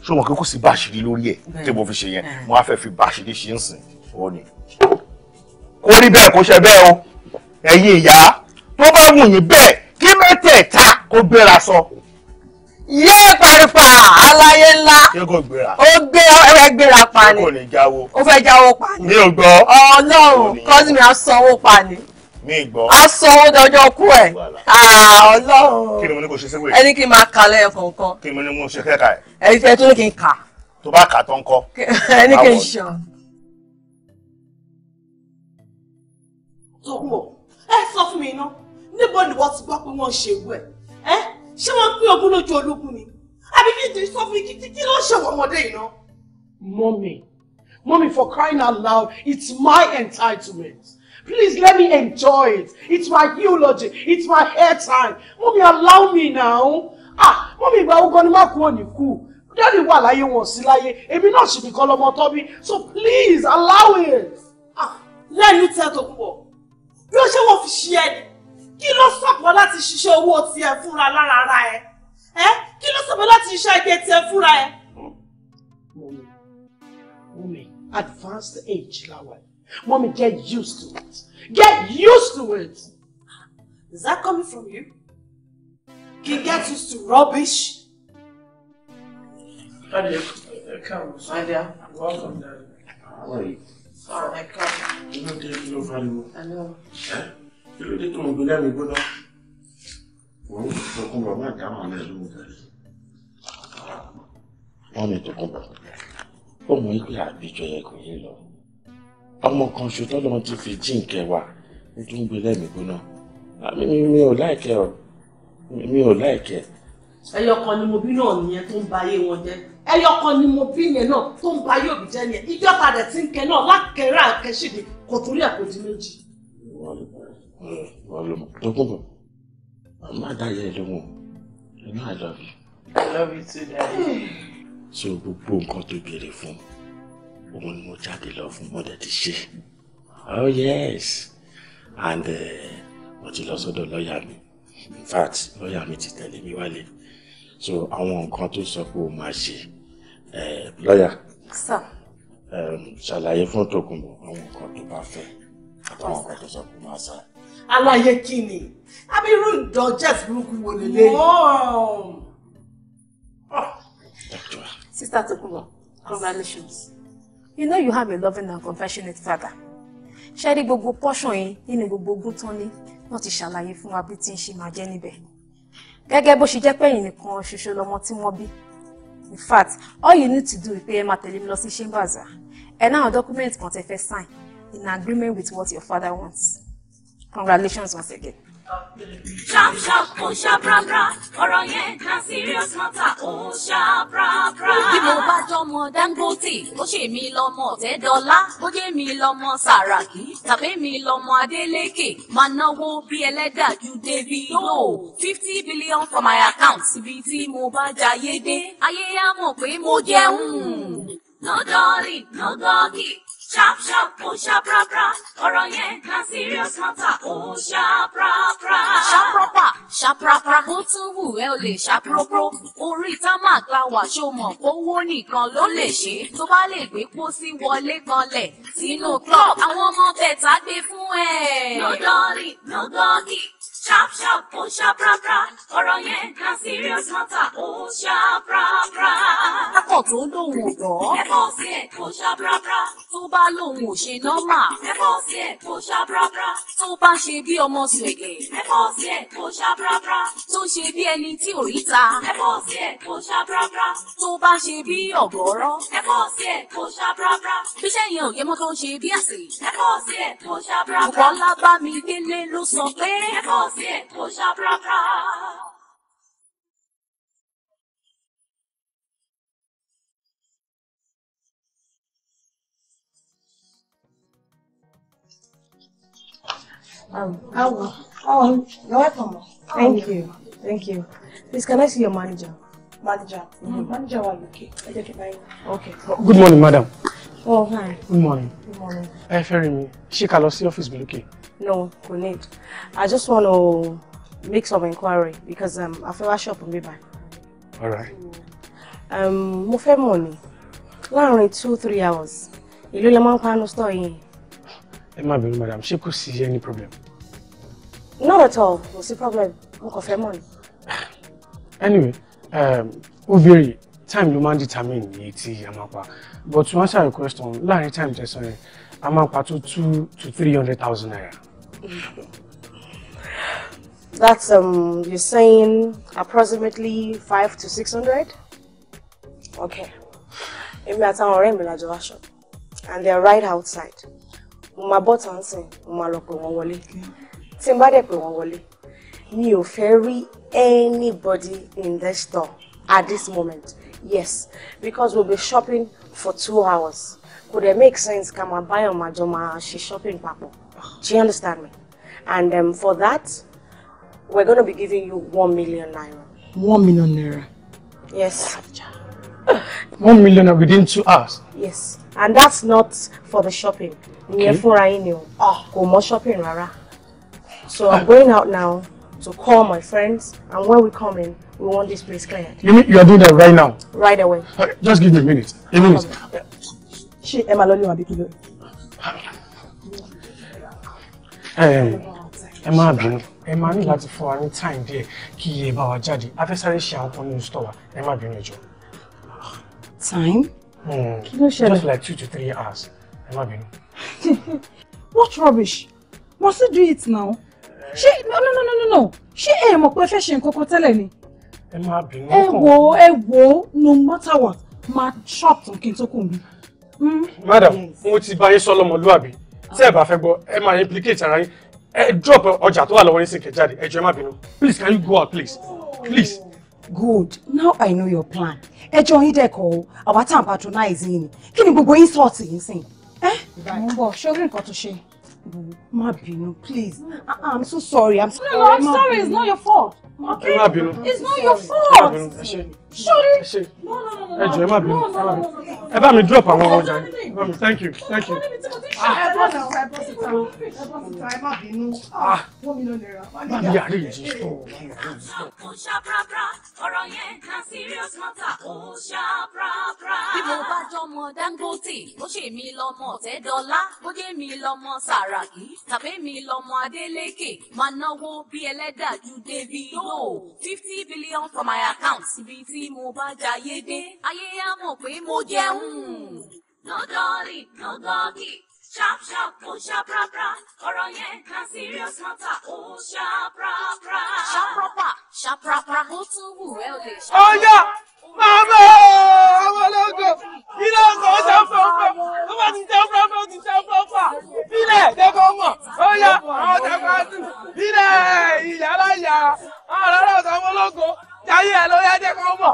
ṣé wọn kí kò sí báṣìírí lórí ẹ̀ tí mo fi ṣe yẹn mo á fẹ́ fi báṣìírí ṣe ń sìn ó ní. kó rí bẹ́ẹ̀ kó ṣe bẹ́ẹ̀ o ẹ̀yin ìyá tó bá wù yín bẹ́ẹ̀ kí mẹ́tẹ̀ẹ̀ta kó gbéra sọ yé paripa aláyé ńlá O gbé ẹwẹ gbéra pa ni ó fẹ́ jáwó pa ni ọlọ́run kọ́sìmì asanwó pa ni asanwó dọjọ́ kú ẹ̀ ọlọ́run ẹni kí n máa kà lẹ́yìn kọ̀ọ̀kan kí n mú ní mú ṣe kẹ́ka ẹ̀ ẹni fẹ́ tó ní kí n kà tó bá kà tó ń kọ́ ẹni kí n ṣan. tó mọ̀ ẹ sọ fún mi iná níbo ni wọ́n ti gbọ́ pé wọ́n ń ṣe ewu ẹ̀ ẹ́ ṣé wọ́n pín ogún lójú ológun ni àbí kí ìdí sọ fún kí kí ló ṣe ọmọdé yìí ná. mọ́mì mọ́mì for crying out loud it's my entitlement please let me enjoy it it's my eulogy it's my hair time mọ́mì allow me now ah mọ́mì ìgbà ogun ni má kú òní kú dáàdi wà láyé wọn sí láyé èmi náà sì nìkan lọmọ tọ́bí so please allow it. Ah, lẹ́nu tẹ́ tó pọ̀ bí ó ṣe wọ́n fi ṣí ẹni kí ló sọ̀pọ̀ láti ṣiṣẹ́ owó tiẹ̀ fúnra lára ara ẹ ẹ kí ló sọ̀pọ̀ láti ṣiṣẹ́ ẹgbẹ́ tiẹ̀ fúnra ẹ. mọ̀mí mọ̀mí advanced age lawa mọ̀mí get used to it get used to it. Is that coming from you? kí get used to rubbish. Daddy, come, my Welcome, Daddy. How are you? Fine, I come. You know, Daddy, love animal. I know. Eh? kí ló dé tó ń gbélé mi gbóná wọ́n ń tọkún bàbá àdámà náà ló ń bẹ̀rẹ̀ wọ́n ní tọkún bàbá ó mọ ipe àbíjọ yẹn kò yé lọ ọmọ kan ṣo tọ́lọ́ ti fi jí nǹkẹ́ wa ó tún gbélé mi gbóná àmì mi ò láìkẹ́ ọ mi ò láìkẹ́ ẹyọkan ni mo bí náà nìyẹn tó ń ba ayé wọn jẹ́ ẹyọkan ni mo bí yẹn náà tó ń ba ayé òbí jẹ́ nìyẹn ìjọba rẹ ti ń kẹ náà lákẹrẹ àkẹṣìdì kò torí ẹ kò di méjì. Wọ́n ló mọ̀. Tókùnkùn, màmá dáyé ẹ lóhùn. You know I love you. I love you too, Daddy. So gbogbo nǹkan tó béèrè fún, òun ni mo jáde lọ fún mọ́dẹ̀ ti ṣe. Oh yes, and mo ti lọ sọ́dọ̀ lọ́ọ̀yà mi. In fact, lọ́ọ̀yà mi ti tẹ̀lé mi wálé. So àwọn nǹkan tó sọ pé o máa ṣe, eh, lọ́ọ̀yà. Sir ṣàlàyé fún tòkunbọ̀ àwọn nǹkan tó bá fẹ́ àtàwọn nǹkan tó sọ kó máa sáré aláyé kí ni abirú ìdọ́jẹ́sì burúkú wo lélẹ̀. Sister Tokunbo, congratulations. You know you have a loving and compassionate father. Ṣé rí gbogbo portion yín nínú gbogbo ogún tán ní wọ́n ti ṣàlàyé fún wa bí tí ń ṣe máa jẹ́ níbẹ̀. Gẹ́gẹ́ bó ṣe jẹ́ pé ẹ̀yin nìkan ṣoṣo lọmọ tí wọ́n bí. In fact, all you need to do is pay ẹ máa tẹ̀lé mi lọ sí Shimbaza. Ẹ náà document kan tẹ fẹ́ sign in agreement with what your father wants. Congratulations once again. Sharp sharp ó oh, ṣàbràbrà ọ̀rọ̀ yẹn na serious matter ó oh, ṣàbràbrà. Bí mo bá jọmọ Dangote, ó ṣe mí lọ́mọ Ọ̀tẹ́dọ́lá, ó jẹ́ mi lọ́mọ Sàràkí, tàbí mi lọ́mọ Adélékè, máa náwó bí ẹlẹ́dà ju débi yóò. Fifty billion for my account, ibi tí mo bá jayé dé, ayé á mọ̀ pé mo jẹun. No dolly, no doggy sharp sharp ó ṣàprapra ọ̀rọ̀ ye na serious matter ó ṣàprapra. ṣàprapra ṣàprapra bó tún wù ẹ́ o lè ṣàpropro orí tamak la wà ṣó mọ̀ owó nìkan ló lè ṣe tó bá lè gbé pósí wọlé kanlẹ̀ sínú club àwọn ọmọ bẹ̀ẹ̀ tá gbé fún ẹ. no dolly no doggy sharp sharp ó oh, sharp rárá ọ̀rọ̀ yẹn na serious matter ó oh, sharp rárá. akọ̀ tó lóun ò gbọ́. ẹ bọ́ sí ẹ̀ kó sharp rárá. tó bá lóun ò ṣe nọ́mà. ẹ bọ́ sí ẹ̀ kó sharp rárá. tó bá ṣe bí ọmọ sèké. ẹ bọ́ sí ẹ̀ kó sharp rárá. tó ṣe bí ẹni tí ò rí ta. ẹ bọ́ sí ẹ̀ kó sharp rárá. tó bá ṣe bí ọ̀gọ́rọ́. ẹ bọ́ sí ẹ̀ kó sharp rárá. bíṣẹ́ yẹn ò yẹ mọ́ tó ń ṣe bí àsè. ẹ bọ́ sí mi délé ló sọ pé. ẹ światło zabrata. Um, oh, oh, you're welcome. Thank oh. you. Thank you. Please, can I see your manager? Manager. Mm -hmm. Manager wa UK. Okay. Oh, good morning, madam. Oh, hi. Good morning. Good morning. Ẹ fẹ́ rí mi. Ṣé ká lọ sí ọ́fíìsì mi No, no need. I just want to make some inquiry because um, I feel I shop on Biba. All right. Um, mo fẹ́ mọ̀ ni láàrin two three hours ìlú lè máa ń panu store in. ẹ má bẹ̀rù madam She could see any problem. not at all kò sí problem mo kàn fẹ́ anyway um, béèrè time you man determine it tí a but to answer your question láàrin time just yẹn a máa two to three hundred thousand naira. That's um you're saying approximately five to six hundred? Okay. If we are mi lájọ wá shop and they are right outside. Mo máa bọ́ tán sìn, mo máa lọ pè wọ́n wọlé. Tí anybody in the store at this moment. Yes, because we'll be shopping for two hours. Could it make sense come and buy a jọ She's shopping Papa. Do you understand me? And um, for that, we're going to be giving you one million naira. One million naira? Yes. one million naira within two hours? Yes. And that's not for the shopping. Okay. Go ah. more shopping, Rara. So ah. I'm going out now to call my friends, and when we come in, we want this place cleared. You mean you're doing that right now? Right away. Uh, just give me a minute. A minute. She, Emma, lolly, ẹ má bínú ẹ máa ní láti fún wa ní time díẹ̀ kí iye bá wa jáde a ṣe àwọn kan ní wa ẹ má bínú ẹjọ. time. Hmm, kí ló ṣẹlẹ̀ just like two to three hours ẹ má bínú. what rubbish must you do it now ṣé no no no no no ṣé ẹ mọ̀ pé ẹ fẹ́ ṣe nǹkan kan tẹ́lẹ̀ ni. ẹ má bínú ọkàn ẹ wo. ẹ wò no matter what máa ṣọ́ọ̀tún kí n tó kù mi. Hmm? madam mo ti bá yín tí ẹ bá fẹ́ gbọ́ ẹ máa implicate ara yín ẹ drop ọjà tó wà lọ́wọ́ yín sì kẹ́ jáde ẹ jọ̀ọ́ ẹ má bínú please can you go out please please. good now i know your plan ẹjọ́ yín dẹ̀kọ̀ o àwa tá à ń patronize yín ni kí ni gbogbo insult yín sìn. ẹ mo ń bọ̀ ṣé o rí nǹkan tó ṣe. má bínú please ah, ah, i'm so sorry i'm sorry. no no i'm sorry it's not your fault. Okay? má it's not your fault. Sorry. No, no, no, no. Ẹ jọ̀ọ́, ẹ má bínú. Ẹ bá mi drop àwọn ọjà yìí. Ẹ bá mi thank you, thank you. Ẹ bọ́ sí ta, ẹ bọ́ sí ta, ẹ bọ́ sí ta, ẹ má bínú. Wọ́n mi lọ nira. Má mi yàrá èyí sọ. Kò ṣàprápra, ọ̀rọ̀ yẹn na serious matter. oh, ṣàprápra. Bí mo bá jọmọ Dangote, bó ṣe mi lọmọ Ọ̀tẹ́dọ́lá, bó jẹ́ mi lọmọ Sàràkí, tàbí mi lọmọ Adélékè, máa náwó bí ẹlẹ́dàá ju Davido. Fifty billion from my account, ibi tí bí mo bá jayé dé ayé á mọ̀ pé mo jẹun. nọ́dọ́lì nọ́gọ́gì sharp sharp ó oh, ṣàprapra ọ̀rọ̀ yẹn na serious matter ó oh, ṣàprapra. ṣàprapra ṣàprapra ó tún wù ẹ́ o lè ṣàprapra. Mama! Mama lọ́gọ̀! Ilé ọkọ̀ ó ṣe fọ́fọ́. Ó bá ti ṣe fọ́fọ́ ti ṣe fọ́fọ́. Ilé ẹ̀dẹ́gbọ́ mọ̀. Ó yá àwọn ọ̀dàgbà dùn. Ilé ìyá láyà. Àwọn ọ̀rọ̀ ọ̀sán ọmọ lọ́gọ̀. Jayé ẹ̀ ló yá jẹ́ kọ́ mọ̀.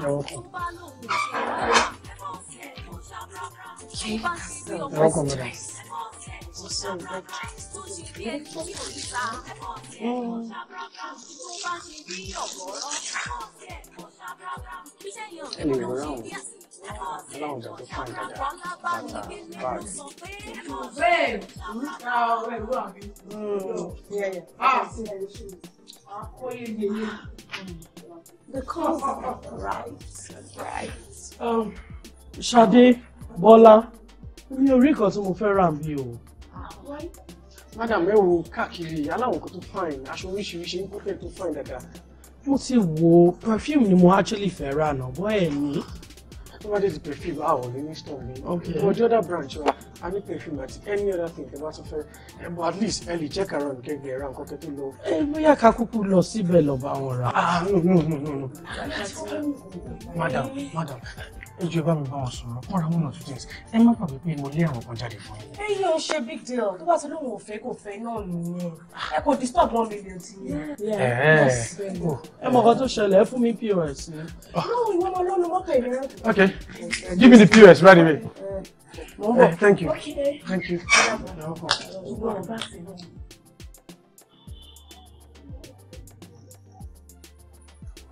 You're welcome. You're welcome, madam. 只是我们别说嗯。理由让我让着就放着点，把它挂着。喂，啊喂，吴老师。嗯，爷爷。啊。啊，我爷爷。嗯。The cost, right, right. Um, Shadi, Bola, mi ò rí nǹkan tí mo fẹ́ madam will ẹ wo káàkiri aláwọ̀ kan tó fine aṣọ oríṣiríṣi nǹkan tó fine dáadáa. mo ti wo perfume ni mo actually fẹ́ No, náà bọ́ tó bá dé perfume I ò rí ní store ní but the other branch wa any perfume àti any other thing tẹ́ bá tún but at least early check around kẹgbẹ ra around, kẹ́ tó lọ. ẹ bóyá ká kúkú lọ síbẹ̀ lọ bá wọn rà. ah no no no no no madam madam ẹ jọ̀ọ́ bá mi bá wọn sọ̀rọ̀ kọ́ra mọ́nà two things ẹ má gbàgbé pé mo lé àwọn kan jáde fún yín. èyí ò ń ṣe big deal tó bá ti lóun ò fake or fake. No, no. I could disturb one million ti yẹn. Eh. Oh. ẹ mọ̀ kan tó ṣẹlẹ̀ ẹ fún mi pos. no ìwọ ọmọ lọ́nu mọ́tò Okay. Give me the POS right away. Uh, thank you. Thank you.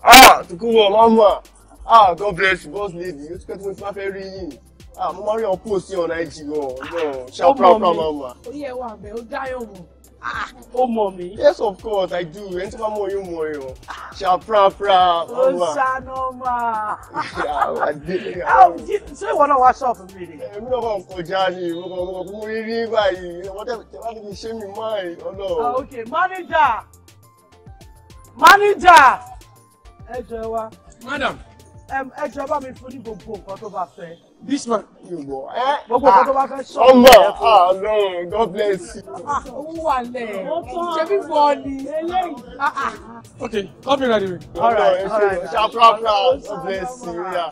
Ah, Tukubo, Mama. Ah, God bless you, boss lady. You get me to fẹ́ rí Ah, mo máa rí post sí on IG oh, No, shout proud proud mama. Orí ẹ̀ wà bẹ́ẹ̀, ó dáyọ̀ mọ̀ ó mọ̀ mi. yes of course i do ẹni tí wọ́n mọ̀ yóò mọ̀ yóò ṣá prapra. ó ṣàná máa. ṣé ìwọ náà wá ṣọ́ọ̀fù mi ni. èmi náà kàn kọjá ni mo rí rí báyìí ọmọdé tí wọ́n fi ṣé mi máa ẹ̀ ọlọ́run. Ah, ok manager manager ẹ jọ wa. madam. ẹ jọ bá mi fún ní gbogbo nǹkan tó bá fẹ́ this man ìwọ eh? eh, gbogbo ọkọ ah, tó bá fẹ́ sọ ọmọ Ọlọ́run ah, god bless you. Ah, owó wà lẹ ṣe bí bọ́ọ̀lì eléyìí. okay come here right away. all right all right ṣapra pra god bless you. Yeah.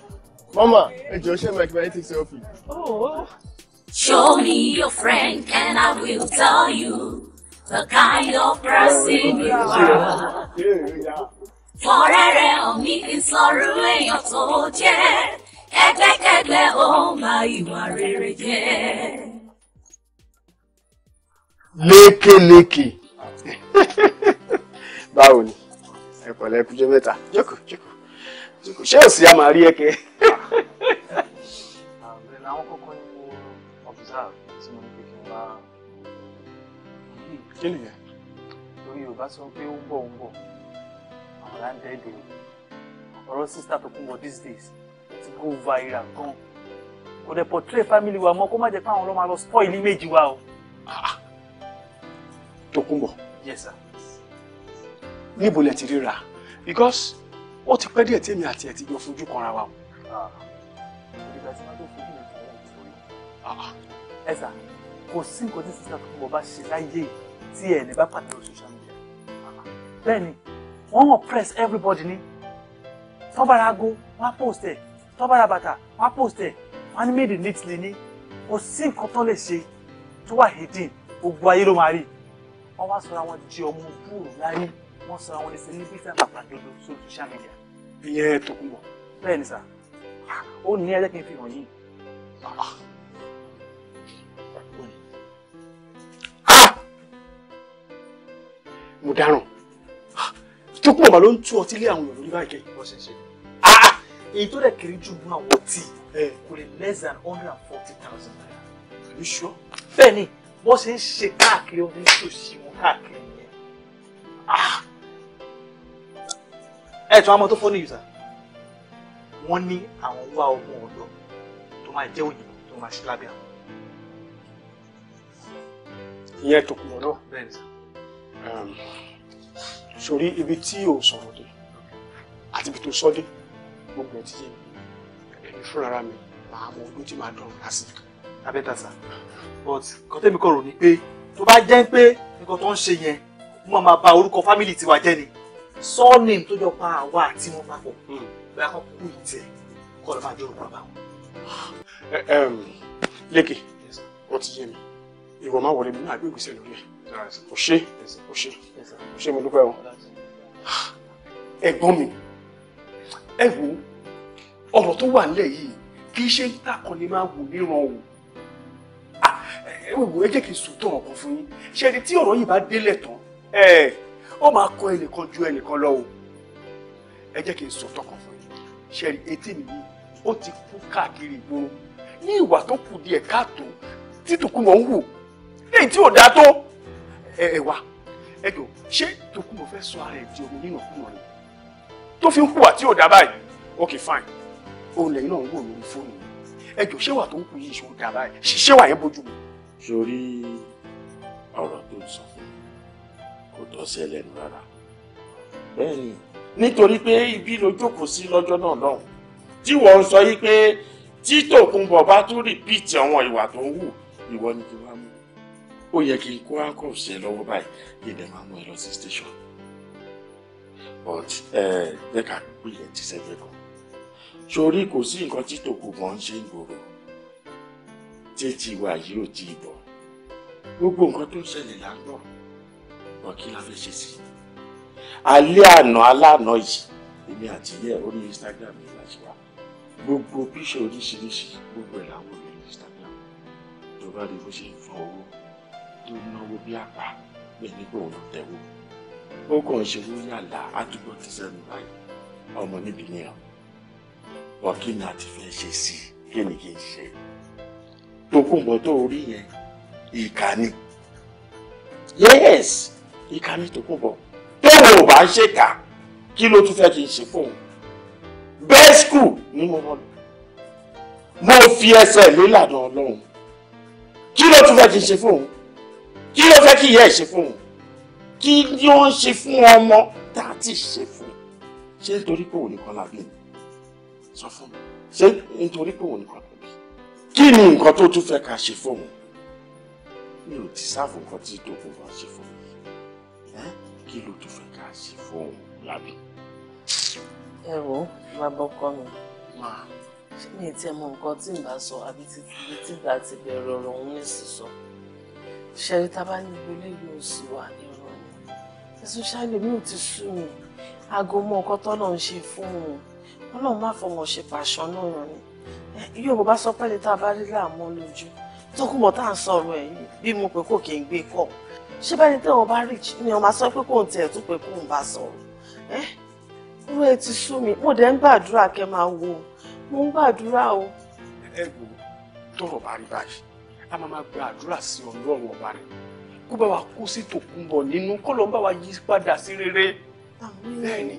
mama ejo ṣe mathematics ofi. Show me your friend and I will tell you the kind of person you are. Fọ̀rẹ́ rẹ̀ ò ní kí n sọ irú èèyàn tó jẹ́ ẹgbẹ́kẹgbẹ́ ó máa ìwà rere jẹ́. lékeleke báwo ni ẹ pẹ̀lẹ́ kújọ mẹ́ta jókòó jókòó jókòó ṣé òsì á rí ẹkẹ. àwọn ni mo observe tí mo ní pé kí n bá. kí nìyẹn. torí yorùbá sọ pé ó ń bọ̀ ń bọ̀ àwọn láǹdẹ̀ẹ́dẹ̀ ọ̀rọ̀ sísá tó kún bọ̀ these days ti go viral gan kò dẹ̀ portray family wa mọ́ kó má jẹ́ pé àwọn ọlọ́mọ lọ spoil image wa o. Ah, ah. Tókunbọ̀. yes sir. níbo lẹ ti ríra because ó ti pẹ́ díẹ̀ tí èmi àti ẹ̀ ti jọ fojú kanra wa o. Ah, kò sí nǹkan tí sísá Tókunbọ̀ bá ṣe láyé tí ẹ̀ ní bá pàtàkì social media. bẹ́ẹ̀ ni wọ́n wọ̀ press everybody ní tọ́bárago wọ́n á post ẹ̀ tó bá ra bàtà wọn á post ẹ̀ wọn á ní made in Italy ní kò sí nǹkan tó lè ṣe tó wà hidden gbogbo ayé ló máa rí wọn wá sọra wọn di ọmọ búrò láyé wọn sọra wọn di celebrity àpàgbàgbọ sórí social media ìyẹn Tòkunbọ̀ bẹ́ẹ̀ ni sà ó ní ẹjẹ́ kí n fi hàn yín. mo dáràn Tòkunbọ̀ ló ń tú ọtí lé àwọn èèyàn lórí báyìí kẹ́yìn bọ́sẹ̀ ṣe èyí tó dẹ̀ kéré jù mú àwọn tí eh. kò lè less than hundred and forty thousand naira. are you sure. bẹ́ẹ̀ ni wọ́n ṣe ń ṣe káàkiri ọdún tó ṣe wọn káàkiri yẹn. Ah! ẹ tún amọ tó fọ́ ní yìí sá wọ́n ní àwọn wá ọmọ ọ̀dọ́ tó máa jẹ́ òyìnbó tó máa ṣe lábẹ́ àwọn. ìyẹn tó kù lọ́dọ̀. bẹ́ẹ̀ ni sá. Um, sórí ibi tí o sọ̀rọ̀ dé àti ibi tó sọ dé gbogbo ẹ̀ ti yé mi èmi fúnra mi màá mọ ojú tí màá dọ̀rùn lásìkò abẹ́ta sà but nǹkan tẹ́mi kọ̀ rò ní pé tó bá jẹ́ pé nǹkan tó ń ṣe yẹn wọ́n máa ba orúkọ fámìlì tiwa jẹ́ ni surname tó jọ pa àwa àti wọn papọ̀ hmm. bóyá kan kúkú yìí tẹ̀ kọ́ ló máa jọrò bàbá wọn. Eh, lékè ó ti yé mi ìwọ máa wọlé mi náà gbé ìgbésẹ̀ lórí ẹ̀ kò ṣe kò ṣe kò ṣe mo dúpẹ́ o ẹ̀gbọ́n mi ẹ wo ọ̀rọ̀ tó wà nílẹ̀ yìí kì í ṣe tákan ni máa wò níran o ẹ wò ẹ jẹ́ kí n sòótọ́ ọ̀kan fún yín ṣe ẹni tí ọ̀rọ̀ yìí bá délẹ̀ tán ẹ ó máa kọ ẹnìkan ju ẹnìkan lọ o ẹ jẹ́ kí n sòótọ́ kan fún yín ṣe ẹni etí mi yìí ó ti kú káàkiri ìgboro ní ìwà tó kù díẹ̀ káàtó títòkùnmọ̀ ń wù lẹ́yìn tí ò dáa tó ẹ wá ẹ jọ ṣé tòkùnmọ̀ fẹ́ sọ ara ẹ̀ di omi nínú ọkùnrin tó fi ń hùwà tí ò dá báyìí okay fine òun lẹ́yìn náà ń wò lórí fóònù ẹjọ́ ṣéwà tó ń kú yìí ṣe ò dá báyìí ṣéwà yẹn bójú mi. sórí ọ̀rọ̀ tó ń sọ kò tọ́ sí ẹlẹ́nu rárá bẹ́ẹ̀ ni nítorí pé ibi ló jókòó sí lọ́jọ́ náà lọ́hùn tí wọ́n ń sọ yìí pé tí Tòkunbọ̀ bá tún rìpíìtì àwọn ìwà tó ń hù ìwọ ni kí wàá mú ó yẹ kí n kó akọ̀ọ̀sẹ̀ lọ́wọ́ báyìí kí n dẹ̀ máa mú ẹ lọ sí station but jẹ́ ká gbìyànjú ti sẹ́gbẹ́ kan sórí kò sí nǹkan tí tòkù mọ́ ń ṣe ìgboro tètè wà yìí ò tí ì bọ̀ gbogbo nǹkan tó ń ṣẹlẹ̀ là ń gbọ́ wọn kí la fẹ́ ṣe sí i alẹ́ àná alánà yìí èmi àti yẹ ó Instagram yìí láti wá gbogbo píṣọ oríṣiríṣi gbogbo ẹ̀ làwọn ní Instagram tó bá rí bó ṣe ń fọ owó tó náwó bí àpá bẹ́ẹ̀ nígbà òun tẹ̀wọ́ ó kàn ṣe owó yàrá àdúgbò ti sẹ́nu báyìí ọmọ níbi ni ọ wọ́n kí ni a ti ṣe sí kí ni kí n ṣe tó kún bọ́ tó rí yẹn ìkà ni yes tó kún bọ́ tóun ò bá ń ṣèkà kí ló tún fẹ́ kí n ṣe fóun bẹ́ẹ̀ skul ni mo rán mo fi ẹsẹ̀ lélànà ọlọ́run kí ló tún fẹ́ kí n ṣe fóun kí ló fẹ́ kí ìyá ẹ̀ ṣe fóun kí ni ó ń ṣe fún ọmọ tá a ti ṣe fún ṣé nítorí pé òun nìkan la bí mi sọ fún mi ṣé nítorí pé òun nìkan la bí kí ni nǹkan tó tún fẹ́ ká ṣe fún òun mi ò ti sáàfù nǹkan tí tó kún fún ṣe fún mi kí ló tún fẹ́ ká ṣe fún òun lábí. ẹ wo bàbá ọkọ mi ṣé mi ti mọ nǹkan tí n bá sọ àbí títí tí ti bẹ̀rẹ̀ ọ̀rọ̀ òun ní sísọ ṣẹ́rí tá a bá ní gbélé yóò sì wà ní social media ti sú mi aago mọ nǹkan tọ́lọ̀ ń ṣe fún un ọlọ́run má fọmọ̀ ṣe pàṣán náà yàn ni yorùbá sọ pẹ́lẹ́ tá a bá rí láàmú lójú tó kú mọ́ tá à ń sọ̀rọ̀ ẹ̀ bí mo pé kò kí n gbé kọ́ ṣé bẹ́ẹ̀ ni tí wọ́n bá rí ni wọ́n máa sọ pé kò ń tiẹ̀ tó pé kò ń bá sọ̀rọ̀ ẹ́ kúrò ẹ ti sú mi mo dẹ̀ ń gbàdúrà kẹ́ máa wo mo ń gbàdúrà o. ẹ wo tọrọ bá rí báyìí a máa máa gbàdúrà sí ọlọ́run ọba rẹ̀ kó bá wa kó sí tòkunbọ̀ nínú kó lọ́n bá wa yí padà sí rere bẹ́ẹ̀ ni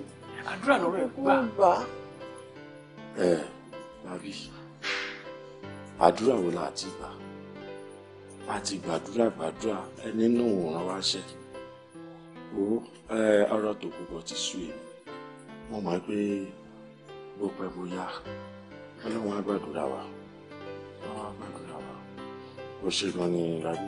àdúrà lọ́rọ̀ ẹ̀ gbà. ẹ màrí àdúrà wo la ti gbà láti gbàdúrà gbàdúrà ẹni náà ò wá ṣe o ọ̀rọ̀ tòkunbọ̀ ti sú èmi mo mọ̀ pé bó pẹ́ bóyá ọlọ́run á gbàdúrà wa ọlọ́run á gbàdúrà wa ó ṣe gan ni rabi.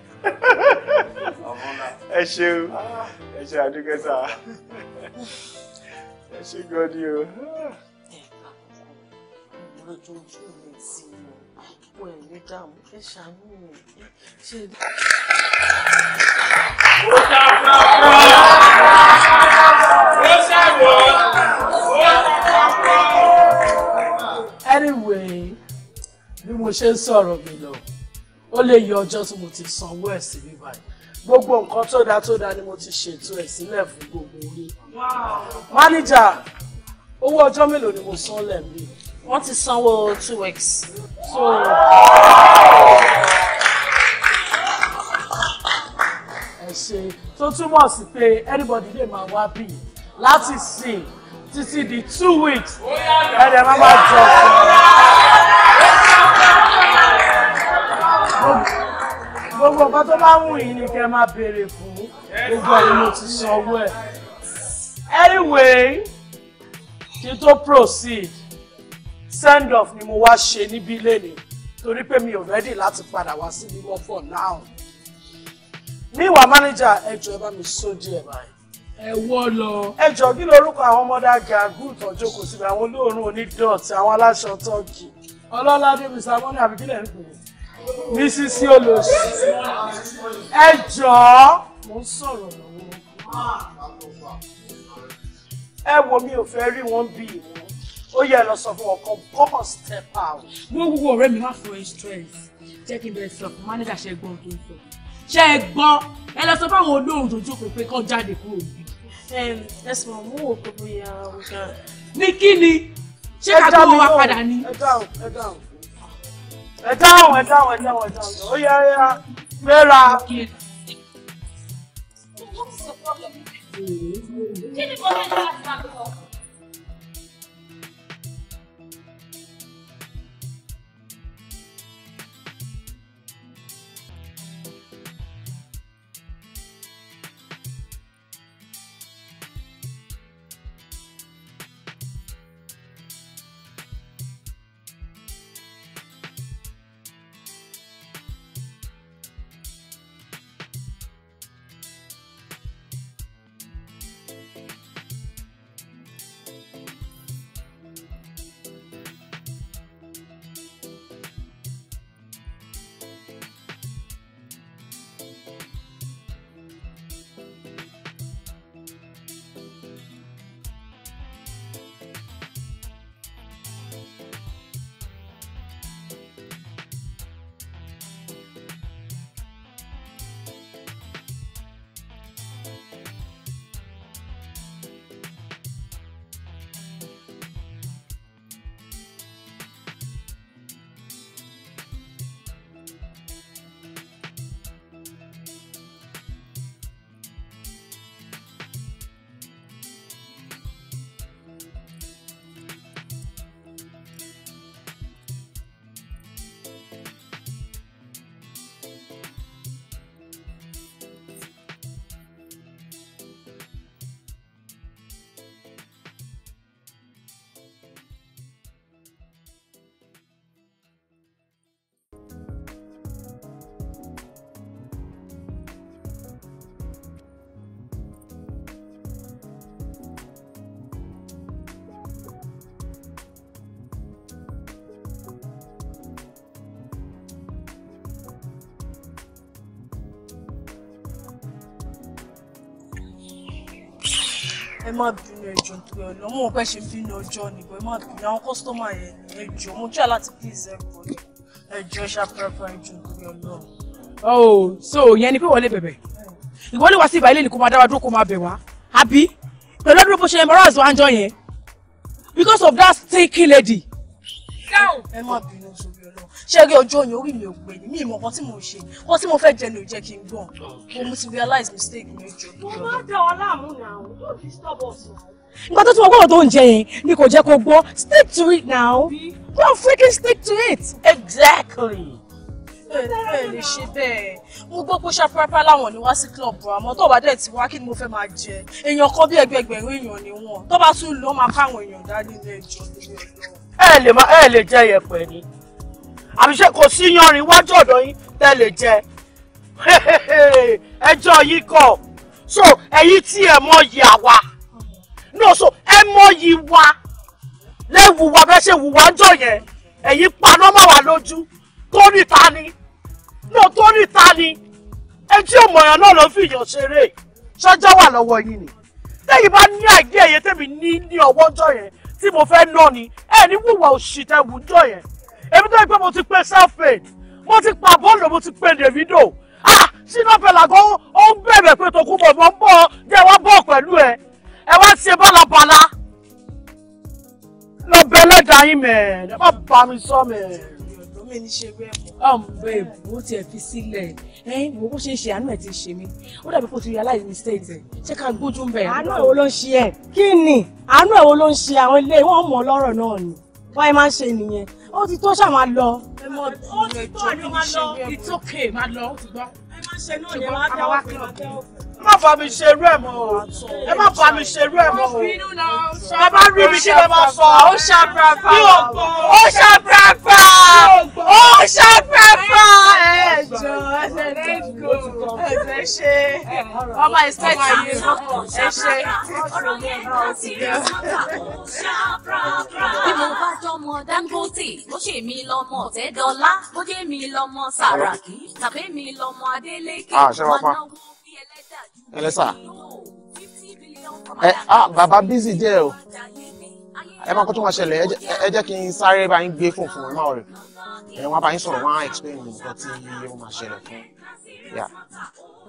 ẹ ṣeun ẹ ṣe àdúgbẹ́sà ẹ ṣe gan o. Anyway, bí mo ṣe ń sọ̀rọ̀ mi lọ ó lè yọ ọjọ́ tí mo ti sanwó ẹ̀ sí bí báyìí gbogbo nǹkan tó dáa tó dáa ni mo ti ṣètò ẹ̀ sílẹ̀ fún gbogbo orí. máníjà owó ọjọ́ mélòó ni mo san lẹ́ẹ̀mí. wọ́n ti sanwó two weeks. So... ẹ ṣe tó túmọ̀ sí pé anybody lè máa wá bí láti sìn títí di two weeks ẹ̀ẹ́dẹ̀ máa máa jọ fún mi gbogbo nǹkan tó bá wù yín ni kẹ́ máa béèrè fún gbogbo ẹ̀yin mo ti sanwó ẹ̀. anyway kí tó proceed send off ni mo wá ṣe níbí lẹ́nu torí pé mi ò rẹ́dì láti padà wá sí mímọ́ for now. níwà manager ẹjọ́ ẹ bá mi sójú ẹ̀ báyìí. ẹ wọ́ lọ. ẹjọ́ kí lorúkọ àwọn ọmọdé gàgù ìtọ́jú kò síbi àwọn olóòórùn onídọ̀tí àwọn aláṣọ tọ́kì ọlọ́ládé mr money àbíkílẹ̀ ń pè é. Mrs. Yolosi ẹ jọ̀ọ́ mo ń sọ̀rọ̀ lọ́wọ́ ẹ wo mi ò fẹ́ rí wọn bí wọn ó yẹ lọ sọ fún ọkọ kọ́kọ́ step out. wọ́n wúwo ọ̀rẹ́ mi wá fún stress jẹ́ kí n bẹ̀rẹ̀ sọ fún mánéjà ṣe gbọ́n tó ń sọ ṣe é gbọ́ ẹ lọ sọ fún àwọn olóhùn tó jókòó pé kọ́ jáde kúrò níbí. ẹ sọ mọ owó gbogbo ìyá ọgá. ní kí ni ṣé ká tó padà ní. ẹ dáhùn ẹ dáhùn ẹ dáhùn ẹ dáhùn ẹ dáhùn ẹ dáhùn ó yá yá gbéra. Kí ni mo fẹ́ ṣe ẹjọ torí ọlọ mo pẹ ṣe fi ní ọjọ́ nìbọn ẹ má bìí àwọn kọsítọmà yẹn ní ẹjọ mo try láti please everybody ẹjọ ṣàpẹrẹpẹ ẹjọ torí ọlọ. oh so yẹn ni pé wọlé bẹ̀bẹ̀ ìwọ lè wá sí ìbàlẹ̀ nìkan máa dáwà dúró kó máa bẹ̀ wá àbí pẹ̀lú ọdún bó ṣe embarrass wa ń jọ yẹn because of that stinking lady. ẹ má bínú sọ ṣé rí ọjọ́ yẹn orí mi ò pè ní mi ìmọ̀ kan tí mo ṣe kan tí mo fẹ́ jẹ ní ò jẹ́ kí n gbọ́n mo mo ti realize mistake mi jù. mo máa ń dá ọ láàmú náà don't disturb us now. nǹkan tó tún wọ́n gbọ́dọ̀ tó ń jẹ yẹn ni kò jẹ́ kó gbọ́ stick to it now don't freaking stick to it. exactly bẹ́ẹ̀ lè ṣe bẹ́ẹ̀ mo gbọ́ pé ṣàpárápá láwọn ni wá sí klọ́ọ̀bù àmọ́ tó bá dẹ̀ ti wá kí ni mo fẹ́ máa jẹ èèyàn kan bí ẹgbẹgbẹ̀rún èèyàn ni wọ́n tó bá tún lọ́ máa káwọn èèyàn dá nílé ẹjọ́ nílé ẹjọ́. ẹ lè jẹ yẹpẹ ni àbíṣe kò sí yanrìn iwájú ọ̀dọ̀ yín tẹ́ lè jẹ ẹjọ́ yìí kọ̀ so ẹ̀yin tí ẹ mọ yìí àwa no so ẹ mọ yìí wa lẹ́wù wa bẹ́ẹ̀ ṣe wù wá jọ yẹn ẹ̀yin paná mọ́ wà lójú torí ta ni no torí ta ni ẹjí òmòyàn náà ló fi yàn ṣeré ṣọjọ́ wà lọ́wọ́ yìí ni lẹ́yìn bá ní àìdí ẹ̀yẹ tèmi ní ní ọwọ́jọ́ yẹn tí mo fẹ́ ná ni ẹ ní wùwà òṣì tẹ wùjọ yẹn èmi tó yẹ pé mo ti pe self-made mo ti pa bọ́ọ̀lù mo ti pe Davido ah ṣínà fẹlẹ kó ó ń bẹ̀rẹ̀ pé tòkú bọ̀ mọ́ ń bọ̀ jẹ́ wá bọ̀ pẹ̀lú ẹ ẹ wá ti bálabàla lọ bẹ lẹ́dàá yín mẹ́ ẹ má bá mi sọ mẹ́. ọmọ ẹni ṣe rẹ ọmọ bẹẹ bó tiẹ̀ fi sílẹ̀ ẹyin wo bó ṣe ń ṣe àánú ẹ ti ṣe mí ó dàbí kó ti realize mistake ẹ ṣé ká gbójú bẹ. àánú ẹ̀ wo ló ń ṣe ẹ kí ni àánú ẹ̀ wo ló ń ṣe àwọn ilé wọn mọ̀ lọ́rọ̀ náà ni wọ́n máa ń ṣe nìyẹn ó ti tó ṣá máa lọ. ó ti tó àná máa lọ. it's okay máa lọ ó ti gbọ́. ẹ má ṣe náà ni ẹ má dáwọ́ fún mi ẹ má fa mi ṣe irú ẹ̀ mọ́ o ẹ má fa mi ṣe irú ẹ̀ mọ́ o ẹ bá rí mi kí lè máa sọ ó ṣàbùràbà ó ṣàbùràbà ó ṣàbùràbà ẹ jọ ẹ go ẹ ṣe ọmọ ìṣẹ́jú ẹ ṣe. bí mo bá dánmọ Dangote ó ṣe mí lọ́mọ ọ̀tẹ́dọ́lá ó jẹ́ mi lọ́mọ Sàràkí tàbí mi lọ́mọ Adélékè ah, wọn náà ẹlẹ́sà ẹ eh, ah Baba bísí díẹ̀ o ẹ máa kó tó máa ṣẹlẹ̀ ẹ jẹ́ kí n sáré bá yín gbé fún fún ẹ máa rẹ̀ ẹ wọn bá yín sọ̀rọ̀ wọn á explain nǹkan tí ó máa ṣẹlẹ̀ fún yà.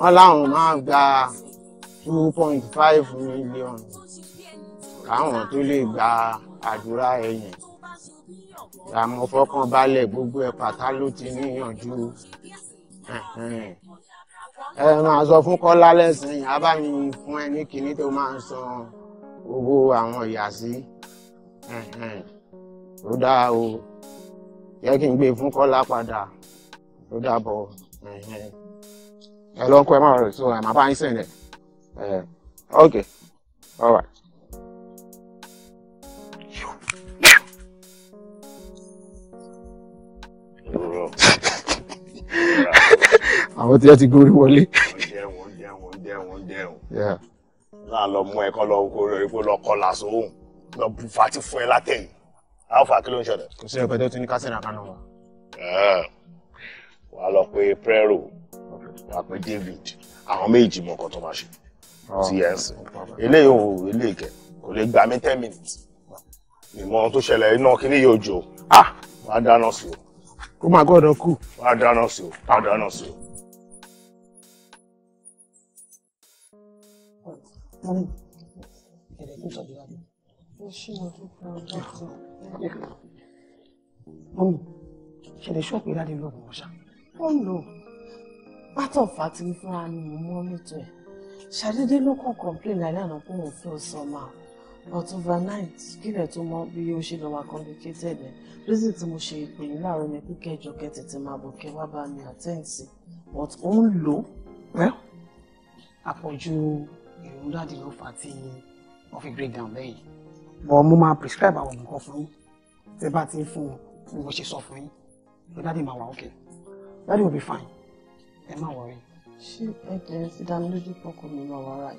wọ́n láwọn máa gba two point five million káwọn tó lè gba àdúrà ẹ̀yìn àmọ́ fọkàn balẹ̀ gbogbo ẹ̀ pátá ló ti níyànjú ẹ máa sọ fún Kọ́lá lẹ́sìn abámi fún ẹ ní kinní tó máa ń san owó àwọn ìyá sí ó dáa o jẹ́ kí n gbé e fún Kọ́lá padà ó dàbọ̀ ẹ lọ ń so ẹ máa bá yín sẹ̀ǹdẹ̀ ẹ ok all right. I want to go to wọlé. Yeah. jẹun jẹun jẹun. náà lọ mú ẹ kọ́ lọ kó epo lọ kọ́ la sóhùn lọ bu fati fún ẹ látẹ̀yìn alfa kí ló ń ṣẹlẹ̀. kò sí ẹgbẹ́ tó ti ní kásìrì àpè David àwọn méjì mọ nǹkan tó máa ṣe ah. ti ẹ̀ ń sìn eléyìí ò eléyìí kẹ kò lè gbà mí ten minutes ìmọ̀ràn tó ṣẹlẹ̀ iná kíní yóò jò ah wà á dáná sí o. kó máa gbọ́dọ̀ kú. wà á dáná sí o wà á dáná sí o. mọ́mí ṣẹlẹ̀ ṣọ́ọ̀pù ìdádé lọ́ọ̀bù ọ̀ṣà. wọ́n ń lò ó pátọ̀ fàtìrí fúnra ni mò ń mọ́nítò ẹ̀ ṣàdédé ló kàn complain láìláì náà pé òun fẹ́ máa but overnight kílẹ̀ tó mọ bí ó ṣe lọ́wọ́ complicated ẹ̀ reason tí mo ṣe ìpè yìí láàárọ̀ ni pé kẹjọ kẹtẹtẹ máa bọ̀ kẹ bá mi attend sí but ó ń lò ó àpọ̀jù ìrúdádì ló fà á tí wọ́n fi break down bẹ́yìn but mo máa prescribe àwọn nǹkan fún yín tẹ́ bá ti ń fún un bí mo ṣe sọ fún yín ìrúdádì máa wà okay daddy will be fine ẹ má wọrí. ṣé ẹ jẹ́ sí dánilójú pọ̀kọ mi máa wà ráì.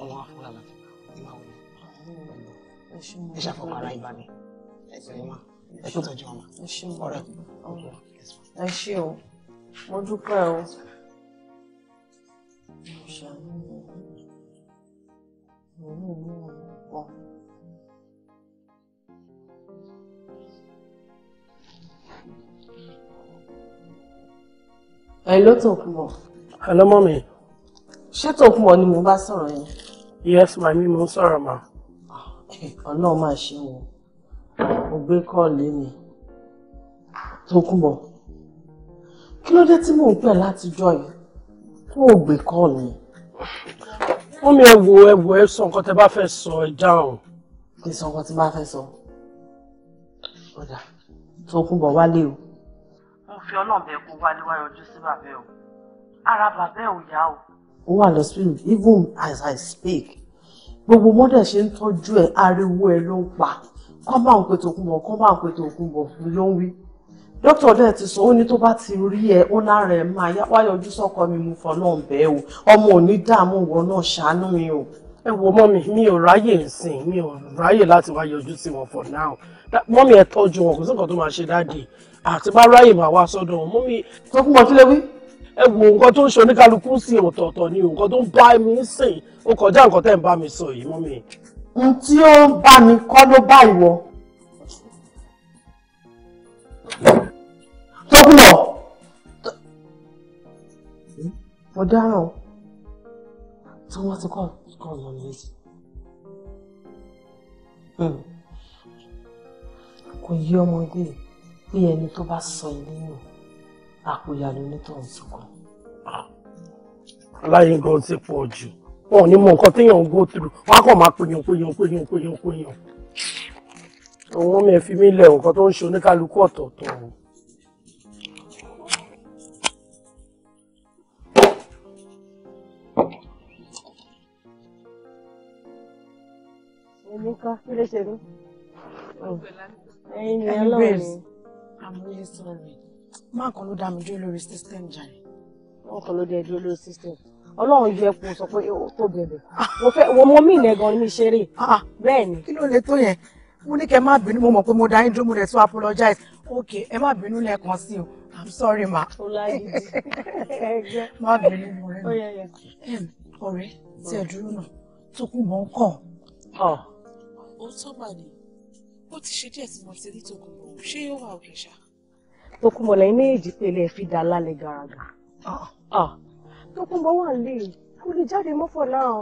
ọlọ́run afúnra láti ẹ má wọrí. ẹ ṣàfọkàn ara ìbàdàn ẹ pẹ̀lú ma ẹ tó tọ́jú ọmọ ọ̀rẹ́ ẹ ṣé o mo dúpẹ́ o. mo ṣàlùyẹ. Hello, Tòkunbọ̀. Hello, mommy. Ṣé Tòkunbọ̀ ni mo bá sọ̀rọ̀ yẹn? Yes, ma mi mo ń sọ̀rọ̀ ma. Ọlọ́run máa ṣe wò. Mo gbé kọ́ọ̀lì mi. Tòkunbọ̀. Kí ló dé tí mò ń pẹ̀ látijọ́ yìí? Kó o gbé kọ́ọ̀lì. Wọ́n mi ẹ̀wò ẹ̀wò ẹ̀ sọ nǹkan tẹ bá fẹ́ sọ ẹ̀ dáhùn. Kí sọ nǹkan tí bá fẹ́ sọ? Ọ̀dà Tòkunbọ̀ wálé o fi ọlọ́run bẹ́ẹ̀ kó wálé wá yọjú sí bàbá ẹ̀ o ara bàbá ẹ̀ ò yá o. ó wà lọ sí even as i speak gbogbo mọ́dẹ̀ ṣe ń tọ́jú ẹ̀ ariwo ẹ̀ ló ń pa kọ́ máa ń pètò òkun bọ̀ kọ́ máa ń pètò òkun bọ̀ fún ló ń wí. dókítà ọ̀dẹ́ ti sọ ó ní tó bá ti rí ẹ ó lára ẹ̀ máa yá wá yọjú sọ́kọ mi mo fọ́ náà bẹ́ẹ̀ o ọmọ ò ní dààmú ìwọ náà ṣàánú mi o ẹ wo mọ́ mi mi ò ráyè nsìn mi ò ráyè láti wá yọjú sí wọn for now mọ́ mi ẹ tọ́jú wọn kò sí nǹkan tó máa ṣe dáàdì àti ah, bá ráyè máa wá sọ́dọ̀ mú mi sọ fún bọ́sílẹ̀ wí ẹ wo nǹkan tó ń ṣe oníkálukú sí ọ̀tọ̀ọ̀tọ̀ ni nǹkan tó ń bá mi sìn ó kọjá nǹkan tẹ́ ń bá mi sọ yìí mú mi. n tí ó ń bá mi kọ́ ló bá ìwọ. tó kù wọ̀ ọ̀daràn tí wọ́n ti kọ́ kọ́ lọ nílé. Hmm. kò yí ọmọ ilé yìí pé ẹni tó bá sọ ilé nù àpòyà ló ní tó ń sunkún. aláyé gan ti pọ̀ jù wọn ò ní mọ nǹkan téèyàn ń go through wọn á kàn máa pèyàn pèyàn pèyàn pèyàn pèyàn. òun mi fi mí lẹ̀ nǹkan tó ń ṣe oníkálukú ọ̀tọ̀ọ̀tọ̀ o. Èmi kan kí ló ṣe mí? Ẹyin ni Ọlọ́run. I'm really mm. sorry. Má kan ló dá mi dúró lórí system jàre. Má kan ló dá ẹ dúró lórí system. Ọlọ́run yẹ kó sọ pé ó tó bẹ̀rẹ̀. Mo fẹ́ wo mo mí ilẹ̀ gan-an mi ṣeré. Ah, ah. Bẹ́ẹ̀ ni. Kí ló lè tó yẹn? Mo ní kẹ́ má bínú mo mọ̀ pé mo dá yín dúró mo dẹ̀ tún apologize. Ok, ẹ má bínú lẹ́ẹ̀kan sí o. I'm sorry ma. Má bínú mo rẹ̀ mi. Ọ̀rẹ́ tí ẹ dúró náà tó kù mọ́ ń kàn. Ó tọ́ bàdé. Ó ti ṣe díẹ̀ tí mo ti rí tó kù mọ́. Ṣé yóò wà òkè ṣá? Tókunbọ̀lẹ̀ ní èjì pèlè fi dà lálẹ́ garaga. Ah. Ah. Tókunbọ̀ wà lè kó lè jáde mọ́fọ̀ náà.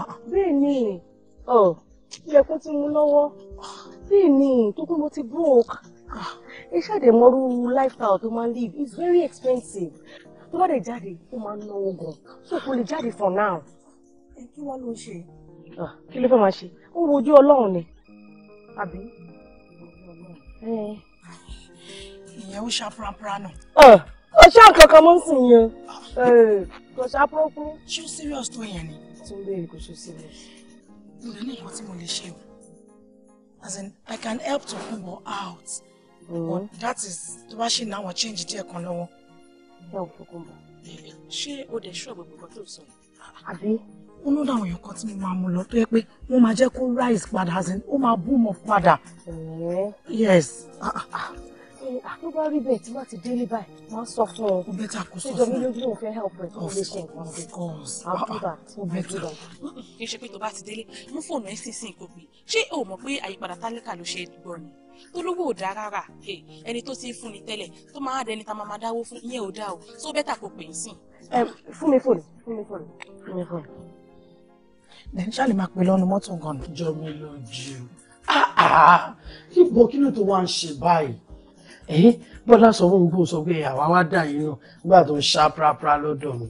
Ah. Bẹ́ẹ̀ ni oh. ilẹ̀kùn ti mú lọ́wọ́. Bẹ́ẹ̀ ni Tókunbọ̀ ti broke. Iṣẹ́ àdèmọ́rú lifestyle tó máa ń live is very expensive. Tó bá lè jáde, ó máa ń náwó So kò lè jáde for now. Ẹ kí wá ló ń ṣe? Kí ló fẹ́ máa ṣe? Ó wojú Ọlọ́run ni. Àbí? Ẹ ìyẹn ó ṣá pàràpàrà náà. ó ṣá nǹkan kan mọ́ sí yẹn kò ṣá púrúpúrú. ṣé ó serious tó yẹn ni. túnbẹ̀ kò ṣe serious. mo lè ní nǹkan tí mo lè ṣe o as in i can help to pull her out mm-hmm. but that is tó bá ṣe náà wọ́n change díẹ̀ kan lọ́wọ́. help to pull her. ṣé o dẹ̀ ṣọ́ọ̀bù gbogbo tó sọ. àbí ó ló dáwọn èèyàn kan tí mo máa mú lọ tó yẹ pé wọ́n máa jẹ́ kó rise padà ó máa boom up padà. yes ló bá rí bẹ́ẹ̀ tí wọ́n ti délé báyìí wọ́n sọ fún ọ. ó bẹ́ẹ̀ ta kó sọ fún ọ. ṣé jọmí lójú òun fẹ́ help ẹ̀ tó lè ṣe nǹkan ọ̀hún. of course ah ah ó bẹ́ẹ̀ ta. kì í ṣe pé tó bá ti délé mú fóònù ẹ̀ sì sìn kò gbìn ṣé o mọ̀ pé àyípadà tálíkà ló ṣe gbọ́ ni tolówó ò dáa rárá ẹni tó ti ń fún ni tẹ́lẹ̀ tó máa dẹni ta máa dáwó fún ìyẹn ò dáa o tó bẹ́tà kò pè é sìn. ẹ fún mi fóònù fún mi fóònù fún mi fóònù. then ṣáà lè máa pè lọ́nu mọ́tò gan-an. jọmí lójú ibo kí ló tó wá ń ṣe báyìí ẹ eh, bọ́lá sọ fún mi kó sọ pé àwa wá dà yìí nù nígbà tó ń ṣá prapra lọ́dọ̀ mi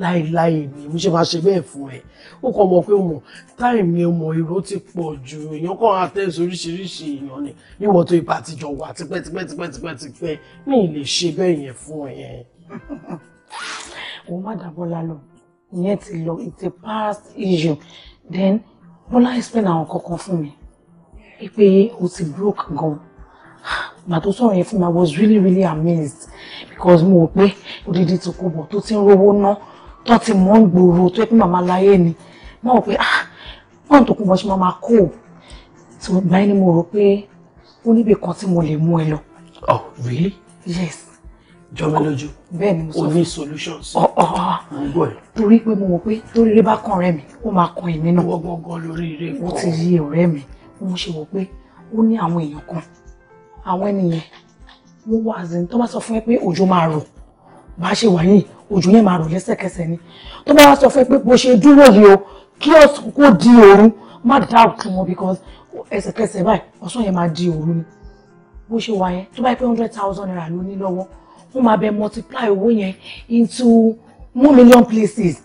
láéláé ni mo ṣe máa ṣe bẹ́ẹ̀ fún ẹ ó kàn mọ̀ pé mọ̀ táìmì ọmọ èrò ti pọ̀ ju èèyàn kan àtẹ́sí oríṣiríṣi èèyàn ni níwọ̀ tó ipa àtijọ́ wà tipẹ́tipẹ́tipẹ́tipẹ́ mi ì lè ṣe bẹ́ẹ̀ yẹn fún ẹ. òun má dá bọ́lá lọ ìyẹn ti lọ it's a past issue then bọ́lá explain àwọn kankan fún mi pé o ti broke gan ìgbà tó sọ̀rọ̀ yẹn fún mi i was really really amazed because mo rò pé odidi ti kò bọ̀ tó ti ń rówó ná tó ti mọ́ ń gbòòrò tó yẹ pé màmá láyé ni mo rò pé ah wọ́n tó kún bọ́ ṣe máa kó o tí mo gbà yín ni mo rò pé ó níbi kan tí mo lè mú ẹ lọ. oh really. yes. jọmọ lójú bẹ́ẹ̀ ni mo sọ fún mi. o ní solutions. ọ ọ ọ torí pé mo mọ̀ pé torí ire bá kan ọ̀rẹ́ mi ó máa kan èmi náà. wọ́n gbọ́ngàn lórí ire kan. ó ti yí ọ̀rẹ́ mi mo ṣe wò pé ó ní àwọn èèyàn kan àwọn ènìyàn wọ́n wá àzìn tó bá sọ fún ẹ pé òjò máa rọ̀ bá ṣe wà yìí òjò yẹn máa rọ̀ lẹ́sẹ̀kẹsẹ̀ ni tó bá wá sọ fún ẹ pé bó ṣe dúró yìí o kí ọ̀sán kó di òru má doubt wọn because ẹsẹ̀kẹsẹ̀ báyìí ọ̀sán yẹn máa di òru ni bó ṣe wà yẹn tó bá yẹ pé hundred thousand naira ló ní lọ́wọ́ wọ́n máa bẹ multiply owó yẹn into one million places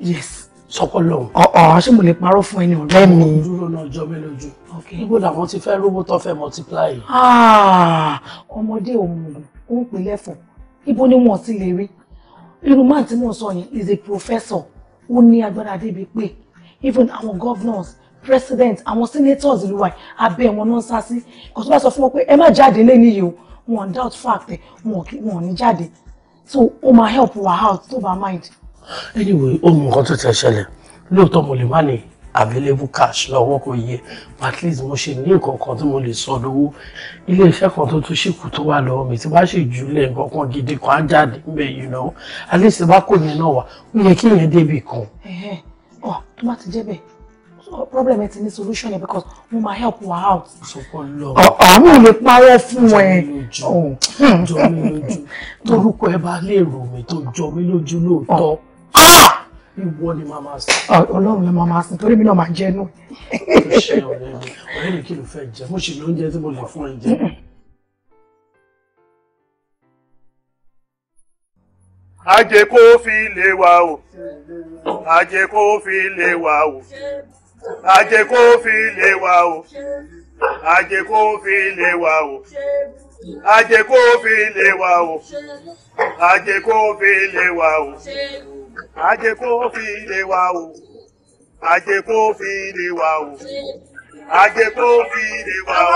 yes sọkọ lọ́hùn. ọ̀ọ́ ṣé mo lè parọ́ fún ẹni ọ̀rẹ́ mi. dúró náà jọ mí lójú. níbo làwọn ti fẹ́ rówó tó fẹ́ multiply. Ah, ọmọdé òun ò ń pè lẹ́fọ̀ọ́ ibo ni wọn ti lè rí irú máà tí mo sọ yẹn is a professor ó ní agbára débi pé even àwọn governors president àwọn senators ìlú wa abẹ́ wọn náà sá sí kò tó bá sọ fún wọn pé ẹ má jáde lẹ́ni yìí o wọn doubt fact wọn ò ní jáde so ó máa help wa out tó bá mind anyway ó mú nǹkan tó ti ṣẹlẹ̀ lóòótọ́ mo lè má ní available cash lọ́wọ́ kò yẹ at least mo ṣe ní nǹkan kan tí mo lè sọ lówó ilé iṣẹ́ kan tó tún ṣìkù tó wà lọ́wọ́ mi tí bá ṣe jù lẹ̀ nǹkan kan gidi kan á jáde níbẹ̀ you know at least bá kò yẹn náà wà ó yẹ kí yẹn débì kan. ọ tó bá ti jẹ́ bẹ́ẹ̀ problem ẹ ti ní solution ẹ because mo máa help wa out. àwọn ò lè parọ́ fún ẹ. jọ mi hmm. lójú torúkọ ẹ bá lè rò mí tó jọ mi lójú lóòótọ́. Ah! ìwọ ni màmá sí. Ah, ọlọ́run lè màmá sí torí mi náà máa jẹ́ nù. ṣe ọ̀rẹ́ mi ọ̀rẹ́ mi kí ló fẹ́ jẹ mo ṣì ní oúnjẹ tí mo lè fún ẹ jẹ. ajé kó fi lè wà o ajé kó fi lè wà o ajé kó fi lè wà o ajé kó fi lè wà o ajé kó fi lè wà o ajé kó fi lè wà o ajé kó fi lè wà o ajé kó fi lè wà o ajé kó fi lè wà o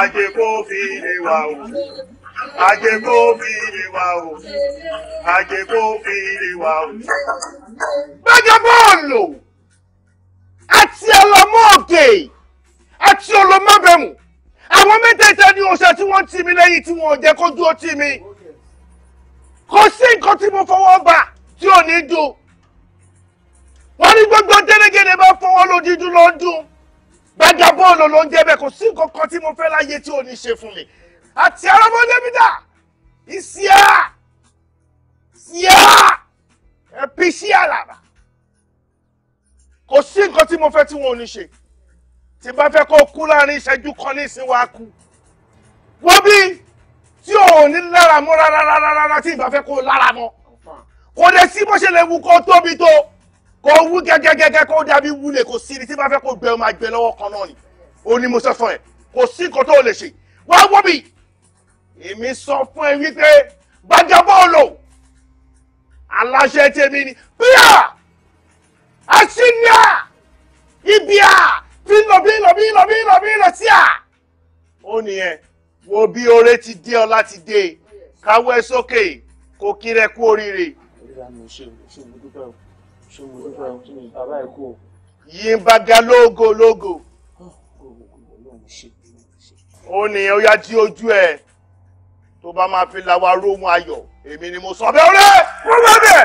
ajé kó fi lè wà o ajé kó fi lè wà o ajé kó fi lè wà o. gbájá bọ́ọ̀lù àti ọlọ́mọ òkè àti ọlọ́mọ bẹ̀mù àwọn mẹ́tẹ̀ẹ̀ta ni òòṣà tí wọ́n ti mi lẹ́yìn tí wọ́n jẹ́ kó dúró tì mí kò sí nǹkan tí mo fọwọ́ bà tí ò ní dùn wọ́n ní gbogbo délégédé bá fọwọ́ lòdì dùn ló ń dùn gbàgbà bọ́ọ̀lù ló ń jẹ́ bẹ́ẹ̀ kò sí nǹkan kan tí mo fẹ́ láyé tí ò ní ṣe fún mi àti arábọ́dé mi dà ìsíà síà ẹ̀pì sí àlàbà kò sí nǹkan tí mo fẹ́ tí wọn ò ní ṣe tí bá fẹ́ kó kú láàrin ìṣẹ́jú kan ní ìsìn wa kú wọ́n bí tí ò ní lára mọ́ rárá rárá tí ìbá fẹ́ kó lára mọ́ kò lè sí bó ṣe lè wù kó tóbi tó kò wú gẹ́gẹ́gẹ́gẹ́ kó dàbí wulẹ̀ kò sí ni tí bá fẹ́ kó gbẹ ọmọ àgbẹ̀ lọ́wọ́ kan náà ni ó ní mo sọ fún ẹ kò sí nǹkan tó lè ṣe wá wọ́ mi èmi sọ fún ẹ wípé gbàjọbọ́ọ̀lù aláṣẹ tèmi ni bíyà àṣìníà ibíà bílọ bílọ bílọ bílọ bílọ síà ó nìyẹn wo bí oore ti dé ọ láti dé káwẹ́ sókè kò kí rẹ kú oríire ìyanu ṣe ṣe mo dúpẹ́ o ṣe mo dúpẹ́ o ṣe mi bàbá ẹ̀ kú o. yín bá dá lógo lógo. ó ní ó yá tí ojú ẹ tó bá máa fi lawa róhun ayọ̀ èmi ni mo sọ bẹ́ẹ̀ rẹ́ mo bá bẹ̀.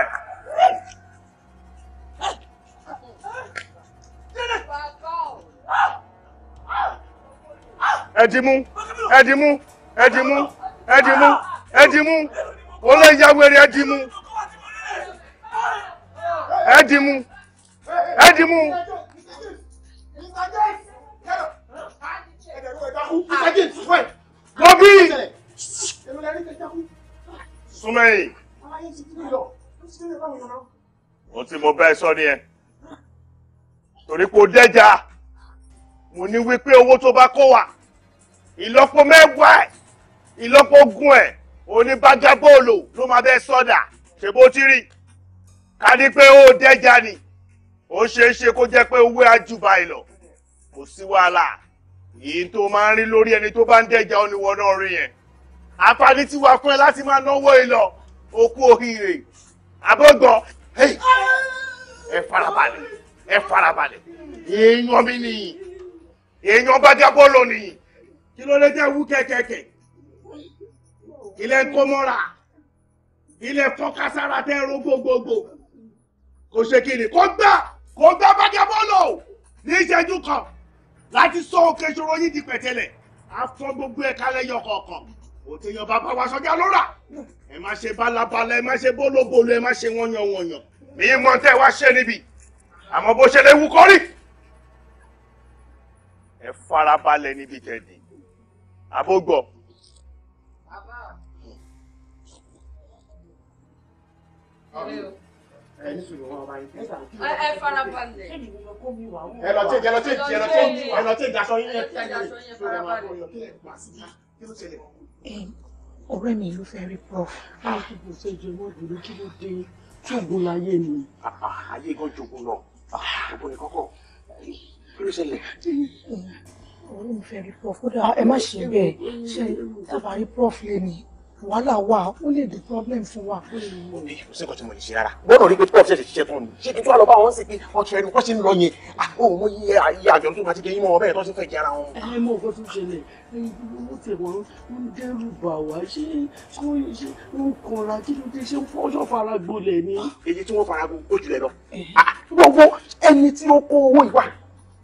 ẹ ti mú ẹ ti ó lè yá wẹrẹ ẹ ẹ dì mú ẹ dì mú. bọ́bí súnmẹ́yìn ohun tí mo bẹ́ sọ ni ẹ torí kò dẹ́jà mo ní wípé owó tó bá kó wà ìlọ́po mẹ́wàá ẹ̀ ìlọ́po ogún ẹ̀ oníbàjá bóòlù ló máa bẹ́ sọ́dà ṣe bó ti rí ká ní pé ó dẹ́jà ni ó ṣeé ṣe kó jẹ́ pé owó àjùbà ìlọ kò sí wàhálà yìí tó máa ń rí lórí ẹni tó bá ń dẹ́jà ó ní wọ́n náà yẹn àǹfààní ti wà fún ẹ láti máa náwó ìlọ okú òhìrè àbọ̀gbọ̀ ẹ farabalẹ̀ ẹ farabalẹ̀ èèyàn mi nìyí èèyàn bá jábọ́ lọ nìyí kí ló lè jẹ́ wú kẹ̀kẹ̀kẹ̀ ilẹ̀ ń mọ́ra ilẹ̀ fọ́kására tẹ́ ro gbogbogbò kò ṣe kiri kó gbà kó gbà bàgẹ́bọ́ọ̀lù ní ìṣẹ́jú kan láti sọ òkè ìṣòro yìí di pẹ̀tẹ́lẹ̀ afọ gbogbo ẹ̀ kálẹ̀ yọ kọ̀ọ̀kan òtẹ̀yàn bàbá wa sọjá ló rà ẹ má ṣe balabala ẹ má ṣe bólóbòló ẹ má ṣe wọ́nyàn wọ̀nyàn. mi mọ tẹ wá ṣe níbi àmọ́ bó ṣe lè wú kọrí. ẹ farabalẹ̀ níbi tẹ̀dí àbógbọ̀. Bàbá ẹ fara balẹ̀. ẹ lọ tí ẹ lọ tí ẹ lọ tí ẹ lọ tí ìdásọ yín yẹn. ọ̀rẹ́ mi ló fẹ́ rí prof. báwo kí kò ṣe jẹ wọ́n dúró kí ló dé ṣògùn láyé mi. ayé gan jogun lọ ògùn ní kọ́kọ́ kí ló ṣẹlẹ̀. ọ̀rẹ́ mi fẹ́ rí prof kódà ẹ má ṣe bẹ́ẹ̀ ṣe tábà rí prof lé ni wàhálà wa. ó lè dé problem fún wa. òbí kò sí nǹkan tí mo lè ṣe rárá gbọ́dọ̀ rí pé twelve ṣẹ̀ṣẹ̀ ṣiṣẹ́ tó ń ṣe kí tí wàá lọ bá wọn sì pé wọ́n ṣe ẹnu kó sì ń lọ yẹn ah, ó mọ iye àyè àjọ tó máa ti gẹyìn mọ́ ọ bẹ́ẹ̀ tó ṣe fẹ́ jẹ́ ara wọn. ẹ mọ nǹkan tó ṣẹlẹ̀ ó tẹ̀ wọ́n ń dẹ́rù bà wá ṣé kó ṣe ń kanra kí ló dé ṣe ń fọ́ṣọ́ fara gbolẹ̀ ni. èyí tí wọ́n fara gbogbo jùlẹ̀ lọ ah, gbogbo ẹni tí ó kó owó ìwà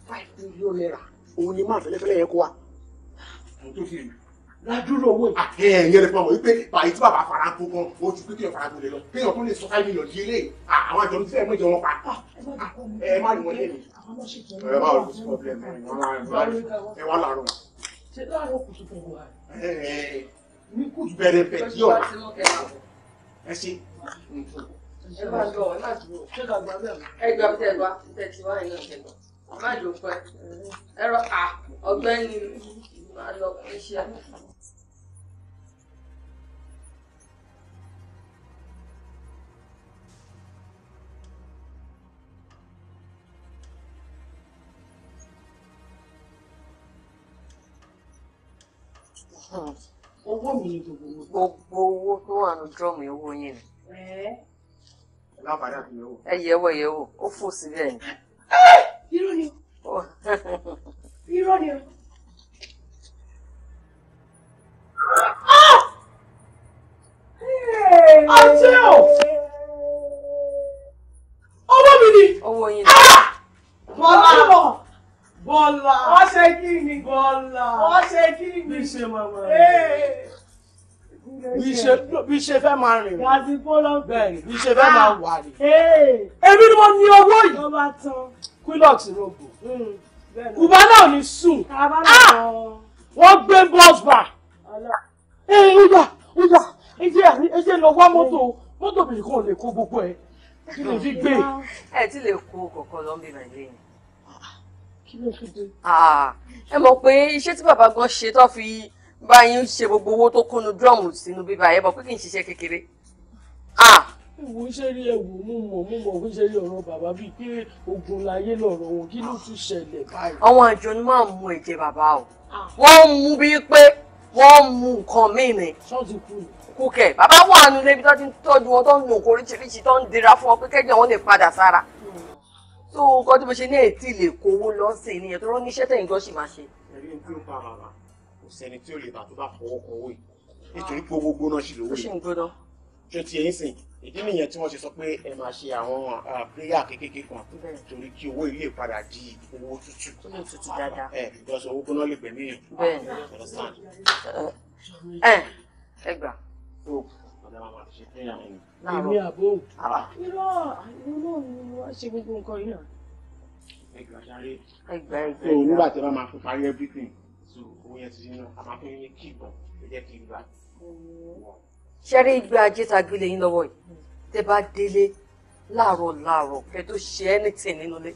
five million naira òun ni máa fẹ́lẹ́fẹ́lẹ́ yẹn kó wa ládùúrò owó yìí. ẹ̀yẹ́ lè fọwọ́ wípé báyìí tí bàbá fara kó kan ó ti pé kí ẹ̀ fara gbolè lọ kí ọ̀tún lè sọ five million di eléyìí àwọn àjọ nífẹ̀ẹ́ mọ̀ jẹ wọn pa. Ah, ẹ má rí wọn lé mi. ẹ má rí wọn sí problem ẹ wá láàárọ̀. ṣé láàárọ̀ kùtù fún wa. ní kùtù bẹ̀rẹ̀ bẹ̀ kí ọ̀la. ẹ ṣe. ẹ bá lọ ọ láti wọ ṣé ká gba bẹ́ẹ̀ ẹ gbà tẹ̀ wá tẹ̀ tí wá yẹn tẹ̀ lọ má jò pẹ́ ẹ rọ má lọ iṣẹ́. owó mi ni gbogbo owó. gbogbo owó tó wà ní drum owó yín ni. ẹ yẹ̀wò yẹ̀wò ó fò síbẹ̀ ni. irọ́ ni o ni o. Ah! Owó mi ni. Owó yín ni. Ah! Mọ̀lá! Bọ́lá. Wọ́n ṣe kí ni. Bọ́lá. Wọ́n ṣe kí ni. Bí ṣe màmá rẹ̀. Bí ṣe fẹ́ máa rìn. Gàdìbò ló ń bẹ̀rẹ̀. Bí ṣe fẹ́ máa wà rè. Èmi ni mo ní owó yìí. Ló bá tán. Quillox rogo. Kùbá náà ní sùn. Ah! Wọ́n gbé bus bar. Ẹ ìyá ìyá ẹjẹ lọ wá mọ́tò hmm. mọ́tò bìrì kan lè kó gbogbo ẹ̀. Kí ló fi gbé? Ẹ ti lè kó kọ̀ọ̀kan lọ́nbí Nàìjíríà. Ah, ẹ mọ̀ pé iṣẹ́ tí bàbá gan ṣe tó fi bá yín ṣe gbogbo owó tó kúnnu drum sínú bíbá ẹ mọ̀ pé kì í ṣiṣẹ́ kékeré ìwò ah. iṣẹ́ rí ẹ̀wò mú mọ̀ mú mọ̀ fún iṣẹ́ rí ọ̀rọ̀ bàbá bíi pé ogun láyé lọ̀rọ̀ wọn kí ló tún ṣẹlẹ̀ báyìí. àwọn àjọ ni máa ń mu ẹ̀jẹ̀ bàbá o ah. wọ́n ń mu bíi pé wọ́n ń mu nǹkan míì ni. ṣọ́ọ̀tì kù ni. kúkẹ́ bàbá wà nínú ibi tó ti ń tọ́jú wọn tó ń nù kó oríṣiríṣi tó ń dira fún o nǹkan tí mo ṣe ní ètí lè kó owó lọ sí i nìyẹn tó rán níṣẹ́ tẹ̀yìn gan ṣì máa ṣe. ẹ̀rí ń kúrò pa bàbá kò sẹ́ni tí ò lè bà tó bá fọwọ́ kan owó yìí nítorí pé owó gbóná ṣì lówó yìí ṣé ti ẹ̀yìn sìn ìdí nìyẹn tí wọ́n ṣe sọ pé ẹ máa ṣe àwọn prayer kékeré kan torí kí owó ilé padà di owó tútù ẹ owó gbóná lè gbẹ̀mí èmi àbò irọ́ irọ́ ni wọ́n ṣe gbogbo nǹkan yìí náà. ẹgbẹ́ ìgbẹ́ ìgbà. nígbà tí wọ́n máa fi parí everything so owó ti dín a máa fi ní kí ìbọn ló jẹ́ kí n gbà. ṣé rí ìgbé ajé ta gbélé yín lọ́wọ́ yìí tẹ́ bá délé láàárọ̀ láàárọ̀ kẹ́ tó ṣe anything nínú ilé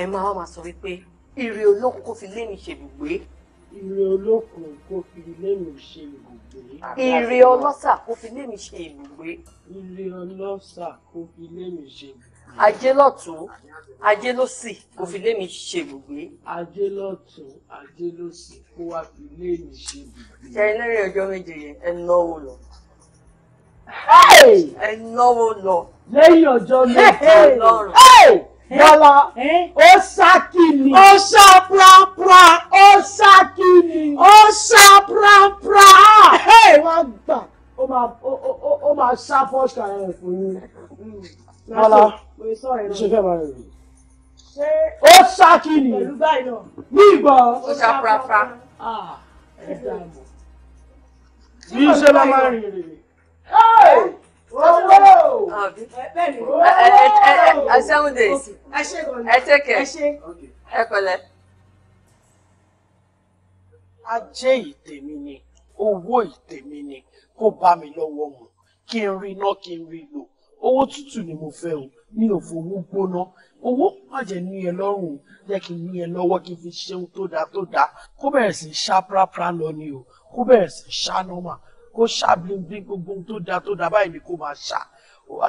ẹ máa wá máa sọ wípé ire olókùnkùn fi lé ní ìṣèlú gbé ire olókun kó fi ilé mi ṣe ibùgbé. ire ọlọ́sà kó fi ilé mi ṣe ibùgbé. ire ọlọ́sà kó fi ilé mi ṣe ibùgbé. ajé lọ́tún ajé lósì kó fi ilé mi ṣe ibùgbé. ajé lọ́tún ajé lósì wá fi ilé ṣe ibùgbé. ṣe iná rẹ̀ ọjọ́ méje yẹn ẹ náwó lọ. ẹ náwó lọ. lẹ́yìn ọjọ́ méje lọ́rùn. Bọ́lá eh, eh? ó sá kìíní. Ó sá prapra. Ó sá kìíní. Ó sá prapra. Wá gbà ó máa sá fọ́ṣkà rẹ̀ fún yín. Mm, Bọ́lá ṣe fẹ́ máa rẹ̀ ó sá kìíní. Ní ìgbọ̀n. Ó sá prapra. Ah, Bí ṣe máa rìn rè é ẹ seven days ẹ tẹkẹ ẹ pẹ̀lẹ́. ajé ìtèmi ni owó ìtèmi ni kó bá mi lọ́wọ́ mu kí n rí iná kí n rí lò owó tútù ni mo fẹ́ o mi ò fowó gbóná owó pàjẹ́ ní ẹ lọ́rùn jẹ́ kí n ní ẹ lọ́wọ́ kí n fi ṣeun tó dáa tó dáa kó bẹ̀rẹ̀ sí ṣá prapra lọ ni o kó bẹ̀rẹ̀ sí ṣá nọ́mà kó ṣàbíbí gbogbo tó da tó da báyìí ni kó máa ṣà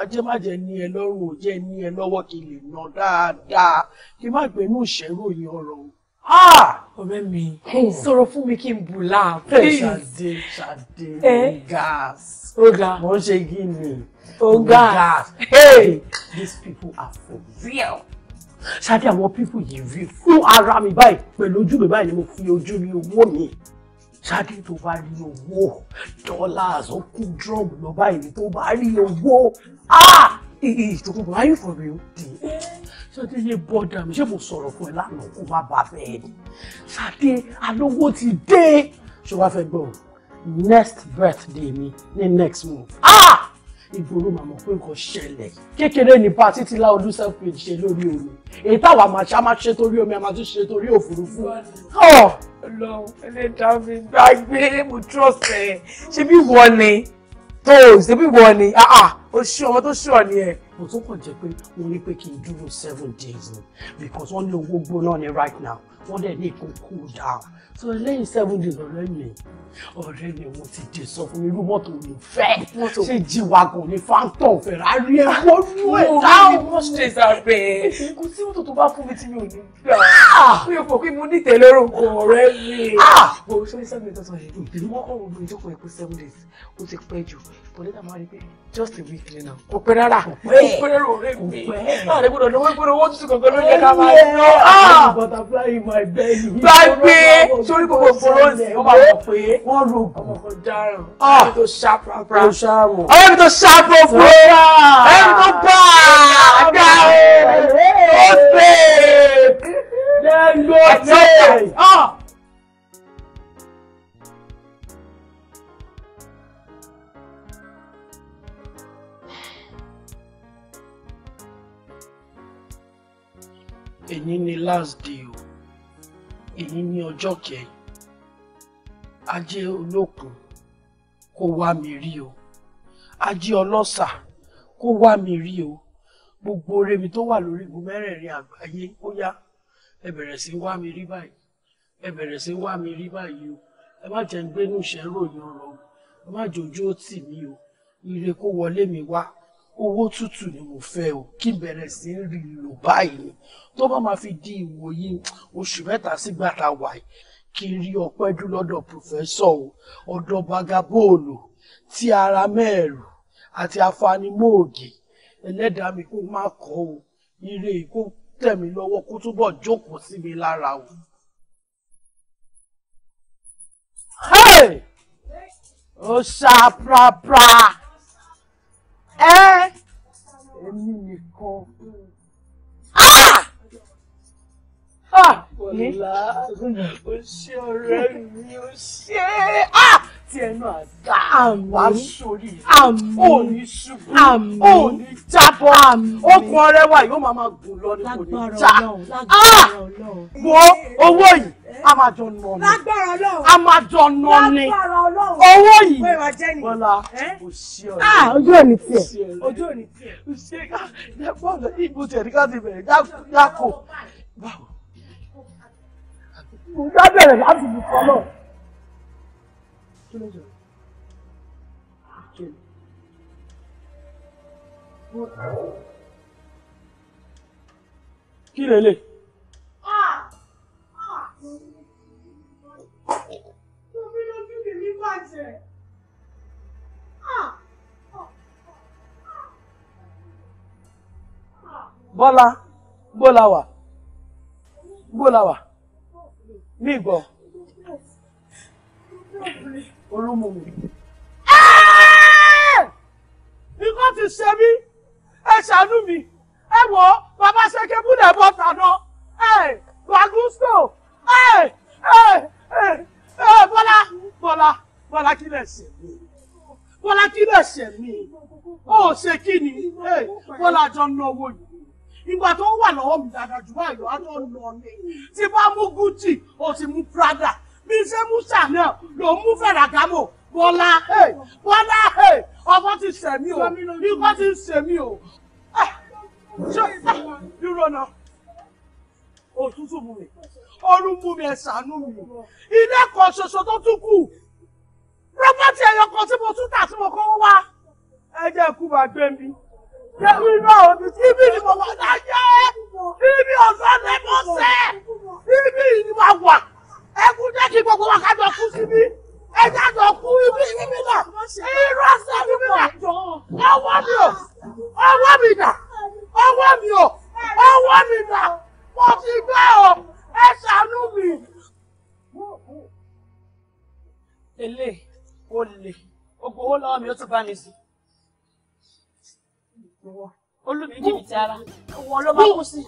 ajé má jẹ ní ẹ lọ́rùn ò jẹ ní ẹ lọ́wọ́ kí lè nà dáadáa kí má gbẹnú ìṣẹrù yìí ọ̀rọ̀ o. Ah! ọ̀rẹ́ mi hmm. sọ̀rọ̀ fún mi kí n bù láà please. ṣàdé ṣàdé eh? gas wọ́n ṣe gíní gas hey these people are for real ṣáde àwọn pípù yìí rí fún ara mi báyìí pẹ̀lú ojú mi báyìí ni mo fi ojú mi owó mi ṣáde tó bá rí owó dollars ó kú drum lọ báyìí tó bá rí owó ìjọba wáyé fún mi ó dé ṣáde yé bọ́dà mi ṣé mo sọ̀rọ̀ fún ẹ lánàá kó má bàa fẹ́ ẹ ni ṣáde alówó ti dé ṣé wàá fẹ́ gbọ́ next birthday mi ní next month. Ah! ìgboro màmá pé nǹkan ṣẹlẹ̀ kékeré ní títí láojú self page ṣe lórí omi èyí táwa máa máa ṣe torí omi a máa ṣe torí òfurufú. Ọlọ́run ẹlẹ́dàá mi gbàgbé mo trust ẹ ṣé bí wọ́n ni tó ah, ah, ṣe bí wọ́n ni o ṣí ọmọ tó ṣí ọ ni ẹ. mo tún kàn jẹ́ pé mo ní pé kí n dúró seven days ni because wọ́n ní owó gbóná ni right now wọ́n dẹ̀ ní ìkókó dáa so lẹ́yìn seven days ọ̀rẹ́ mi ọ̀rẹ́ mi mo ti dé sọ fún irú mọ́tò mi fẹ́ ṣé jíwagò ní phantom ferrari ẹ̀ wọ́n rú ẹ̀ dáhùn. mo ní mọ́ṣẹ́ sàbẹ̀ kò sí mọ́tò tó bá fún mi tí mi ò ní gbà ah! mi ò pọ̀ pé mo ní ìtẹ̀lọ́rùn kan ọ̀rẹ́ mi. Ah! mo sọ ní seven days ọ̀sán yẹn ìbínú wọn kọ̀ wọ́n ìjókòó ẹ̀ pé seven days ó ti pẹ́ jù bọ̀dẹ́ta máa rí pé just a week nínú kò pẹ́ rárá kò pẹ́ ọ̀rẹ́ mi. Ah, gbàgbé sórí gbogbo fòrọ́ǹsì wọ́n máa mọ̀ pé wọ́n rò bù ọ̀rọ̀ mi tó ṣàpòpò ọ̀rọ̀ mi tó ṣàpòpò ẹni tó bá a ga o ó sè é àti ọ̀tá. Ah! èyí ni last day o èmi ní ọjọ́ kẹyìn ajé olókun kó wá mi rí o ajé ọlọ́sà kó wá mi rí o gbogbo remi tó wà lórí igun mẹ́rẹ̀ẹ̀rin àgbáyé ó yá ẹ bẹ̀rẹ̀ sí wá mi rí báyìí ẹ bẹ̀rẹ̀ sí wá mi rí báyìí o ẹ má jẹ́ ń gbénú ìṣẹ́ ròyìn ọ̀rọ̀ ẹ má jòjú tì mí o ire kó wọlé mi wá owó tútù ni mo fẹ́ o kí n bẹ̀rẹ̀ sí í rí lò báyìí tó bá máa fi di ìwòye oṣù mẹ́ta sígbà tá a kí n rí ọpẹ́ dún lọ́dọ̀ pòfẹ́sọ̀ o ọ̀dọ̀ bagabóòlù tí ara mẹ́ẹ̀rù àti afanimóògì ẹlẹ́dàá mi kó má kọ́ o ire ìkó tẹ̀mí lọ́wọ́ kó túbọ̀ jókòó sí mi lára o. ó ṣá pra pra ẹ. èmi nìkan. Ah! Ah! Ah! Bọ̀lá ah! o a máa jọ nọ ni a máa owó yìí Bọ́lá eh? ah, o ṣe ọ̀rẹ́ ojú òní tiẹ̀ ojú òní tiẹ̀ o ṣe ká ìbò tẹ̀ ní ká bẹ̀rẹ̀ dákò báwo mo láti fi kọ́ náà. kí ló sọ kí Bọ́lá, wà? Bó wà? mi go. olómo mi. nǹkan ti ṣe mí ẹ ṣàánú mi ẹ wọ Baba ṣẹkẹ búdà bọ tàná ẹ gbàgúsọ ẹ ẹ ẹ bọlá bọlá bọlá kí lè ṣe mí bọlá kí lè ṣe mí ó ṣe kí ni bọlá jọ ń náwó yìí ìgbà tó wà lọ́wọ́ mi dáadáa jù báyìí lọ́wọ́ tó lọ ni tí bá mú Gucci ó ti mú Prada bí ṣe mú Chanel ló mú Ferragamo Bọ́lá Bọ́lá ọkọ ti sẹ̀mí o ikọ́ ti sẹ̀mí o ah, ṣé irọ́ ah, náà òtútù mú mi oorun mú mi ẹ̀sánú mi ilé kan ṣoṣo tó tún kù rọ́pọ́tì ẹ̀yọ kan tí mo tún tà tí mo kọ́ wá ẹ jẹ́ kú bá gbé mi. Yẹ̀mí náà ò o. Ẹ ṣàánú mi. Èlé, olè, olùmí jìbìtì ara ìwọ ló máa kú sí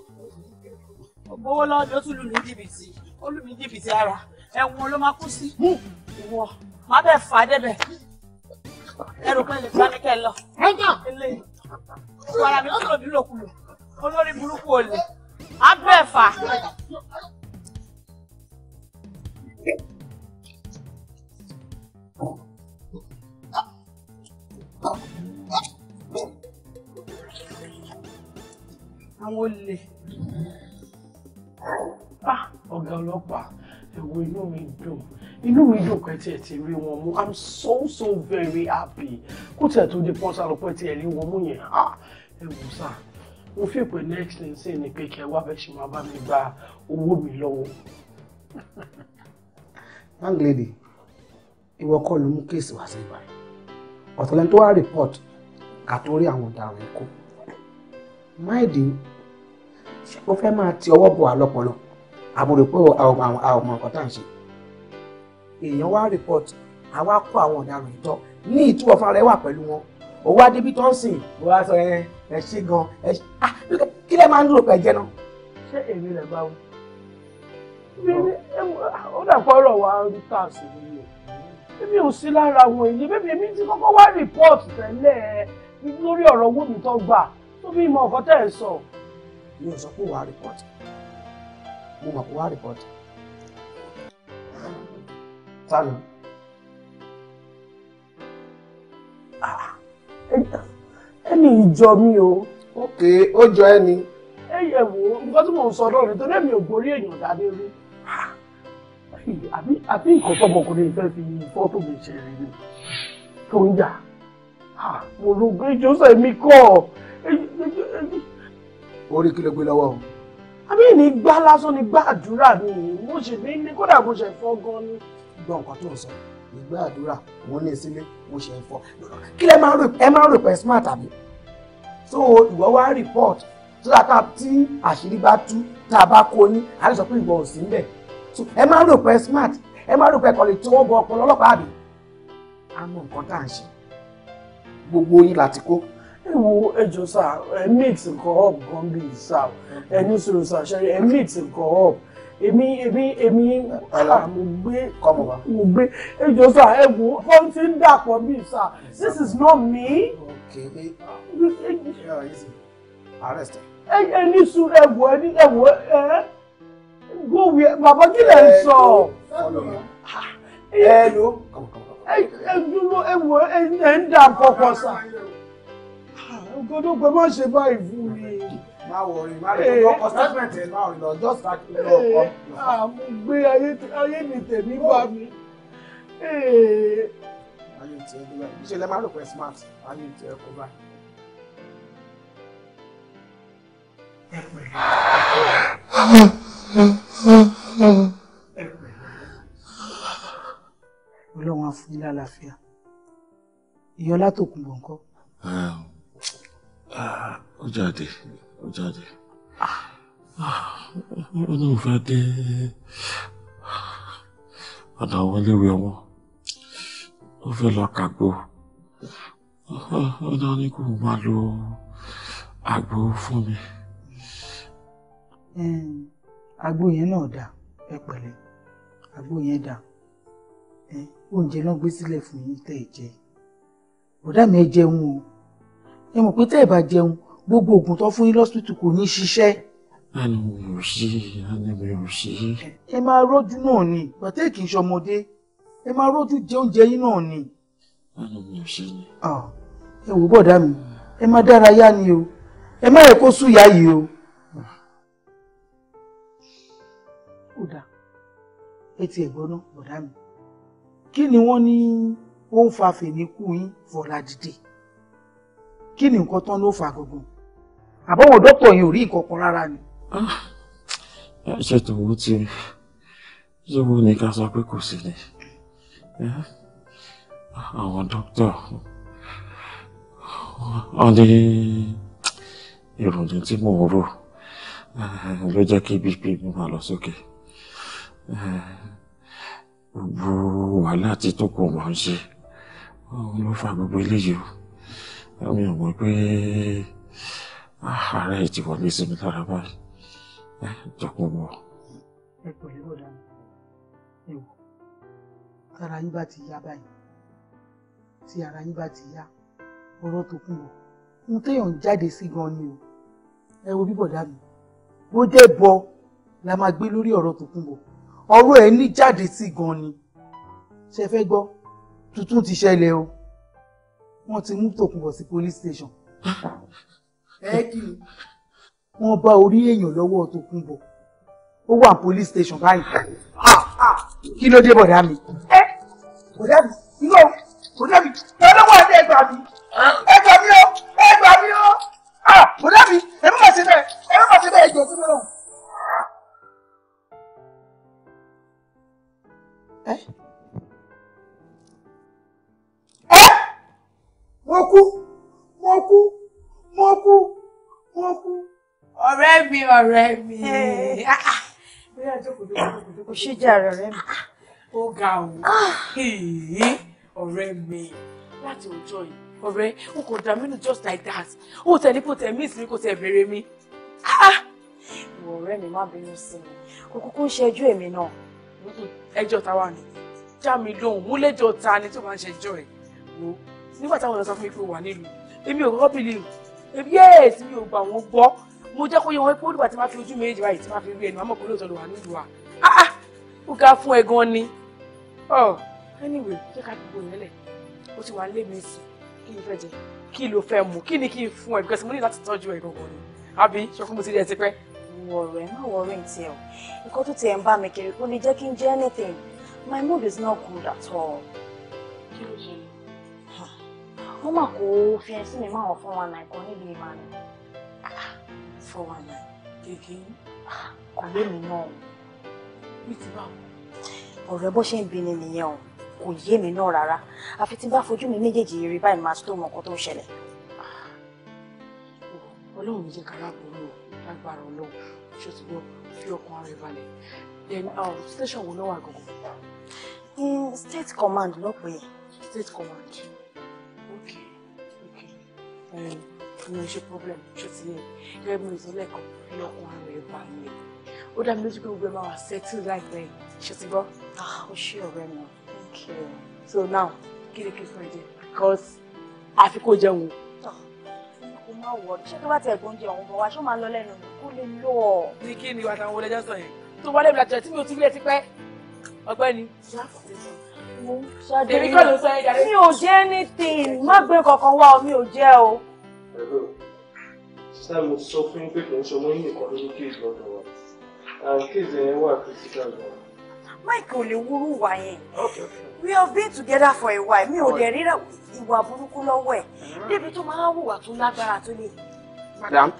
gbowó lọ́wọ́ ni ó tún lù mí jìbìtì olùmí jìbìtì ara ẹ̀wọ̀n ló máa kú sí ìwọ má bẹ̀ fà á débẹ̀ ẹrù kan lè fà á ní kẹ́ ẹ lọ ilé ìwàrà olórí burúkú olè á bẹ̀ fà àwọn olè ah, ọ̀gá ọlọ́pàá ẹ̀wọ̀ inú mi dùn inú mi dùn pé tí ti rí wọn mú i'm so so very happy kó tí tó di pọ́nsá lọ pé tí rí wọn mú yẹn ah, ẹ sá mo fi pé next thing sí ni pé kí ẹ wá fẹ́ ṣe máa bá mi gba owó mi lọ́wọ́. young lady ìwọ kọ́ ló mú kéèsì wá sí ibà ọ̀tọ̀lẹ́ni tó wá report kà tó rí àwọn ọ̀daràn ẹ̀kọ́ máìdì ṣé o fẹ́ máa ti ọwọ́ bọ̀ àlọ́pọ̀lọ́ àbúrò pé àwọn nǹkan tá à ń ṣe èèyàn wá report àwa kó àwọn ọ̀daràn ìtọ́ ní ìtú ọ̀fà rẹ̀ wà pẹ̀lú wọn òwò adébí tó ń sìn mo wá sọ ẹ ẹ ṣe gan ẹ ṣe ah kí lẹ máa ń lò pẹ̀ jẹ́ náà. ṣé èmi rẹ̀ bá wù ó dàpọ̀ ọ̀rọ̀ wa ń tà sí mi o èmi ò sí lára àwọn èyí bébí èmi ti kọ́kọ́ wá rìpọ́ọ̀tì tẹ́lẹ̀ lórí ọ̀rọ̀ owó mi tó gbà tó bí ìmọ̀ ọ̀kọ́ tẹ̀ sọ mi ò sọ pé wàá rìpọ́tì mo mọ̀ pé wàá rìpọ́tì. Tani. Ah, ẹni ìjọ mi o. Ok, ó jọ ẹni. Ẹ yẹ̀ wò ó, nǹkan tí mò ń sọ náà nítorí èmi ò gorí èèyàn dáadé rí ah, àbí nǹkan tọmọkùnrin fẹ́ fi fọ́tò mi ṣe rí ni tó ń yà ah, mo ló gbé jọ́sẹ̀ mi kọ́ orí kí ló gbé lọ́wọ́ o. àbí ní gbá lásán ni gbá àdúrà mi mo ṣe ní ní kódà mo ṣe fọ́ gan ni. gbọ́ nǹkan tó ń sọ ìgbà àdúrà òun ní sílé mo ṣe ń kí lẹ máa rò ẹ máa rò pé smart àbí so ìwọ wá report so that tí àṣírí bá tú tá a bá kó yín a lè sọ pé ìwọ ò sí níbẹ̀ so ẹ máa rò pé smart ẹ máa rò pé ẹkọ lè tí wọn bọ ọpọlọ ọlọ́pàá àbí àmọ́ nǹkan tá à ń ṣe gbogbo yín láti kó wo ẹjọ sá ẹ mix nǹkan up gan bí sá ẹ ní sòrò sá ṣẹlẹ ẹ mix nǹkan up èmi èmi èmi mo gbé mo gbé ẹjọ sá ẹ wo fọ́n ti ń dàpọ̀ bí sá this is not me. Eh, ẹ ẹ ní sùn ẹ wọ ẹ ní ẹ wọ ẹ go where bàbá kí lè sọ. ẹ ló ẹ dúró ẹ wọ ẹ ń dà pọpọ sá. Ògòdógbè má ṣe báyìí fún mi. Má wọrí, má lè lọ́kọ̀ statement ẹ̀ náà lọ, just like you know. Eh, Àmú ah, gbé ayé mi tèmi bá oh. mi. Eh. Ayé tiẹ̀ ló bá yìí. Ṣé lẹ máa rò pé smart? Ayé tiẹ̀ kò bá. Ẹ pẹ̀lú. Ẹ pẹ̀lú. Ọlọ́run á fún yín lálàáfíà. Ìyọlá tó kùn bọ̀ ńkọ́. Ah, ó jáde ó jáde ó lóun fẹ́ dé ọ̀dọ̀ àwọn iléèwé ọmọ ó fẹ́ lọ kàgbo ó náà ní kò máa lo àgbo fún mi. àgbo yẹn náà dà ẹ pẹ̀lẹ́ àgbo yẹn dà oúnjẹ náà gbé sílẹ̀ fún yín tẹ̀ ẹ jẹ bọ̀dá mi ẹ jẹun o ẹ mọ̀ pé tẹ́ ẹ bá jẹun gbogbo oògùn tó fún yín lọ́sítítù kò ní ṣiṣẹ́. àní mi ò ṣe àní mi ò ṣe. ẹ máa rójú náà ni bàtẹ́ kì í ṣọmọdé ẹ máa rójú jẹ oúnjẹ yín náà ni. àní mi ò ṣe ni. ẹ wò bọ̀dá mi ẹ má dára yá ni o ẹ má yẹ kó súyà yìí o. kódà ẹ ti ẹ̀gbọ́n náà bọ̀dá mi kí ni wọ́n ní wọ́n ń fa fèmí kú yín fọ̀làdìdì kí ni nǹkan tán ló fa gbogbo àbọ̀wọ̀ dókítà yìí ò rí nǹkan kan rárá ni. ẹ ah, ṣe tòun ti ṣéwọ́n ni ká sọ pé kò sí ni àwọn dókítà wọn ní ìròyìn tí mò ń rò ló jẹ́ kí bp mi máa lọ sókè gbogbo wàhálà tí tó kù mọ̀ ń ṣe ló fa gbogbo eléyìí o mi ò mọ̀ pé ah, ààrẹ ti wọlé sí mi lára báyìí jọ̀kún wọ. ẹ kò lè wò dáná ẹ wò tára yín bá ti yá báyìí tí ara yín bá ti yá ọ̀rọ̀ tó kù bọ̀ ohun téèyàn ń jáde sí gan ni o ẹ wo bí bọ̀dá mi bó dé bọ la máa gbé lórí ọ̀rọ̀ tó kù bọ̀ ọ̀rọ̀ ẹ̀ ní jáde sí gan ni ṣe fẹ́ gbọ́ tuntun ti ṣẹlẹ̀ o wọ́n ti mú Tòkunbọ̀ sí police station. ẹ kì í wọ́n bá orí èèyàn lọ́wọ́ Tòkunbọ̀ ó wà police station báyìí kí ló dé bọ̀dá mi. ẹ bọ̀dá mi inú bọ̀dá mi ẹ lọ́wọ́ ẹ gbà mí ẹ gbà mí o ẹ gbà mí o bọ̀dá mi ẹ má ṣe bẹ́ẹ̀ ẹ má ṣe bẹ́ẹ̀ ẹ sí mi náà. mo kú mo kú mo kú mo kú. ọ̀rẹ́ mi ọ̀rẹ́ mi. kò ṣe jàre ọ̀rẹ́ mi. ó ga o ah. ọ̀rẹ́ mi láti ọjọ́ yìí ọ̀rẹ́ n kò dá mínú just like that ó tẹ̀lé kò tẹ̀ mí ìsinmi kò tẹ̀ béèrè mi. Ah. ìwọ ọ̀rẹ́ mi má bínú sí mi kò kúkú ń ṣẹjú èmi náà. ẹjọ́ ta wà ní já mi lóhùn múlẹ́jọ́ ta ni tó máa ń ṣẹjọ́ ẹ̀ wò nígbà táwọn lọ sọ fún mi nílùú èmi ò kọ́kọ́ bìlì èmi yéèsì mi ò gbà wọ́n gbọ́ mo jẹ́ kó yẹ wọ́n pé olùgbà tí máa fi ojú méjì báyìí tí máa fi rí ẹnu àmọ́ kò lóòótọ́ ló wà nílùú wa áá ah, ah, ó ga fún ẹ gan ni ọ oh, anyway jẹ́ ká gbogbo yẹn lẹ̀ ó ti wà lé mi sí kí n fẹ́ jẹ kí ló fẹ́ mu kí ni kí n fún ẹ because mo ní láti tọ́jú ẹ gangan ni àbí sọ fún mi ti ti pẹ́. wọ̀rọ̀ ẹ má wọ̀rọ̀ ẹ̀ nǹkan tó ti ẹ̀ ń bá mi kiri kó lè jẹ́ kí n jẹ́ anything my mood is not good at all wọ́n mà kó fi ẹ sí mi máa wọ̀ four one nine kan níbi ìmọ̀ ni. four one nine kéèké ah, kò yé mi náà bí ti bá ọ̀rọ̀ ẹ bó ṣe ń bi ni nìyẹn o kò yé mi náà rárá àfi tí bá fojú mi méjèèjì rí báyìí máa tó mọ nǹkan tó ń ṣẹlẹ̀. Ah, ọlọ́run mi jẹ́ kára o lágbára ọlọ́run ṣó ti gbọ́ fi ọkàn ara balẹ̀ then um, station wo ló wà gbogbo. state command ló pè state command ìyẹn ṣe problem ṣó ti yẹ gẹ́gẹ́ mo sọ lẹ́kọ̀ọ́ fi ọkùnrin rẹ̀ bá mi ó dá mi lójú pé gbogbo ẹ máa wà settle láìpẹ́ ṣó ti gbọ́ ó ah, ṣe ọ̀rẹ́ mi so now kí ni kí n fún ẹ because àfi kó jẹun ah, má wọ̀ ṣé tó bá tiẹ̀ gbóúnjẹ ọ̀hún bọ̀ wá ṣó máa lọ lẹ́nu mi kó lè lọ. ní kí ni wàtàwọn olè jẹ́ sọ yẹn tó wọlé ìbìlà tí mi ò ti rí ẹ ti pẹ́ ọgbẹ́ni. láti ṣe èmi kọ́ ló sọ ẹ́ jáde. mi ò jẹ anything má gbé kankan wá mi ò jẹ o. ṣáà mo sọ fún yín pé kò ń ṣe ọmọ yín nìkan lórí kéèjì ọ̀dọ̀ wa àwọn kéèjì yẹn wà critical gan. Mike ò lè wúrú wà yẹn we have been together for a while mi ò dẹ̀ rí ìwà burúkú lọ́wọ́ ẹ̀ débi tó máa ń hùwà tó lágbára tó lè. madam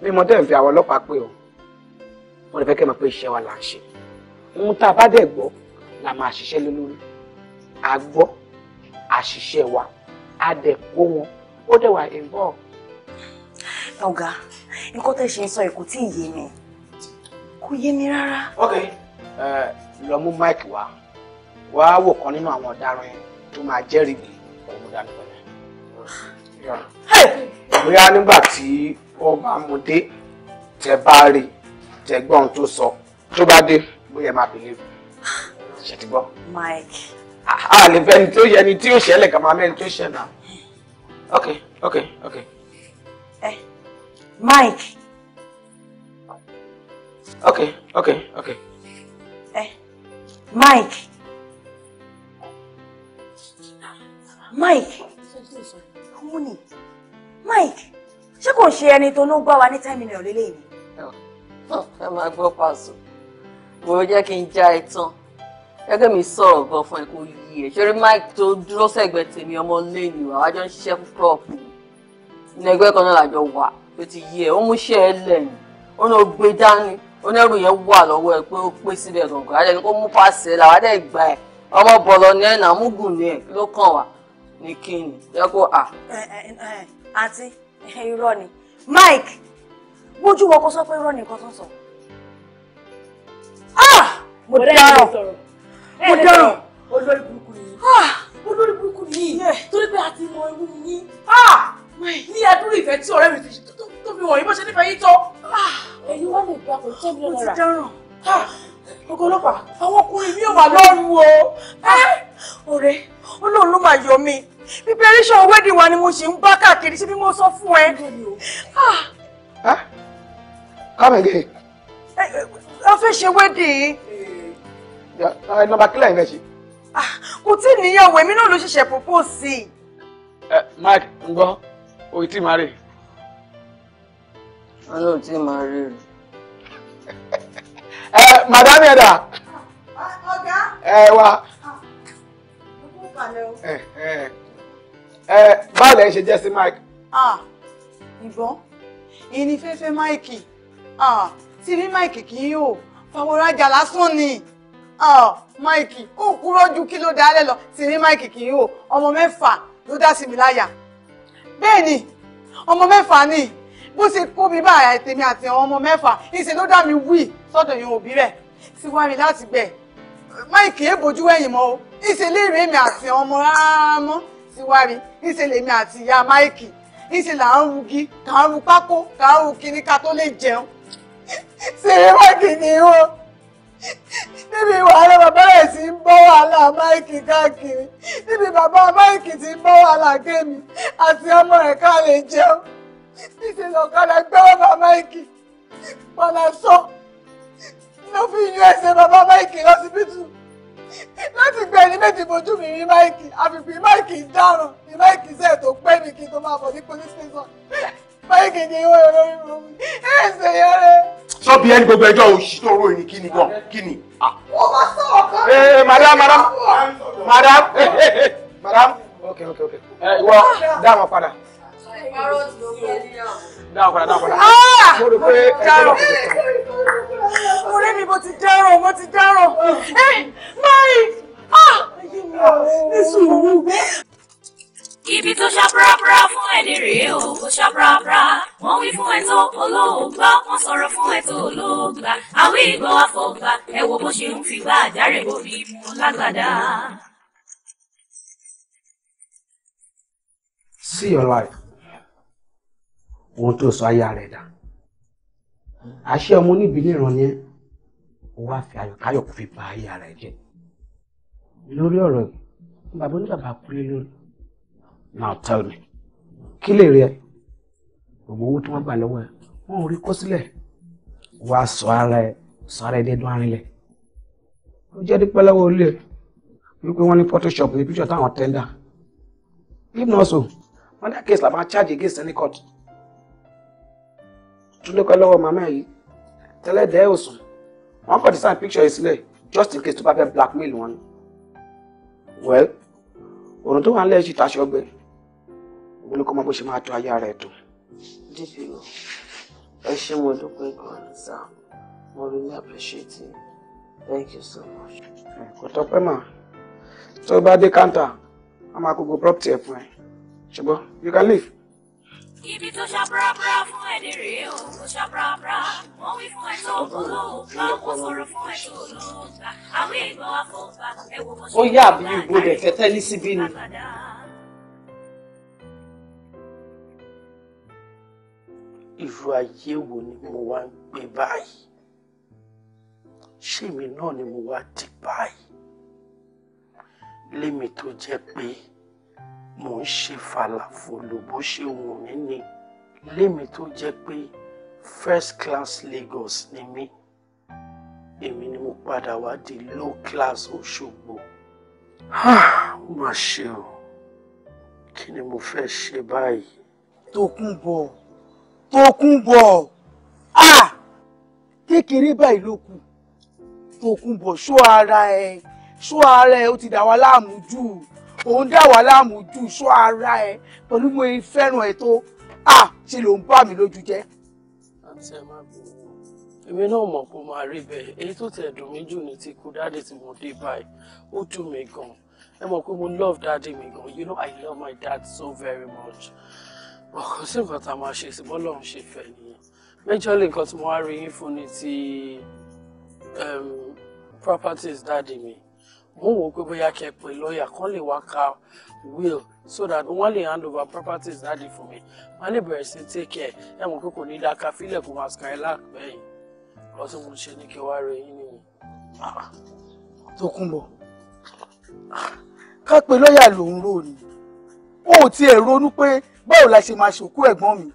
mi mọ dẹ́n fi àwọn ọlọ́pàá pé o wọ́n lè fẹ́ kẹ́ mọ̀ pé iṣẹ́ wa là ń ṣe ohun tá a bá dẹ̀ gbọ́ la máa ṣiṣẹ́ lé lórí a gbọ́ àṣìṣe wa a dẹ̀ kó wọn ó dẹ̀ wà involve. ọ̀gá nǹkan tẹ́ ṣe ń sọ èkó tí yé mi kò yé mi rárá. ok lọ mú mike wá wàá wò kan nínú àwọn ọ̀daràn yẹn tó máa jẹ́rìí mi kò mú dání pẹ̀lẹ́. bóyá nígbà tí ó bá mu dé tẹ bá rí tẹ gbọ́n tó sọ tó bá dé bóyá máa bèlè ṣètìgbọ́. mike a ah, lè fẹ́ ni tí ó yẹ ni tí ó ṣẹlẹ̀ kà máa mẹ́ni tí ó ṣẹ̀ náà ok ok ok. ẹ eh, Mike. ok ok ok. ẹ eh, Mike. Mike òun Mike ṣé kò ṣe ẹni tó ló gbá wa ní ten million lélẹ́yìn ni. ẹ máa gbọ́ pàṣẹ wo jẹ́ kí n já ẹ tán. gẹ́gẹ́ mi sọ̀rọ̀ gan fún ẹ kó yí ẹ ṣeré mike tó dúró sẹ́gbẹ̀ẹ́ tèmi ọmọ lẹ́yìn wa wájọ ń ṣiṣẹ́ fún ní ẹgbẹ́ kan náà làjọ wà tó ti yí ẹ ó ẹ lẹ́yìn ó ní o dání ó ní yẹn wà lọ́wọ́ ẹ pé ó pé síbẹ̀ ni kó mú pàṣẹ làwọn gbà ẹ ọmọ bọlọ ni ẹ nà ẹ ló kàn wá ní kíni jẹ kó à. irọ́ ni mike mo dáràn olórí burúkú yìí olórí burúkú yìí torí pé a ti mọ ewu yín ní adúrú ìfẹ́ tí ọ̀rẹ́ mi tó fi wọ̀nyí bó ṣe nífẹ̀ẹ́ yín tó. ẹ̀yin wá lè gba kò tẹ́ mi lọ́ra. mo ti dáràn ọgọ ọlọ́pàá àwọn ọkùnrin mi ò wà lọ́rùn o. ọ̀rẹ́ olóòórùn ló máa yọ mi preparation wedding wa ni mo ṣe ń bá káàkiri ṣe bí mo sọ fún ẹ. Ah, come again. a fẹ́ ṣe wedding nọmba kílẹ̀ yín fẹ́ ṣe. Ah, kò tí ì níyàwó èmi náà ló ṣẹ̀ṣẹ̀ propose sí i. ẹ Mike ń gbọ́ òyì tí màá rè. wọn yóò tí màá rè rè. ẹ madam ẹ̀dà. ọ̀gá. ẹ wá. Ah, ẹ ẹ ẹ báàlẹ̀ ẹ ṣe jẹ́ sí Mike. Ah, ìbọn ìní fẹ́fẹ́ Mike tí ní Mike kì í yóò fàwọ̀rajà lásán ni. Ah, Máìkì ó kúrọ́ ju kí ló dálẹ̀ lọ sí ní Máìkì kì í wò ọmọ mẹ́fà ló dá sí mi láyà bẹ́ẹ̀ ni ọmọ mẹ́fà ni bó ṣe kó mi báyà ètèmi àti àwọn ọmọ mẹ́fà ìṣe ló dá mi wí sọ́dọ̀ yẹn òbí rẹ̀ sí wá mi láti gbẹ̀ Máìkì é bójú ẹ̀yìn mọ́ o ìṣe léèrè mi àti àwọn ọmọ rárá mọ́ sí wá mi ìṣe lèmi àti ìyá Máìkì ìṣe là ń rugi kà ń ru pákó kà ń ru kíní tó lè jẹun ṣe é Máìkì níbi wàhálà bàbá rẹ̀ ti ń bọ́ wàhálà máìkì káàkiri níbi bàbá máìkì ti ń bọ́ wàhálà kémi àti ọmọ rẹ̀ ká lè jẹun títí lọ́kadà gbé bàbá máìkì padà sọ ló fi yan ẹsẹ̀ bàbá máìkì lọ́sibítù láti gbé ẹni méjì bojú mi rí máìkì àfìpín máìkì dáràn ni máìkì sẹ́ẹ̀ tó pẹ́ mi kí n tó máa bọ̀ ní police station. So she don't ruin ah. Ah! Eh, eh, madam, madam, madam, madam. Okay, okay, okay. go. báyìí kejì ìwọ olórí ah. burúkú ẹ ṣe yọrẹ. sọ́ọ̀bì ẹni gbogbo ẹjọ́ òṣì tó ròyìn kí ni gan kí ni. wọ́n bá sọ ọ̀kan. ee madam madam madam madam. ok ok ok ẹ ìwọ dáhùn padà. dáhùn padà dáhùn padà. Ah! mo rò pé ẹ tó lọ eh, mo rí mi mo ti dárò mo ti dárò. Eh, ah! ẹ máyì ní sùúrù ibi tó ṣàbúrábúrá fún ẹni rèé o ó ṣàbúrábúrá wọ́n wí fún ẹ tó olóògbà wọ́n sọ̀rọ̀ fún ẹ tó olóògbà àwí ìgbọ́ àfọ̀gbà ẹ wo bó ṣe ń fi gbá àjàre bó mú lágbàdá. See your life ohun tó sọ ayé rẹ̀ dà àṣẹ ọmọ níbi níran yẹn ó wá fi ayọ̀káyọ̀ kò fi ba ayé rẹ̀ jẹ́ lórí ọ̀rọ̀ yìí bàbá oníbàbà kúlé lórí now tell me kí lè rí ẹ gbogbo owó tí wọ́n gbà lọ́wọ́ ẹ wọn ò rí kó sílẹ̀ wàá sọ ara ẹ sọ ara ẹ dédún arinlẹ̀ ó jẹ́ dípẹ́ lọ́wọ́ olè wípé wọ́n ní photoshop ní picture táwọn tẹ́ndà if not so wọ́n dá case làwọn charge against any court túndé kọ́ lọ́wọ́ màmá yìí tẹ́lẹ̀ dẹ́ ò sùn wọ́n kọ́ design picture yìí sílẹ̀ just in case tó bá fẹ́ blackmail wọn well òrùn tó wà ń lẹ́yìn ṣì taṣọ gbẹ ní kó mọ bó ṣe máa tó aya rẹ̀ dùn. dípò ẹ ṣé mo dúpẹ́ gan-an sá mo really appreciate it thank you so much. kò tọpẹ́ mà tó o bá dé káńtà a máa kókó property ẹ̀ fún ẹ ṣùgbọ́n you can leave. Ibi tó ṣàbúrábúrá fún ẹ̀dẹ̀ rèé o, tó ṣàbúrábúrá. Wọ́n wí fún ẹ tó gbóló, lọ́wọ́ sọ̀rọ̀ fún ẹ tó lọ́ọ́ Àwọn èèyàn wá ẹ wò wọ́n ṣe. Ó yá àbí ìgbò rẹ̀ fẹ́ síbí ni. irú ayé wo ni mo wá ń gbé báyìí ṣèmi náà ni mo wá di báyìí lémi tó jẹ́ pé mò ń ṣe fàlàfòlò bó ṣe wù mí ni lémi tó jẹ́ pé first class Lagos ni mí èmi ni mo padà wá di low class Òṣogbo ah, má ṣe o kí ni mo fẹ́ ṣe báyìí. Tókunbọ̀. Tòkunbọ̀ ah kékeré báyìí ló kù Tòkunbọ̀ ṣó ara ẹ ṣó ara ẹ ó ti dà wá láàmú jù òun dà wá láàmú ṣó ara ẹ pẹ̀lú mo fẹ́ràn ẹ tó ṣe ló ń bà lójú jẹ́. àǹtí ẹ má bínú èmi náà mọ̀ kó máa rí bẹ́ẹ̀ èyí tó tẹ̀ dùn mí jù ní ti kú dáàdì tí mo dé báyìí ó dùn mí gan ẹ mọ̀ pé mo love dáàdì mi gan you know I love my dad so very much ọkọ sí nǹkan tá a máa ṣe sí bọ́lọ́run ṣe fẹ́ nìyẹn méjọ́lì nǹkan tí mo wá rí yín fún ni ti ehm, properties dáàdì mi mo wò ó pé bóyá kẹ́ pè lọ́ọ̀yà kan lè wá ka will so that wọ́n lè hand over properties dáàdì fún mi wọ́n lè bẹ̀rẹ̀ sí take care ẹ mọ̀ pé kò ní dáka fílẹ̀ kó máa sky lack bẹ́yìn lọ́sùn mo ṣe ní kí wá rẹ yín nìyí. Ah, Tókunbọ̀ ah, ká pè lọ́ọ̀yà lòún rò ni ó ti ẹ̀ ronú pé báwo la ṣe máa ṣòkú ẹ̀gbọ́n mi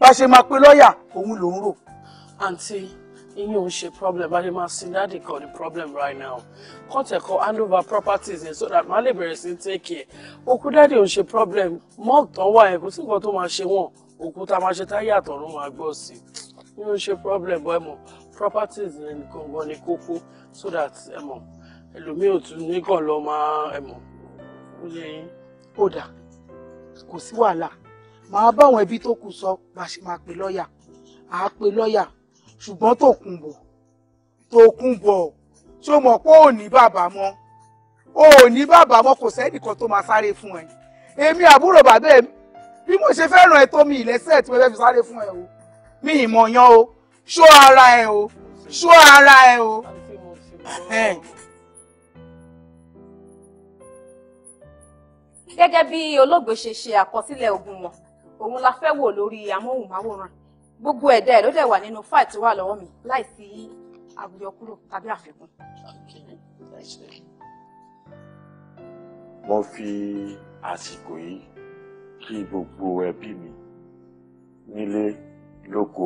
bá ṣe máa pe lọ́ọ̀yà òun lòún rò. àǹtí ìyẹn ò ṣe problem bá ṣe máa sin dáàdì kan ní problem right now kọ́ńtẹ̀ kan handover properties yẹn so that màá lè bẹ̀rẹ̀ sí take care òkú dáàdì ò ṣe problem mọ́ọ̀ tán wà ẹ̀ kò sí nǹkan tó máa ṣe wọ́n òkú tá a máa ṣe táyé àtọ̀run máa gbọ́ sí i ìyẹn ò ṣe problem bọ́ ẹ mọ̀ properties yẹn gangan ni kókó so that ẹ mọ̀ ẹlòmíì ò tún ní kàn lọ́ọ́ máa ẹ mọ̀ ó yẹ yín kò sí wàhálà màá báwọn ẹbí tó kù sọ bá ṣe máa pè lọ́ọ̀yà àá pè lọ́ọ̀yà ṣùgbọ́n Tòkunbọ̀ Tòkunbọ̀ tí ó mọ̀ pé ò ní bàbá mọ́ ò ní bàbá mọ́ kò sẹ́nìkan tó máa sáré fún ẹ èmi àbúrò bàbá ẹ bí mo ṣe fẹ́ràn ẹ tó mi ìlẹ́sẹ̀ tí mo fẹ́ fi sáré fún ẹ o mi ìmọ̀ yan o ṣọ́ ara ẹ o ṣọ́ ara ẹ o. gẹ́gẹ́ bí olóògbé ṣe ṣe àkọsílẹ̀ ogun wọn òun la fẹ́ wò lórí amóhùnmáwòrán gbogbo ẹ̀dá ẹ̀ ló dẹ̀ wà nínú fáì tó wà lọ́wọ́ mi láìsí àbúyọkúrò tàbí àfikún. wọ́n fi àsìkò yìí kí gbogbo ẹbí mi nílé lóko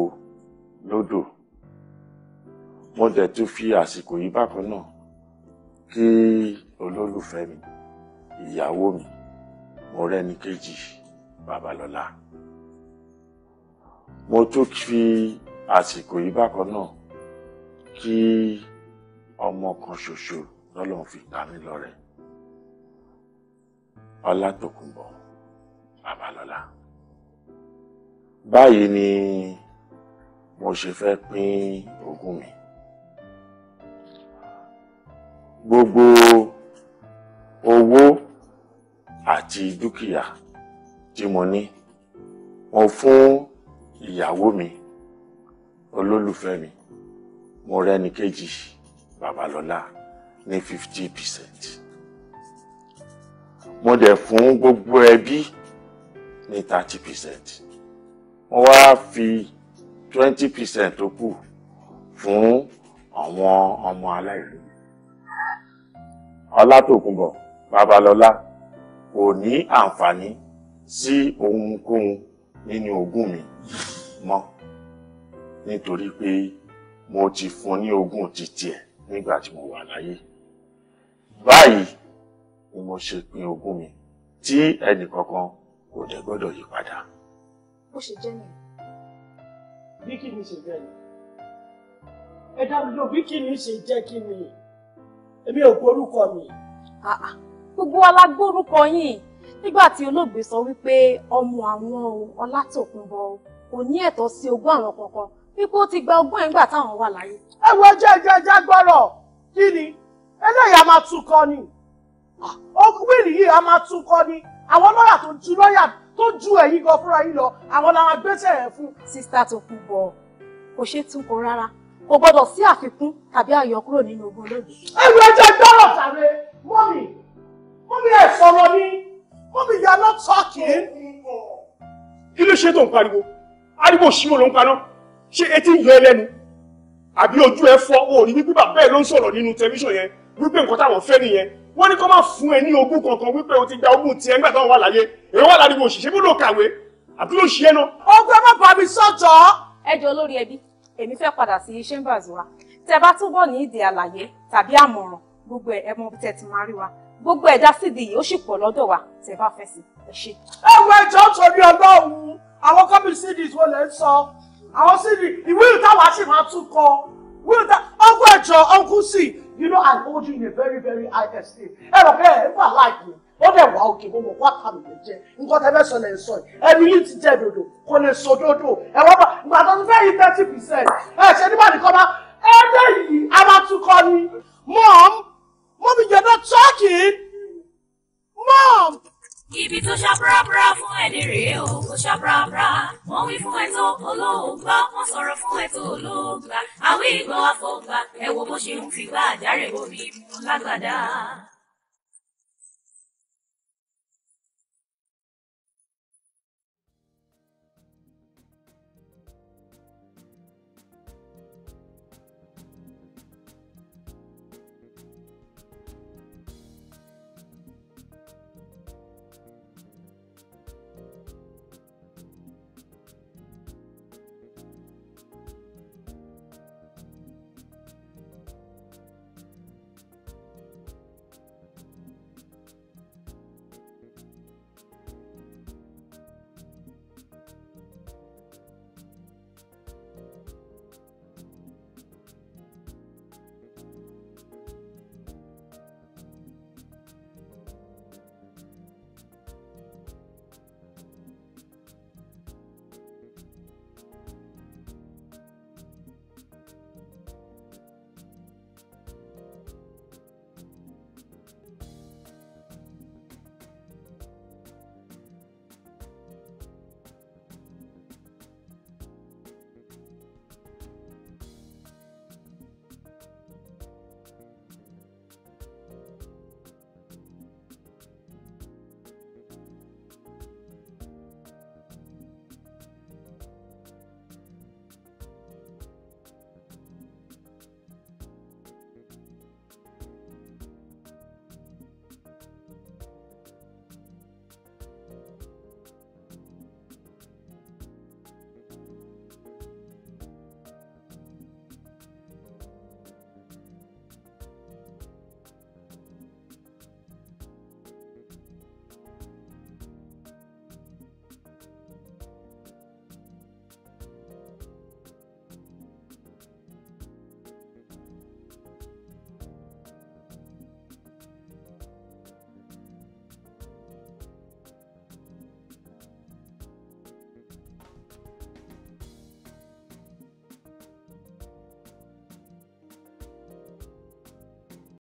lódò mo dẹ̀ tún fi àsìkò yìí bákan náà kí olólùfẹ́ mi ìyàwó mi ọ̀rẹ́ ní kejì Babalọ́lá mo tún fi àsìkò yìí bákan náà kí ọmọ kan ṣoṣo lọ́lọ́run fi ta mí lọ́rẹ Ọlátòkunbọ̀ Babalọ́lá báyìí ni mo ṣe fẹ́ pín ogún mi gbogbo owó àti dúkìá tí mo ní mo fún ìyàwó mi olólùfẹ́ mi mo rẹ́ni kejì Babalọ́lá ní fifty percent mo dẹ̀ fún gbogbo ẹbí ní thirty percent mo wá fi twenty percent tó kù fún àwọn ọmọ aláìlú Ọlátòkunbọ̀ Babalọ́lá kò ní àǹfààní sí ohunkóhun nínú ogún mi mọ́ nítorí pé mo ti fún ní ogún títí ẹ̀ nígbà tí mo wà láyé báyìí ni mo ṣe pín ogún mi tí ẹnìkankan kò dẹ̀ gbọ́dọ̀ yí padà. bó ṣe jẹ́ nìyẹn. bí kí ni ṣe jẹ́ yìí ẹ dá mi lóhùn bí kí ni ṣe jẹ́ kí ni èmi ò gbórúkọ mi. Ah, ah gbogbo alágbórúkọ yìí nígbà tí olóògbé sọ wípé ọmọ àwọn Ọlátòkunbọ kò ní ẹ̀tọ́ sí ogún àwọn kankan wípé ó ti gba ogún ẹ̀ nígbà táwọn wà láyé. ẹ wo ẹjẹ ẹjẹ ẹjẹ gbọ́rọ̀ kí ni eléyìí a máa tún kọ ni wíìlì yìí a máa tún kọ ni àwọn lọ́yà tó ju lọ́yà tó ju ẹ̀yìn gan fúnra yín lọ àwọn làwọn gbéṣẹ́ ẹ̀ fún. sísá tó kú bọ kò ṣeé tún kọ rárá kò gbọdọ̀ sí àfikún tàbí àyọkúrò nínú ogún olóògbé. ẹ̀rù ẹ̀jẹ̀ gbọ́rọ̀ tàbí mọ́mì Mọ́mí ẹ̀ sọ̀rọ̀ ni. Mọ́mí you are not talking. Kí ló ṣe tó ń pariwo? Ariwo ṣíwò ló ń paná. Ṣé etí ń yọ ẹlẹ́nu? Àbí ojú ẹ fọ́ òòrì wípé bàbá ẹ ló ń sọ̀rọ̀ nínú tẹlifíṣàn yẹn wípé nǹkan táwọn fẹ́ nìyẹn. Wọ́n ní kó má fún ẹ ní ogún kankan wípé o ti gba ogún tiẹ̀ nígbà táwọn wà láyé. Èrò wà láriwo òṣìṣẹ́ bó ló kàwé? Àbí ló ṣe é náà? Ọgbẹ́ má bàbí sọ̀tọ̀. Ẹ jọ olórí ẹbí, èmi fẹ́ padà sí Chambers wa. Tẹ bá túbọ̀ ní ìdè àlàyé tàbí àmọ̀ràn gbogbo ẹ̀ ẹ mọ tẹ ti máa rí wa gbogbo ẹ̀dá sídìí yìí ó sì pọ̀ lọ́dọ̀ wa tẹ́ bá fẹ́ sí ẹ ṣe. ẹ wo ẹjọ́ torí ọlọ́run àwọn kọ́mí sídìí tó lè ń sọ àwọn sídìí ìwé ìtawà sì máa tún kọ wíwú ta ọkọ ẹjọ́ ọkọ sí you know I hold you in a very very high esteem ẹ rọ bẹ́ẹ̀ ẹ fà láàyè ó dẹ̀ wá òkè gbogbo wá kàmì lè jẹ nǹkan tẹ́ fẹ́ sọ lè sọ yìí ẹni yìí ti jẹ́ dòdò kò lè sọ dòdò ẹ wọ́n bá ìgbà tó ti fẹ́ yí thirty percent ẹ ṣe nígbà nìkan bá ẹ dẹ́ yìí a máa tún kọ́ ni mọ́ ọ́n Mommy, you're not talking. Mom. Ibi tó ṣàbúrábúrá fún ẹni rèé o, kò ṣàbúrábúrá. Wọ́n wí fún ẹ̀tọ́ olóògbà, wọ́n sọ̀rọ̀ fún ẹ̀tọ́ olóògbà. Àwí ìgbọ́ àfọ̀gbà, ẹ wo bó ṣe ń fi àjàre bomi mú lágbàdá.